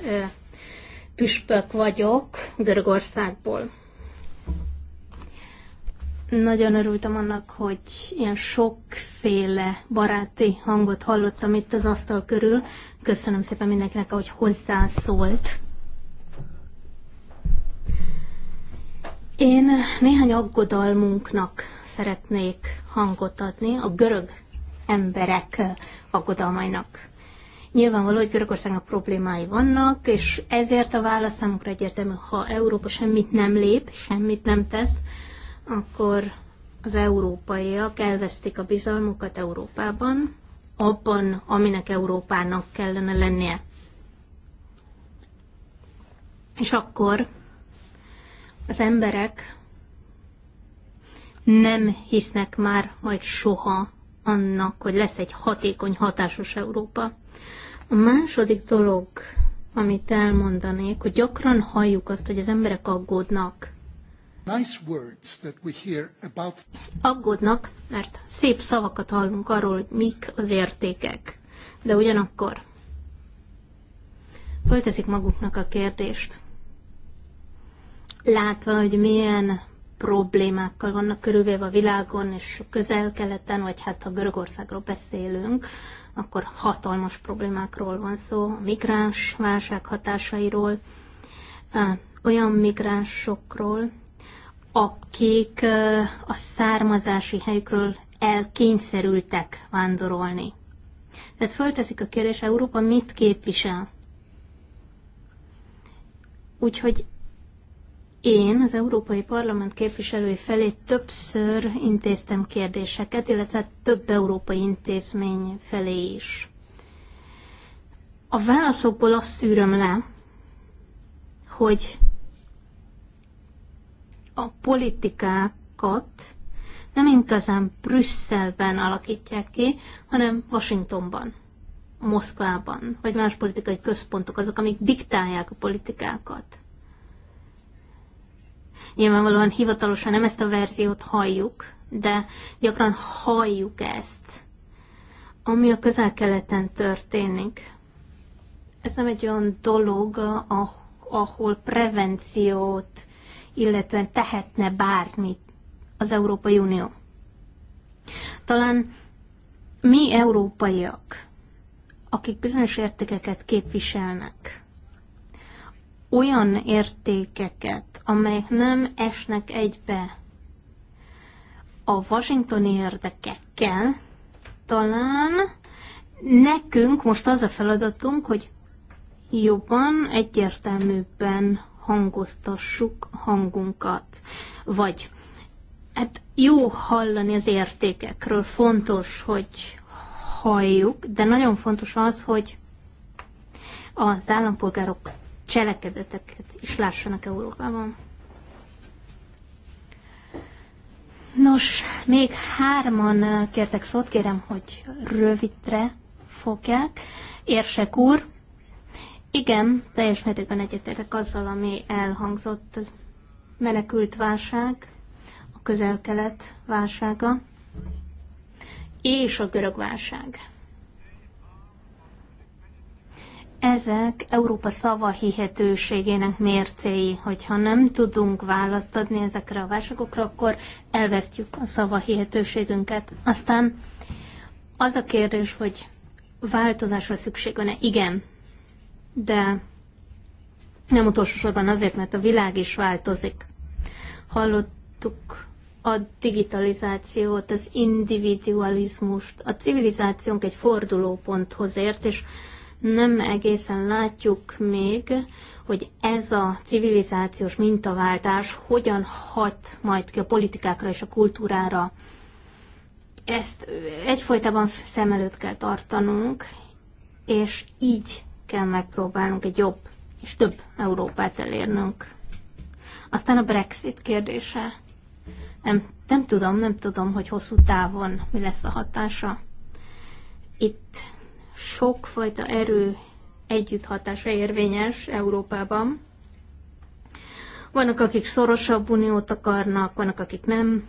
püspök vagyok Görögországból. Nagyon örültem annak, hogy ilyen sokféle baráti hangot hallottam itt az asztal körül. Köszönöm szépen mindenkinek, ahogy hozzászólt. Én néhány aggodalmunknak szeretnék hangot adni, a görög emberek aggodalmainak. Nyilvánvaló, hogy Görögországnak problémái vannak, és ezért a válasz számukra egyértelmű, ha Európa semmit nem lép, semmit nem tesz, akkor az európaiak elvesztik a bizalmukat Európában, abban, aminek Európának kellene lennie. És akkor az emberek nem hisznek már majd soha annak, hogy lesz egy hatékony, hatásos Európa. A második dolog, amit elmondanék, hogy gyakran halljuk azt, hogy az emberek aggódnak. Aggódnak, mert szép szavakat hallunk arról, hogy mik az értékek. De ugyanakkor fölteszik maguknak a kérdést, látva, hogy milyen problémákkal vannak körülvéve a világon, és közel-keleten, vagy hát ha Görögországról beszélünk, akkor hatalmas problémákról van szó, a migráns válság hatásairól, olyan migránsokról, akik a származási helyükről elkényszerültek vándorolni. Tehát fölteszik a kérdés, Európa mit képvisel? Úgyhogy én az Európai Parlament képviselői felé többször intéztem kérdéseket, illetve több európai intézmény felé is. A válaszokból azt szűröm le, hogy a politikákat nem igazán Brüsszelben alakítják ki, hanem Washingtonban, Moszkvában, vagy más politikai központok azok, amik diktálják a politikákat. Nyilvánvalóan hivatalosan nem ezt a verziót halljuk, de gyakran halljuk ezt, ami a közel-keleten történik. Ez nem egy olyan dolog, ahol prevenciót illetően tehetne bármit az Európai Unió. Talán mi európaiak, akik bizonyos értékeket képviselnek, olyan értékeket, amelyek nem esnek egybe a washingtoni érdekekkel, talán nekünk most az a feladatunk, hogy jobban, egyértelműbben hangoztassuk hangunkat. Vagy hát jó hallani az értékekről, fontos, hogy halljuk, de nagyon fontos az, hogy az állampolgárok cselekedeteket is lássanak Európában. Nos, még hárman eh, kértek szót, kérem, hogy rövidre fogják. Érsek úr, igen, teljes mértékben egyetértek azzal, ami elhangzott, az menekült válság, a közel-kelet válsága és a görög válság. Ezek Európa szava hihetőségének mércéi, hogyha nem tudunk választ adni ezekre a válságokra, akkor elvesztjük a szava hihetőségünket. Aztán az a kérdés, hogy változásra szükség van-e? Igen, de nem utolsó sorban azért, mert a világ is változik. Hallottuk a digitalizációt, az individualizmust, a civilizációnk egy fordulóponthoz ért, és nem egészen látjuk még, hogy ez a civilizációs mintaváltás hogyan hat majd ki a politikákra és a kultúrára. Ezt egyfolytában szem előtt kell tartanunk, és így kell megpróbálnunk egy jobb és több Európát elérnünk. Aztán a Brexit kérdése. Nem, nem tudom, nem tudom, hogy hosszú távon mi lesz a hatása. Itt sokfajta erő együtt hatása érvényes Európában. Vannak, akik szorosabb uniót akarnak, vannak, akik nem.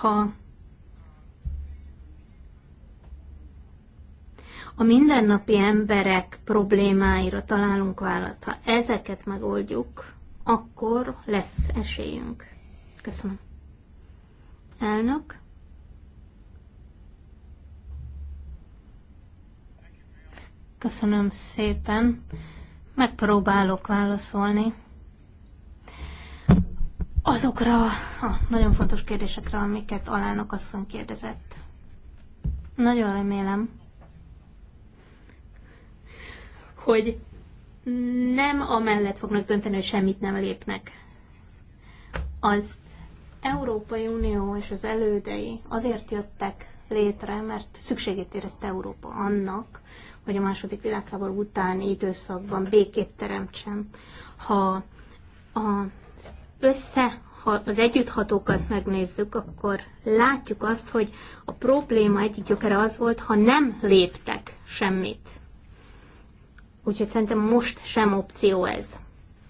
Ha a mindennapi emberek problémáira találunk választ. Ha ezeket megoldjuk, akkor lesz esélyünk. Köszönöm. Elnök. Köszönöm szépen. Megpróbálok válaszolni azokra a nagyon fontos kérdésekre, amiket Alánok asszony kérdezett. Nagyon remélem, hogy nem amellett fognak dönteni, hogy semmit nem lépnek. Az Európai Unió és az elődei azért jöttek létre, mert szükségét érezte Európa annak, hogy a második világháború utáni időszakban békét teremtsen. Ha az össze, ha az együtthatókat megnézzük, akkor látjuk azt, hogy a probléma egyik gyökere az volt, ha nem léptek semmit. Úgyhogy szerintem most sem opció ez.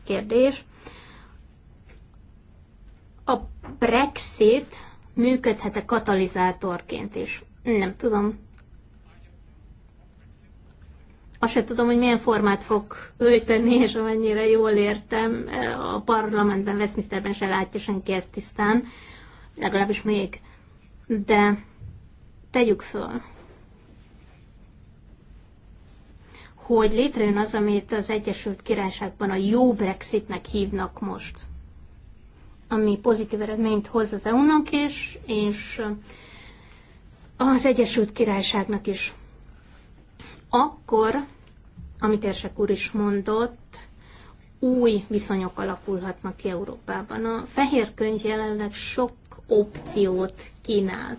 Kérdés. A Brexit működhet-e katalizátorként is? Nem tudom. Azt sem tudom, hogy milyen formát fog ölteni, és amennyire jól értem, a parlamentben, Westminsterben se látja senki ezt tisztán, legalábbis még. De tegyük föl, hogy létrejön az, amit az Egyesült Királyságban a jó Brexitnek hívnak most, ami pozitív eredményt hoz az EU-nak is, és az Egyesült Királyságnak is. Akkor, amit Érsek úr is mondott, új viszonyok alakulhatnak ki Európában. A fehér könyv jelenleg sok opciót kínál.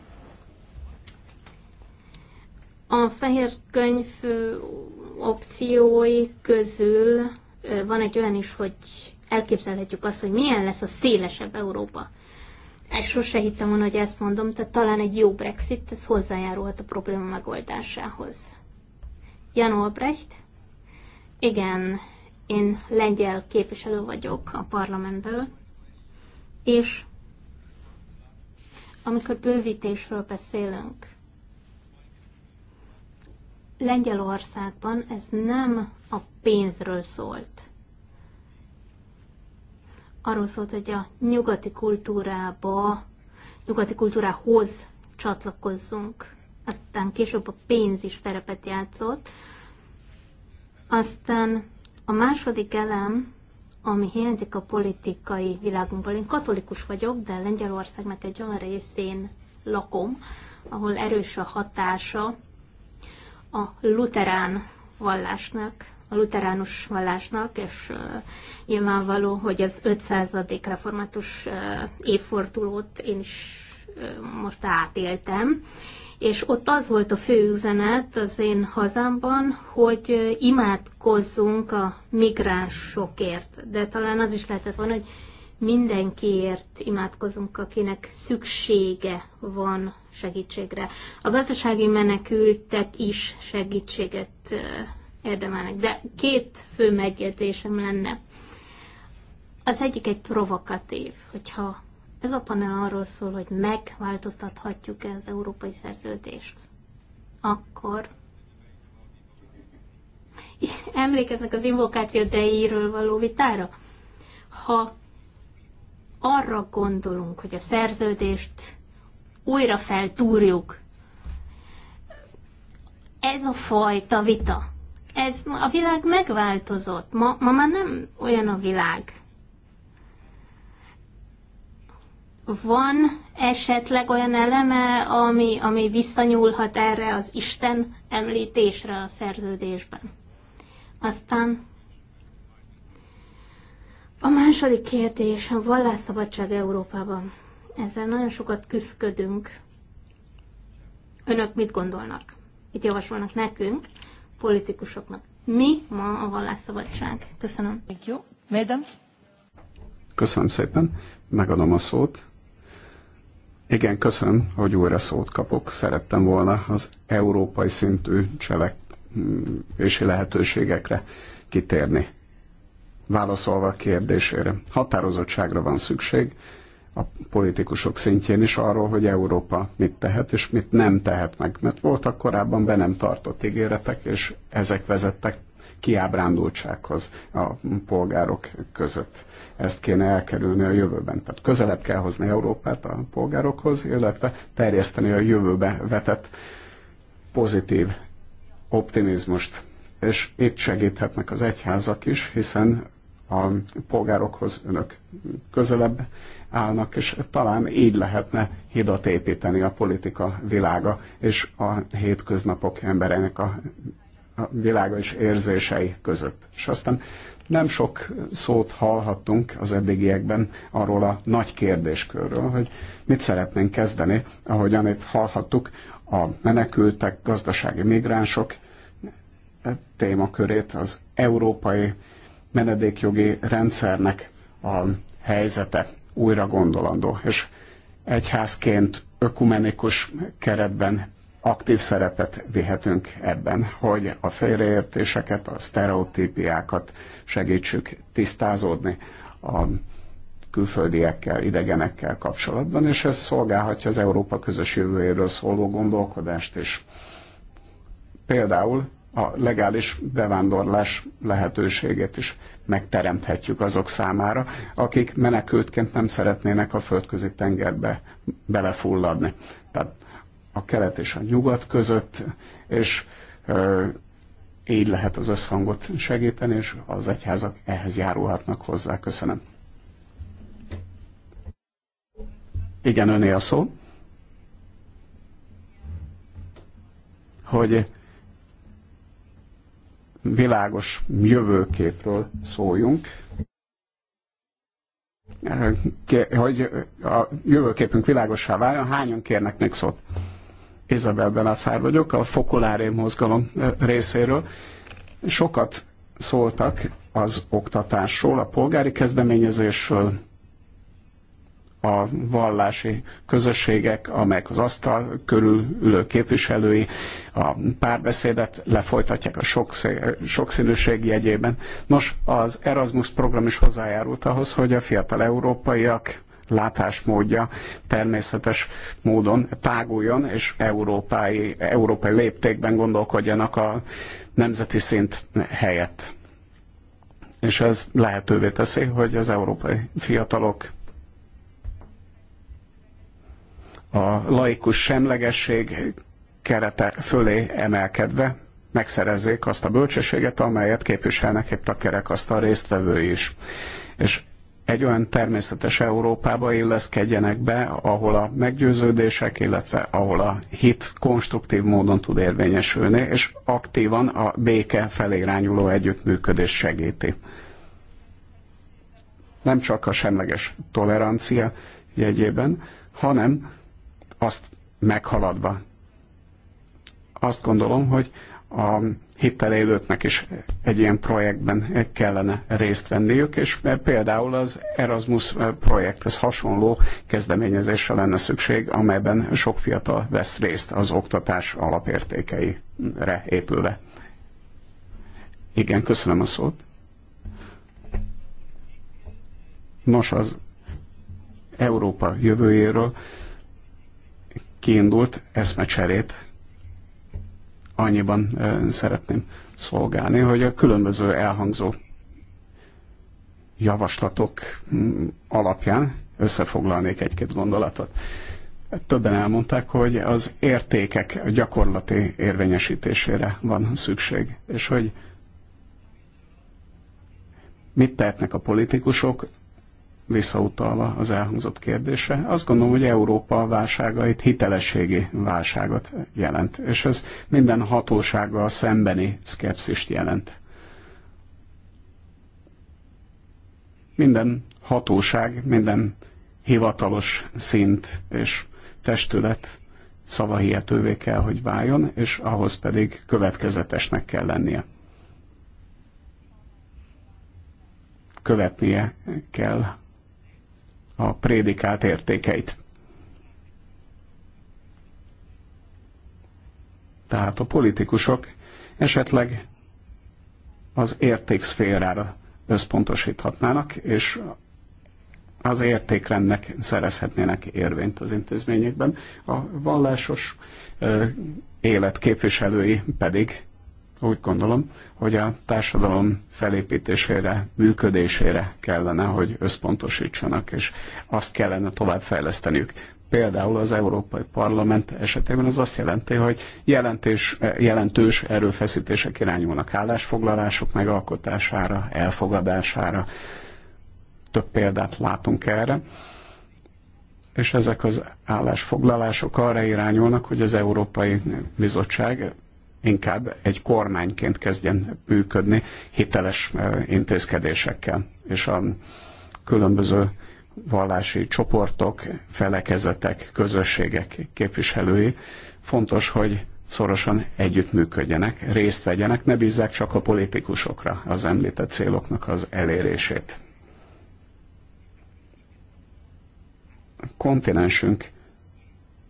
A fehér könyv opciói közül van egy olyan is, hogy elképzelhetjük azt, hogy milyen lesz a szélesebb Európa. Ezt sose hittem volna, hogy ezt mondom, tehát talán egy jó Brexit, ez hozzájárulhat a probléma megoldásához. Jan Olbrecht? Igen, én lengyel képviselő vagyok a parlamentből, és amikor bővítésről beszélünk, Lengyelországban ez nem a pénzről szólt. Arról szólt, hogy a nyugati kultúrába, nyugati kultúrához csatlakozzunk. Aztán később a pénz is szerepet játszott. Aztán a második elem, ami hiányzik a politikai világunkból. Én katolikus vagyok, de Lengyelországnak egy olyan részén lakom, ahol erős a hatása a luterán vallásnak, a luteránus vallásnak, és nyilvánvaló, hogy az 500. református évfordulót én is most átéltem, és ott az volt a fő üzenet az én hazámban, hogy imádkozzunk a migránsokért. De talán az is lehetett volna, hogy mindenkiért imádkozunk, akinek szüksége van segítségre. A gazdasági menekültek is segítséget érdemelnek. De két fő megjegyzésem lenne. Az egyik egy provokatív, hogyha ez a panel arról szól, hogy megváltoztathatjuk-e az európai szerződést, akkor emlékeznek az invokáció dejéről való vitára? Ha arra gondolunk, hogy a szerződést újra feltúrjuk. Ez a fajta vita. Ez a világ megváltozott. Ma, ma már nem olyan a világ. Van esetleg olyan eleme, ami, ami visszanyúlhat erre az Isten említésre a szerződésben. Aztán a második kérdés a vallásszabadság Európában. Ezzel nagyon sokat küzdködünk. Önök mit gondolnak? Mit javasolnak nekünk, politikusoknak? Mi ma a vallásszabadság? Köszönöm. Thank you. Madam. Köszönöm szépen. Megadom a szót. Igen, köszönöm, hogy újra szót kapok. Szerettem volna az európai szintű cselekvési lehetőségekre kitérni válaszolva a kérdésére. Határozottságra van szükség a politikusok szintjén is arról, hogy Európa mit tehet és mit nem tehet meg. Mert voltak korábban be nem tartott ígéretek, és ezek vezettek kiábrándultsághoz a polgárok között. Ezt kéne elkerülni a jövőben. Tehát közelebb kell hozni Európát a polgárokhoz, illetve terjeszteni a jövőbe vetett pozitív optimizmust. És itt segíthetnek az egyházak is, hiszen a polgárokhoz önök közelebb állnak, és talán így lehetne hidat építeni a politika világa, és a hétköznapok embereinek a, a világa és érzései között. És aztán nem sok szót hallhattunk az eddigiekben arról a nagy kérdéskörről, hogy mit szeretnénk kezdeni, ahogyan amit hallhattuk, a menekültek, gazdasági migránsok e, témakörét az európai menedékjogi rendszernek a helyzete újra gondolandó, és egyházként ökumenikus keretben aktív szerepet vihetünk ebben, hogy a félreértéseket, a sztereotípiákat segítsük tisztázódni a külföldiekkel, idegenekkel kapcsolatban, és ez szolgálhatja az Európa közös jövőjéről szóló gondolkodást is. Például a legális bevándorlás lehetőségét is megteremthetjük azok számára, akik menekültként nem szeretnének a földközi tengerbe belefulladni. Tehát a kelet és a nyugat között, és ö, így lehet az összhangot segíteni, és az egyházak ehhez járulhatnak hozzá. Köszönöm. Igen, öné a szó. Hogy világos jövőképről szóljunk, hogy a jövőképünk világosá váljon, hányan kérnek még szót? Izabel Benafár vagyok, a fokolári mozgalom részéről. Sokat szóltak az oktatásról, a polgári kezdeményezésről, a vallási közösségek, amelyek az asztal körül ülő képviselői a párbeszédet lefolytatják a sokszínűség jegyében. Nos, az Erasmus program is hozzájárult ahhoz, hogy a fiatal európaiak látásmódja természetes módon táguljon, és európai, európai léptékben gondolkodjanak a nemzeti szint helyett. És ez lehetővé teszi, hogy az európai fiatalok a laikus semlegesség kerete fölé emelkedve megszerezzék azt a bölcsességet, amelyet képviselnek itt a kerekasztal résztvevő is. És egy olyan természetes Európába illeszkedjenek be, ahol a meggyőződések, illetve ahol a hit konstruktív módon tud érvényesülni, és aktívan a béke irányuló együttműködés segíti. Nem csak a semleges tolerancia jegyében, hanem azt meghaladva. Azt gondolom, hogy a hittel élőknek is egy ilyen projektben kellene részt venniük, és például az Erasmus projekt, ez hasonló kezdeményezésre lenne szükség, amelyben sok fiatal vesz részt az oktatás alapértékeire épülve. Igen, köszönöm a szót. Nos, az Európa jövőjéről kiindult eszmecserét annyiban szeretném szolgálni, hogy a különböző elhangzó javaslatok mm, alapján összefoglalnék egy-két gondolatot. Többen elmondták, hogy az értékek gyakorlati érvényesítésére van szükség, és hogy mit tehetnek a politikusok visszautalva az elhangzott kérdésre, azt gondolom, hogy Európa válságait hitelességi válságot jelent, és ez minden hatósággal szembeni szkepszist jelent. Minden hatóság, minden hivatalos szint és testület szavahihetővé kell, hogy váljon, és ahhoz pedig következetesnek kell lennie. követnie kell a prédikált értékeit. Tehát a politikusok esetleg az értékszférára összpontosíthatnának, és az értékrendnek szerezhetnének érvényt az intézményekben. A vallásos élet képviselői pedig úgy gondolom, hogy a társadalom felépítésére, működésére kellene, hogy összpontosítsanak, és azt kellene továbbfejleszteniük. Például az Európai Parlament esetében az azt jelenti, hogy jelentés, jelentős erőfeszítések irányulnak állásfoglalások megalkotására, elfogadására. Több példát látunk erre és ezek az állásfoglalások arra irányulnak, hogy az Európai Bizottság inkább egy kormányként kezdjen működni hiteles intézkedésekkel. És a különböző vallási csoportok, felekezetek, közösségek képviselői fontos, hogy szorosan együttműködjenek, részt vegyenek, ne bízzák csak a politikusokra az említett céloknak az elérését. kontinensünk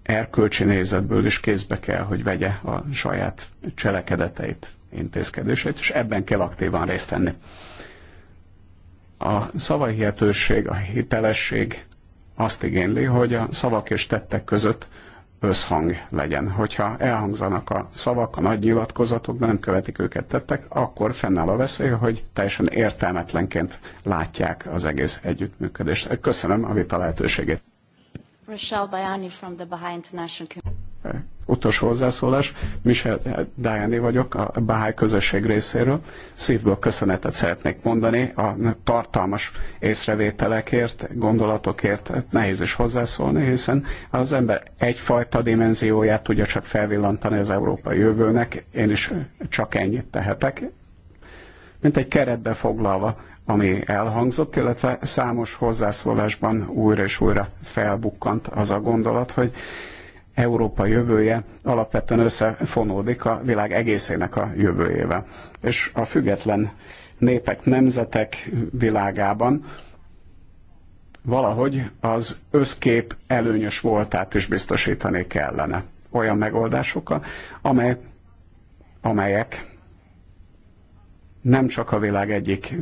erkölcsi nézetből is kézbe kell, hogy vegye a saját cselekedeteit, intézkedéseit, és ebben kell aktívan részt venni. A szavahihetőség, a hitelesség azt igényli, hogy a szavak és tettek között összhang legyen. Hogyha elhangzanak a szavak, a nagy nyilatkozatok, de nem követik őket tettek, akkor fennáll a veszély, hogy teljesen értelmetlenként látják az egész együttműködést. Köszönöm a vita lehetőségét. Rochelle from the Baha'i International Community. Eh, utolsó hozzászólás. Michel Dajani eh, vagyok, a Bahá'í közösség részéről. Szívből köszönetet szeretnék mondani a tartalmas észrevételekért, gondolatokért. Nehéz is hozzászólni, hiszen az ember egyfajta dimenzióját tudja csak felvillantani az európai jövőnek. Én is csak ennyit tehetek. Mint egy keretbe foglalva ami elhangzott, illetve számos hozzászólásban újra és újra felbukkant az a gondolat, hogy Európa jövője alapvetően összefonódik a világ egészének a jövőjével. És a független népek, nemzetek világában valahogy az összkép előnyös voltát is biztosítani kellene olyan megoldásokkal, amely, amelyek nem csak a világ egyik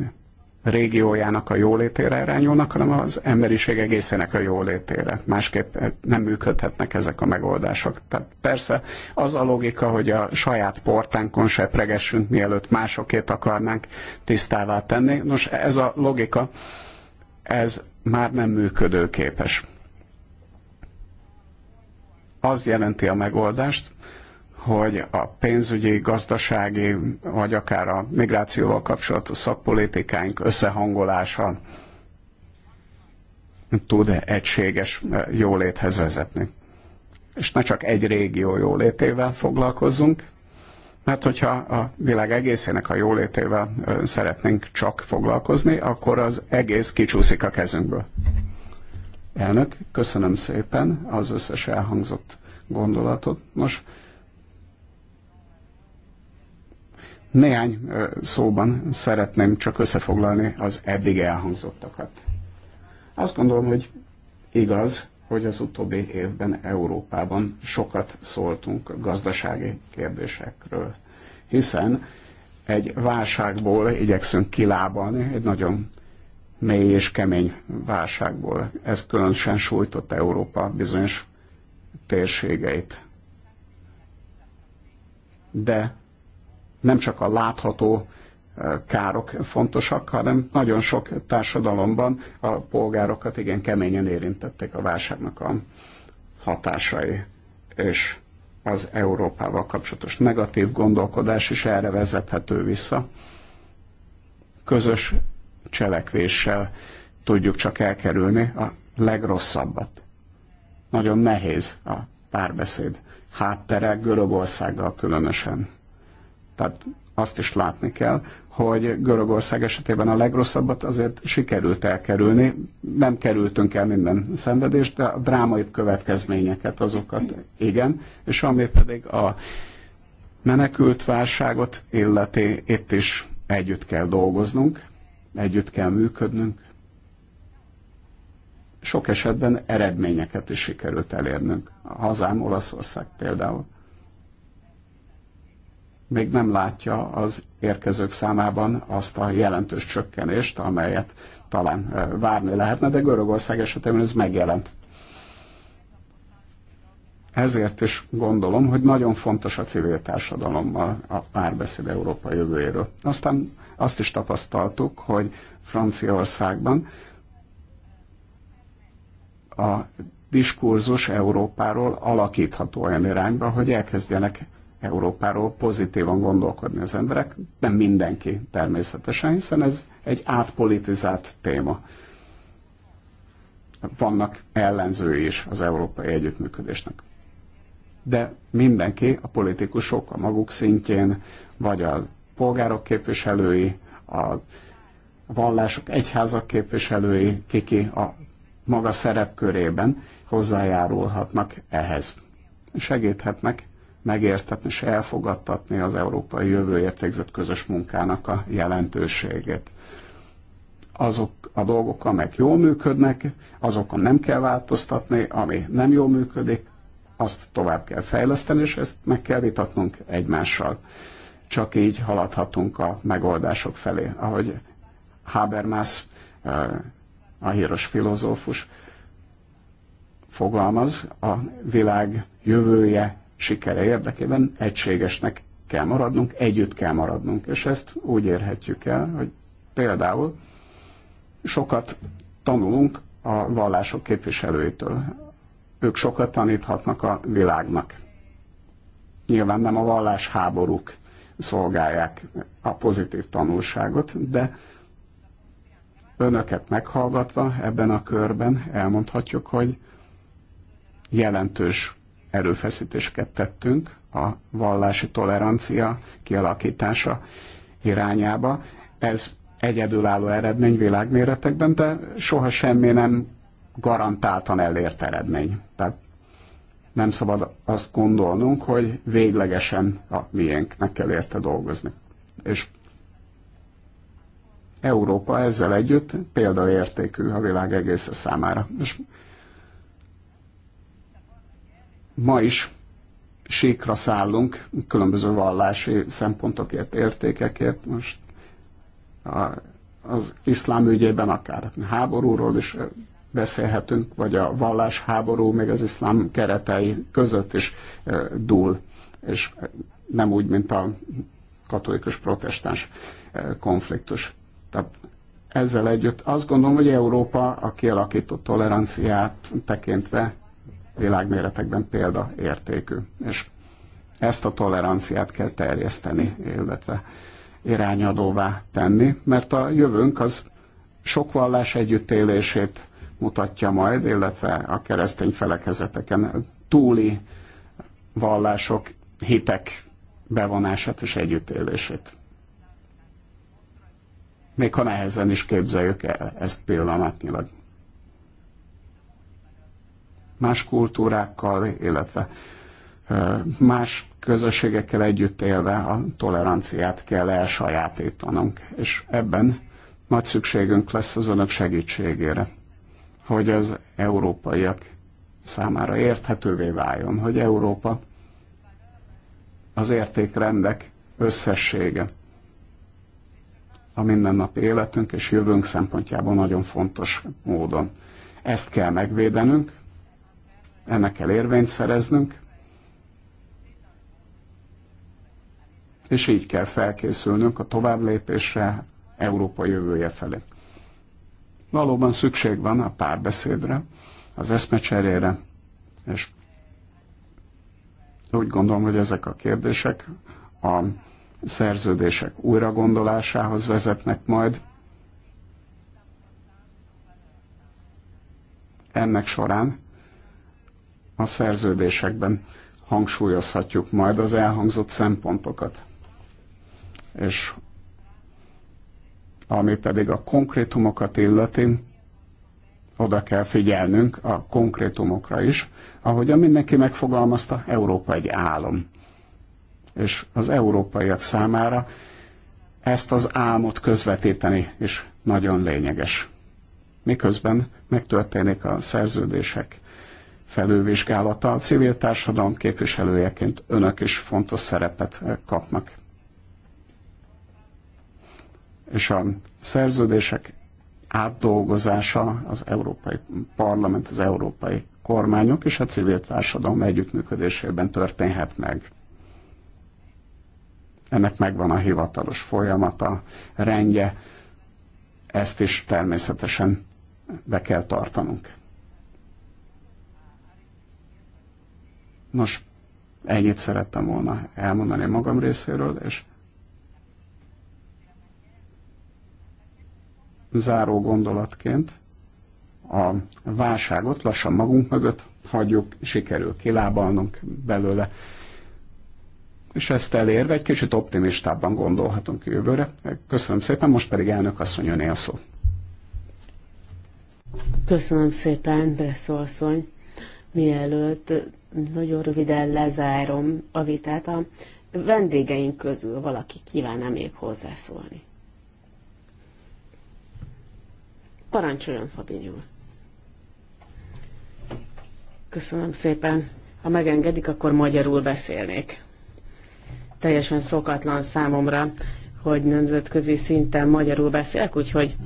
régiójának a jólétére irányulnak, hanem az emberiség egészének a jólétére. Másképp nem működhetnek ezek a megoldások. Tehát persze az a logika, hogy a saját portánkon pregessünk, mielőtt másokét akarnánk tisztává tenni. Nos, ez a logika, ez már nem működőképes. Az jelenti a megoldást, hogy a pénzügyi, gazdasági, vagy akár a migrációval kapcsolatos szakpolitikánk összehangolása tud egységes e, jóléthez vezetni. És ne csak egy régió jólétével foglalkozzunk, mert hogyha a világ egészének a jólétével e, szeretnénk csak foglalkozni, akkor az egész kicsúszik a kezünkből. Elnök, köszönöm szépen az összes elhangzott gondolatot. Most Néhány szóban szeretném csak összefoglalni az eddig elhangzottakat. Azt gondolom, hogy igaz, hogy az utóbbi évben Európában sokat szóltunk gazdasági kérdésekről, hiszen egy válságból igyekszünk kilábalni, egy nagyon mély és kemény válságból. Ez különösen sújtott Európa bizonyos térségeit. De nem csak a látható eh, károk fontosak, hanem nagyon sok társadalomban a polgárokat igen keményen érintették a válságnak a hatásai. És az Európával kapcsolatos negatív gondolkodás is erre vezethető vissza. Közös cselekvéssel tudjuk csak elkerülni a legrosszabbat. Nagyon nehéz a párbeszéd háttere Görögországgal különösen. Tehát azt is látni kell, hogy Görögország esetében a legrosszabbat azért sikerült elkerülni. Nem kerültünk el minden szenvedést, de a drámai következményeket azokat igen. És ami pedig a menekült válságot illeti, itt is együtt kell dolgoznunk, együtt kell működnünk. Sok esetben eredményeket is sikerült elérnünk. A hazám Olaszország például még nem látja az érkezők számában azt a jelentős csökkenést, amelyet talán várni lehetne, de Görögország esetében ez megjelent. Ezért is gondolom, hogy nagyon fontos a civil társadalommal a párbeszéd Európa jövőjéről. Aztán azt is tapasztaltuk, hogy Franciaországban a diskurzus Európáról alakítható olyan irányba, hogy elkezdjenek Európáról pozitívan gondolkodni az emberek. Nem mindenki természetesen, hiszen ez egy átpolitizált téma. Vannak ellenzői is az európai együttműködésnek. De mindenki, a politikusok a maguk szintjén, vagy a polgárok képviselői, a vallások, egyházak képviselői, kiki a maga szerepkörében hozzájárulhatnak ehhez. Segíthetnek megértetni és elfogadtatni az európai jövőért végzett közös munkának a jelentőségét. Azok a dolgok, amelyek jól működnek, azokon nem kell változtatni, ami nem jól működik, azt tovább kell fejleszteni, és ezt meg kell vitatnunk egymással. Csak így haladhatunk a megoldások felé. Ahogy Habermas, a híres filozófus, fogalmaz, a világ jövője sikere érdekében egységesnek kell maradnunk, együtt kell maradnunk, és ezt úgy érhetjük el, hogy például sokat tanulunk a vallások képviselőitől. Ők sokat taníthatnak a világnak. Nyilván nem a vallás háborúk szolgálják a pozitív tanulságot, de önöket meghallgatva ebben a körben elmondhatjuk, hogy jelentős erőfeszítéseket tettünk a vallási tolerancia kialakítása irányába. Ez egyedülálló eredmény világméretekben, de soha semmi nem garantáltan elért eredmény. Tehát nem szabad azt gondolnunk, hogy véglegesen a miénknek kell érte dolgozni. És Európa ezzel együtt példaértékű a világ egész számára. És ma is síkra szállunk különböző vallási szempontokért, értékekért. Most a, az iszlám ügyében akár háborúról is beszélhetünk, vagy a vallás háború még az iszlám keretei között is dúl, és nem úgy, mint a katolikus protestáns konfliktus. Tehát ezzel együtt azt gondolom, hogy Európa a kialakított toleranciát tekintve világméretekben példaértékű. És ezt a toleranciát kell terjeszteni, illetve irányadóvá tenni, mert a jövőnk az sok vallás együttélését mutatja majd, illetve a keresztény felekezeteken túli vallások, hitek bevonását és együttélését. Még ha nehezen is képzeljük el ezt pillanatnyilag más kultúrákkal, illetve más közösségekkel együtt élve a toleranciát kell elsajátítanunk. És ebben nagy szükségünk lesz az önök segítségére, hogy az európaiak számára érthetővé váljon, hogy Európa az értékrendek összessége a mindennapi életünk és jövőnk szempontjából nagyon fontos módon. Ezt kell megvédenünk, ennek kell érvényt szereznünk, és így kell felkészülnünk a tovább lépésre Európa jövője felé. Valóban szükség van a párbeszédre, az eszmecserére, és úgy gondolom, hogy ezek a kérdések a szerződések újra gondolásához vezetnek majd. Ennek során a szerződésekben hangsúlyozhatjuk majd az elhangzott szempontokat. És ami pedig a konkrétumokat illeti, oda kell figyelnünk a konkrétumokra is, a mindenki megfogalmazta, Európa egy álom. És az európaiak számára ezt az álmot közvetíteni is nagyon lényeges. Miközben megtörténik a szerződések felülvizsgálata. A civil társadalom képviselőjeként önök is fontos szerepet eh, kapnak. És a szerződések átdolgozása az Európai Parlament, az európai kormányok és a civil társadalom együttműködésében történhet meg. Ennek megvan a hivatalos folyamata, rendje, ezt is természetesen be kell tartanunk. Nos, ennyit szerettem volna elmondani magam részéről, és záró gondolatként a válságot lassan magunk mögött hagyjuk, sikerül kilábalnunk belőle. És ezt elérve egy kicsit optimistábban gondolhatunk jövőre. Köszönöm szépen, most pedig elnök asszony él szó. Köszönöm szépen, Bresszó asszony. Mielőtt nagyon röviden lezárom a vitát. A vendégeink közül valaki kívánna még hozzászólni. Parancsoljon, Fabinyó. Köszönöm szépen. Ha megengedik, akkor magyarul beszélnék. Teljesen szokatlan számomra, hogy nemzetközi szinten magyarul beszélek, úgyhogy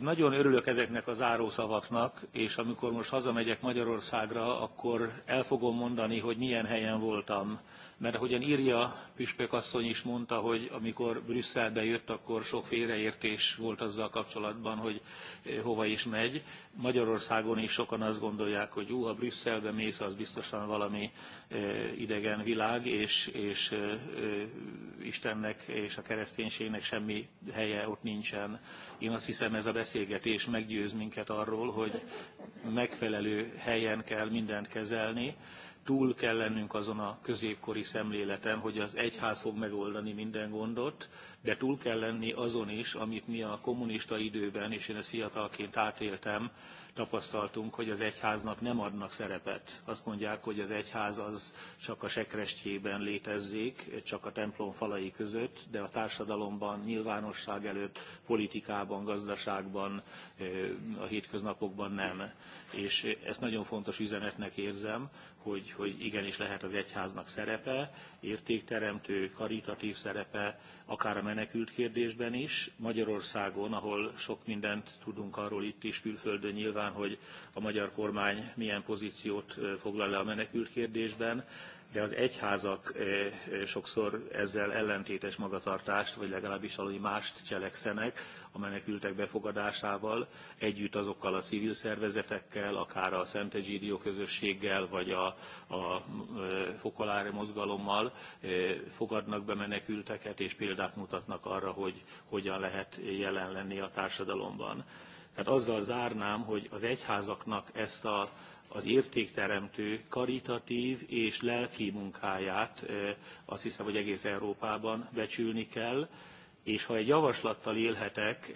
nagyon örülök ezeknek a zárószavaknak, és amikor most hazamegyek Magyarországra, akkor el fogom mondani, hogy milyen helyen voltam. Mert ahogyan írja, Püspök asszony is mondta, hogy amikor Brüsszelbe jött, akkor sok félreértés volt azzal kapcsolatban, hogy eh, hova is megy. Magyarországon is sokan azt gondolják, hogy jó, ha Brüsszelbe mész, az biztosan valami eh, idegen világ, és, és eh, Istennek és a kereszténységnek semmi helye ott nincsen. Én azt hiszem ez a beszélgetés meggyőz minket arról, hogy megfelelő helyen kell mindent kezelni, túl kell lennünk azon a középkori szemléleten, hogy az egyház fog megoldani minden gondot, de túl kell lenni azon is, amit mi a kommunista időben, és én ezt fiatalként átéltem, tapasztaltunk, hogy az egyháznak nem adnak szerepet. Azt mondják, hogy az egyház az csak a sekrestjében létezzék, csak a templom falai között, de a társadalomban, nyilvánosság előtt, politikában, gazdaságban, a hétköznapokban nem. És ezt nagyon fontos üzenetnek érzem, hogy, hogy igenis lehet az egyháznak szerepe, értékteremtő, karitatív szerepe, akár a menekült kérdésben is. Magyarországon, ahol sok mindent tudunk arról itt is külföldön nyilván, hogy a magyar kormány milyen pozíciót foglal le a menekült kérdésben, de az egyházak sokszor ezzel ellentétes magatartást, vagy legalábbis valami mást cselekszenek a menekültek befogadásával, együtt azokkal a civil szervezetekkel, akár a Szent Egyidió közösséggel, vagy a, a Fokolári mozgalommal fogadnak be menekülteket, és példát mutatnak arra, hogy hogyan lehet jelen lenni a társadalomban. Tehát azzal zárnám, hogy az egyházaknak ezt a az értékteremtő, karitatív és lelki munkáját azt hiszem, hogy egész Európában becsülni kell, és ha egy javaslattal élhetek,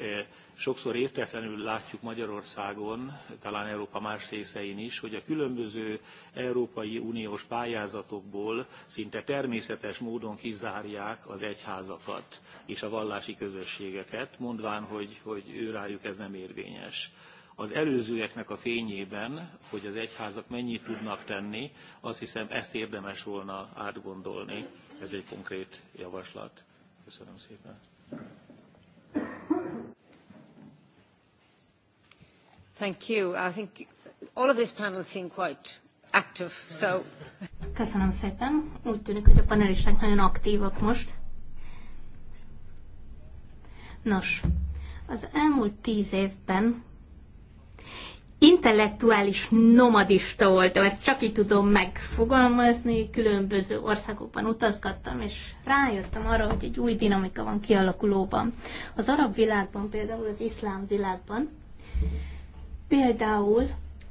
sokszor értetlenül látjuk Magyarországon, talán Európa más részein is, hogy a különböző Európai Uniós pályázatokból szinte természetes módon kizárják az egyházakat és a vallási közösségeket, mondván, hogy, hogy őrájuk ez nem érvényes az előzőeknek a fényében, hogy az egyházak mennyit tudnak tenni, azt hiszem ezt érdemes volna átgondolni. Ez egy konkrét javaslat. Köszönöm szépen. Thank you. I think all of this panel seem quite active, so... Köszönöm szépen. Úgy tűnik, hogy a panelisták nagyon aktívak most. Nos, az elmúlt tíz évben intellektuális nomadista voltam, ezt csak így tudom megfogalmazni, különböző országokban utazgattam, és rájöttem arra, hogy egy új dinamika van kialakulóban. Az arab világban, például az iszlám világban, például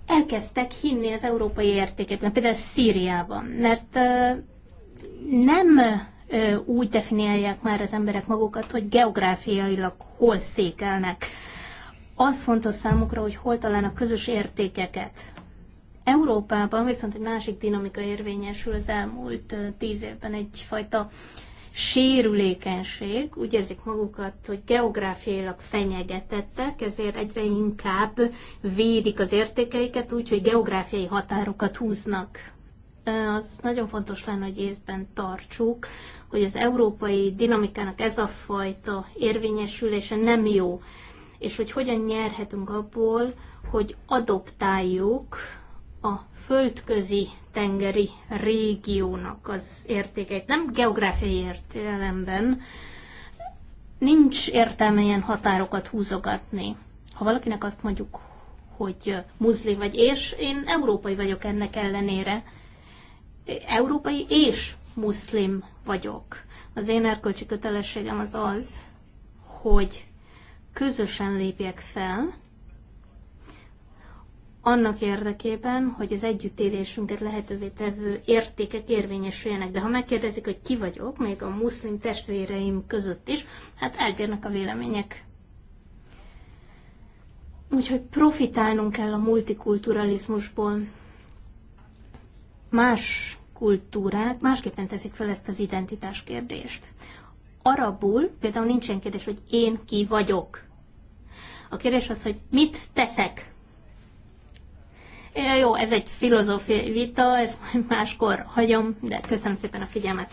elkezdtek hinni az európai értékekben, például Szíriában, mert nem úgy definiálják már az emberek magukat, hogy geográfiailag hol székelnek, az fontos számukra, hogy hol találnak közös értékeket. Európában viszont egy másik dinamika érvényesül az elmúlt tíz évben egyfajta sérülékenység, úgy érzik magukat, hogy geográfiailag fenyegetettek, ezért egyre inkább védik az értékeiket, úgyhogy geográfiai határokat húznak. Az nagyon fontos lenne, hogy észben tartsuk, hogy az európai dinamikának ez a fajta érvényesülése nem jó és hogy hogyan nyerhetünk abból, hogy adoptáljuk a földközi tengeri régiónak az értékeit. Nem geográfiai értelemben, nincs értelme ilyen határokat húzogatni. Ha valakinek azt mondjuk, hogy muszlim vagy, és én európai vagyok ennek ellenére, európai és muszlim vagyok. Az én erkölcsi kötelességem az az, hogy közösen lépjek fel, annak érdekében, hogy az együttélésünket lehetővé tevő értékek érvényesüljenek. De ha megkérdezik, hogy ki vagyok, még a muszlim testvéreim között is, hát eltérnek a vélemények. Úgyhogy profitálnunk kell a multikulturalizmusból. Más kultúrák másképpen teszik fel ezt az identitás kérdést. Arabul például nincsen kérdés, hogy én ki vagyok. A kérdés az, hogy mit teszek. É, jó, ez egy filozófiai vita, ezt majd máskor hagyom, de köszönöm szépen a figyelmet.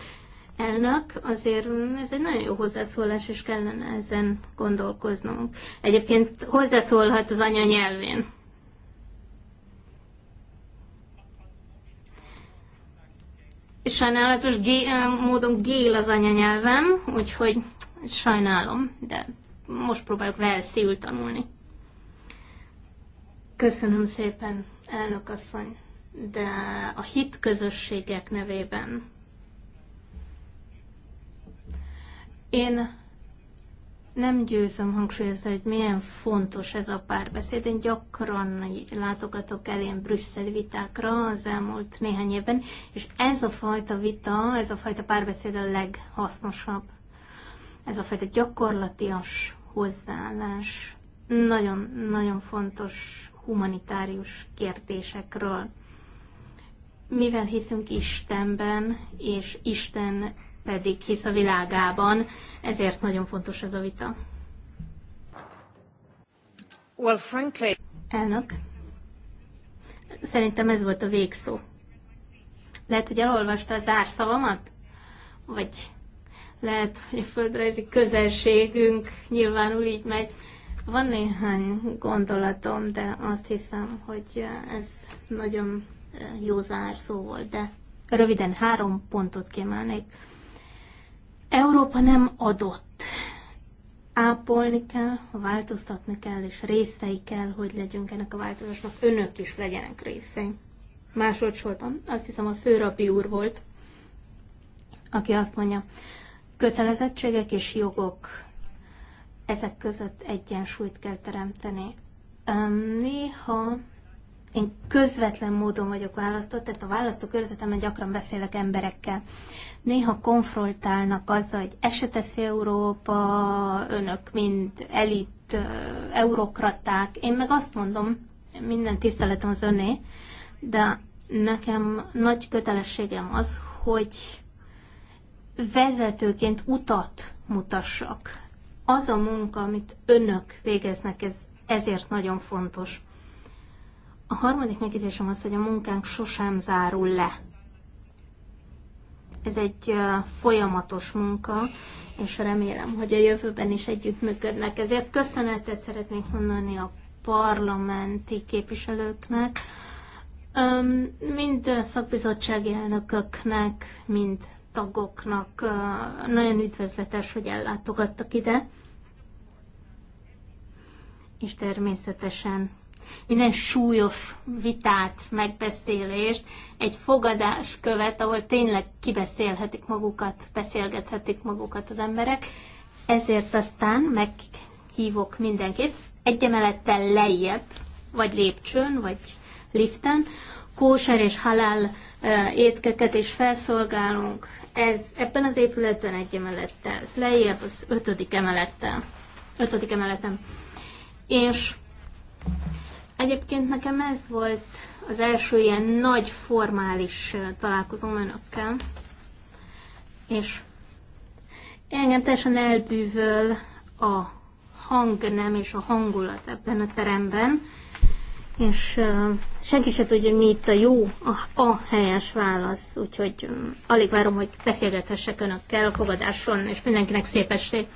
Elnök, azért ez egy nagyon jó hozzászólás, és kellene ezen gondolkoznunk. Egyébként hozzászólhat az anyanyelvén. sajnálatos gé, módon gél az anyanyelvem, úgyhogy sajnálom, de most próbálok velszíjul tanulni. Köszönöm szépen, elnök asszony, de a hit közösségek nevében én nem győzöm hangsúlyozni, hogy milyen fontos ez a párbeszéd. Én gyakran látogatok el ilyen brüsszeli vitákra az elmúlt néhány évben, és ez a fajta vita, ez a fajta párbeszéd a leghasznosabb. Ez a fajta gyakorlatias hozzáállás nagyon-nagyon fontos humanitárius kérdésekről. Mivel hiszünk Istenben, és Isten pedig hisz a világában, ezért nagyon fontos ez a vita. Well, frankly... Elnök, szerintem ez volt a végszó. Lehet, hogy elolvasta a zárszavamat? Vagy lehet, hogy a földrajzi közelségünk nyilvánul így megy. Van néhány gondolatom, de azt hiszem, hogy ez nagyon eh, jó zárszó volt, de röviden három pontot kiemelnék. Európa nem adott. Ápolni kell, változtatni kell, és részei kell, hogy legyünk ennek a változásnak. Önök is legyenek részei. Másodszorban azt hiszem a főrabi úr volt, aki azt mondja, kötelezettségek és jogok, ezek között egyensúlyt kell teremteni. Néha én közvetlen módon vagyok választott, tehát a választókörzetemben gyakran beszélek emberekkel. Néha konfrontálnak azzal, hogy esetesz Európa, önök mind elit, eurokraták. Én meg azt mondom, minden tiszteletem az öné, de nekem nagy kötelességem az, hogy vezetőként utat mutassak. Az a munka, amit önök végeznek, ez ezért nagyon fontos. A harmadik megjegyzésem az, hogy a munkánk sosem zárul le. Ez egy folyamatos munka, és remélem, hogy a jövőben is együttműködnek. Ezért köszönetet szeretnék mondani a parlamenti képviselőknek, mind szakbizottsági elnököknek, mind tagoknak. Nagyon üdvözletes, hogy ellátogattak ide. És természetesen minden súlyos vitát, megbeszélést egy fogadás követ, ahol tényleg kibeszélhetik magukat, beszélgethetik magukat az emberek. Ezért aztán meghívok mindenkit egy emelettel lejjebb, vagy lépcsőn, vagy liften, kóser és halál étkeket is felszolgálunk. Ez ebben az épületben egy emelettel, lejjebb az ötödik emelettel, ötödik emeletem. És Egyébként nekem ez volt az első ilyen nagy formális találkozom önökkel, és engem teljesen elbűvöl a nem és a hangulat ebben a teremben, és senki se tudja, hogy mi itt a jó, a, a helyes válasz, úgyhogy alig várom, hogy beszélgethessek önökkel a fogadáson, és mindenkinek szép estét!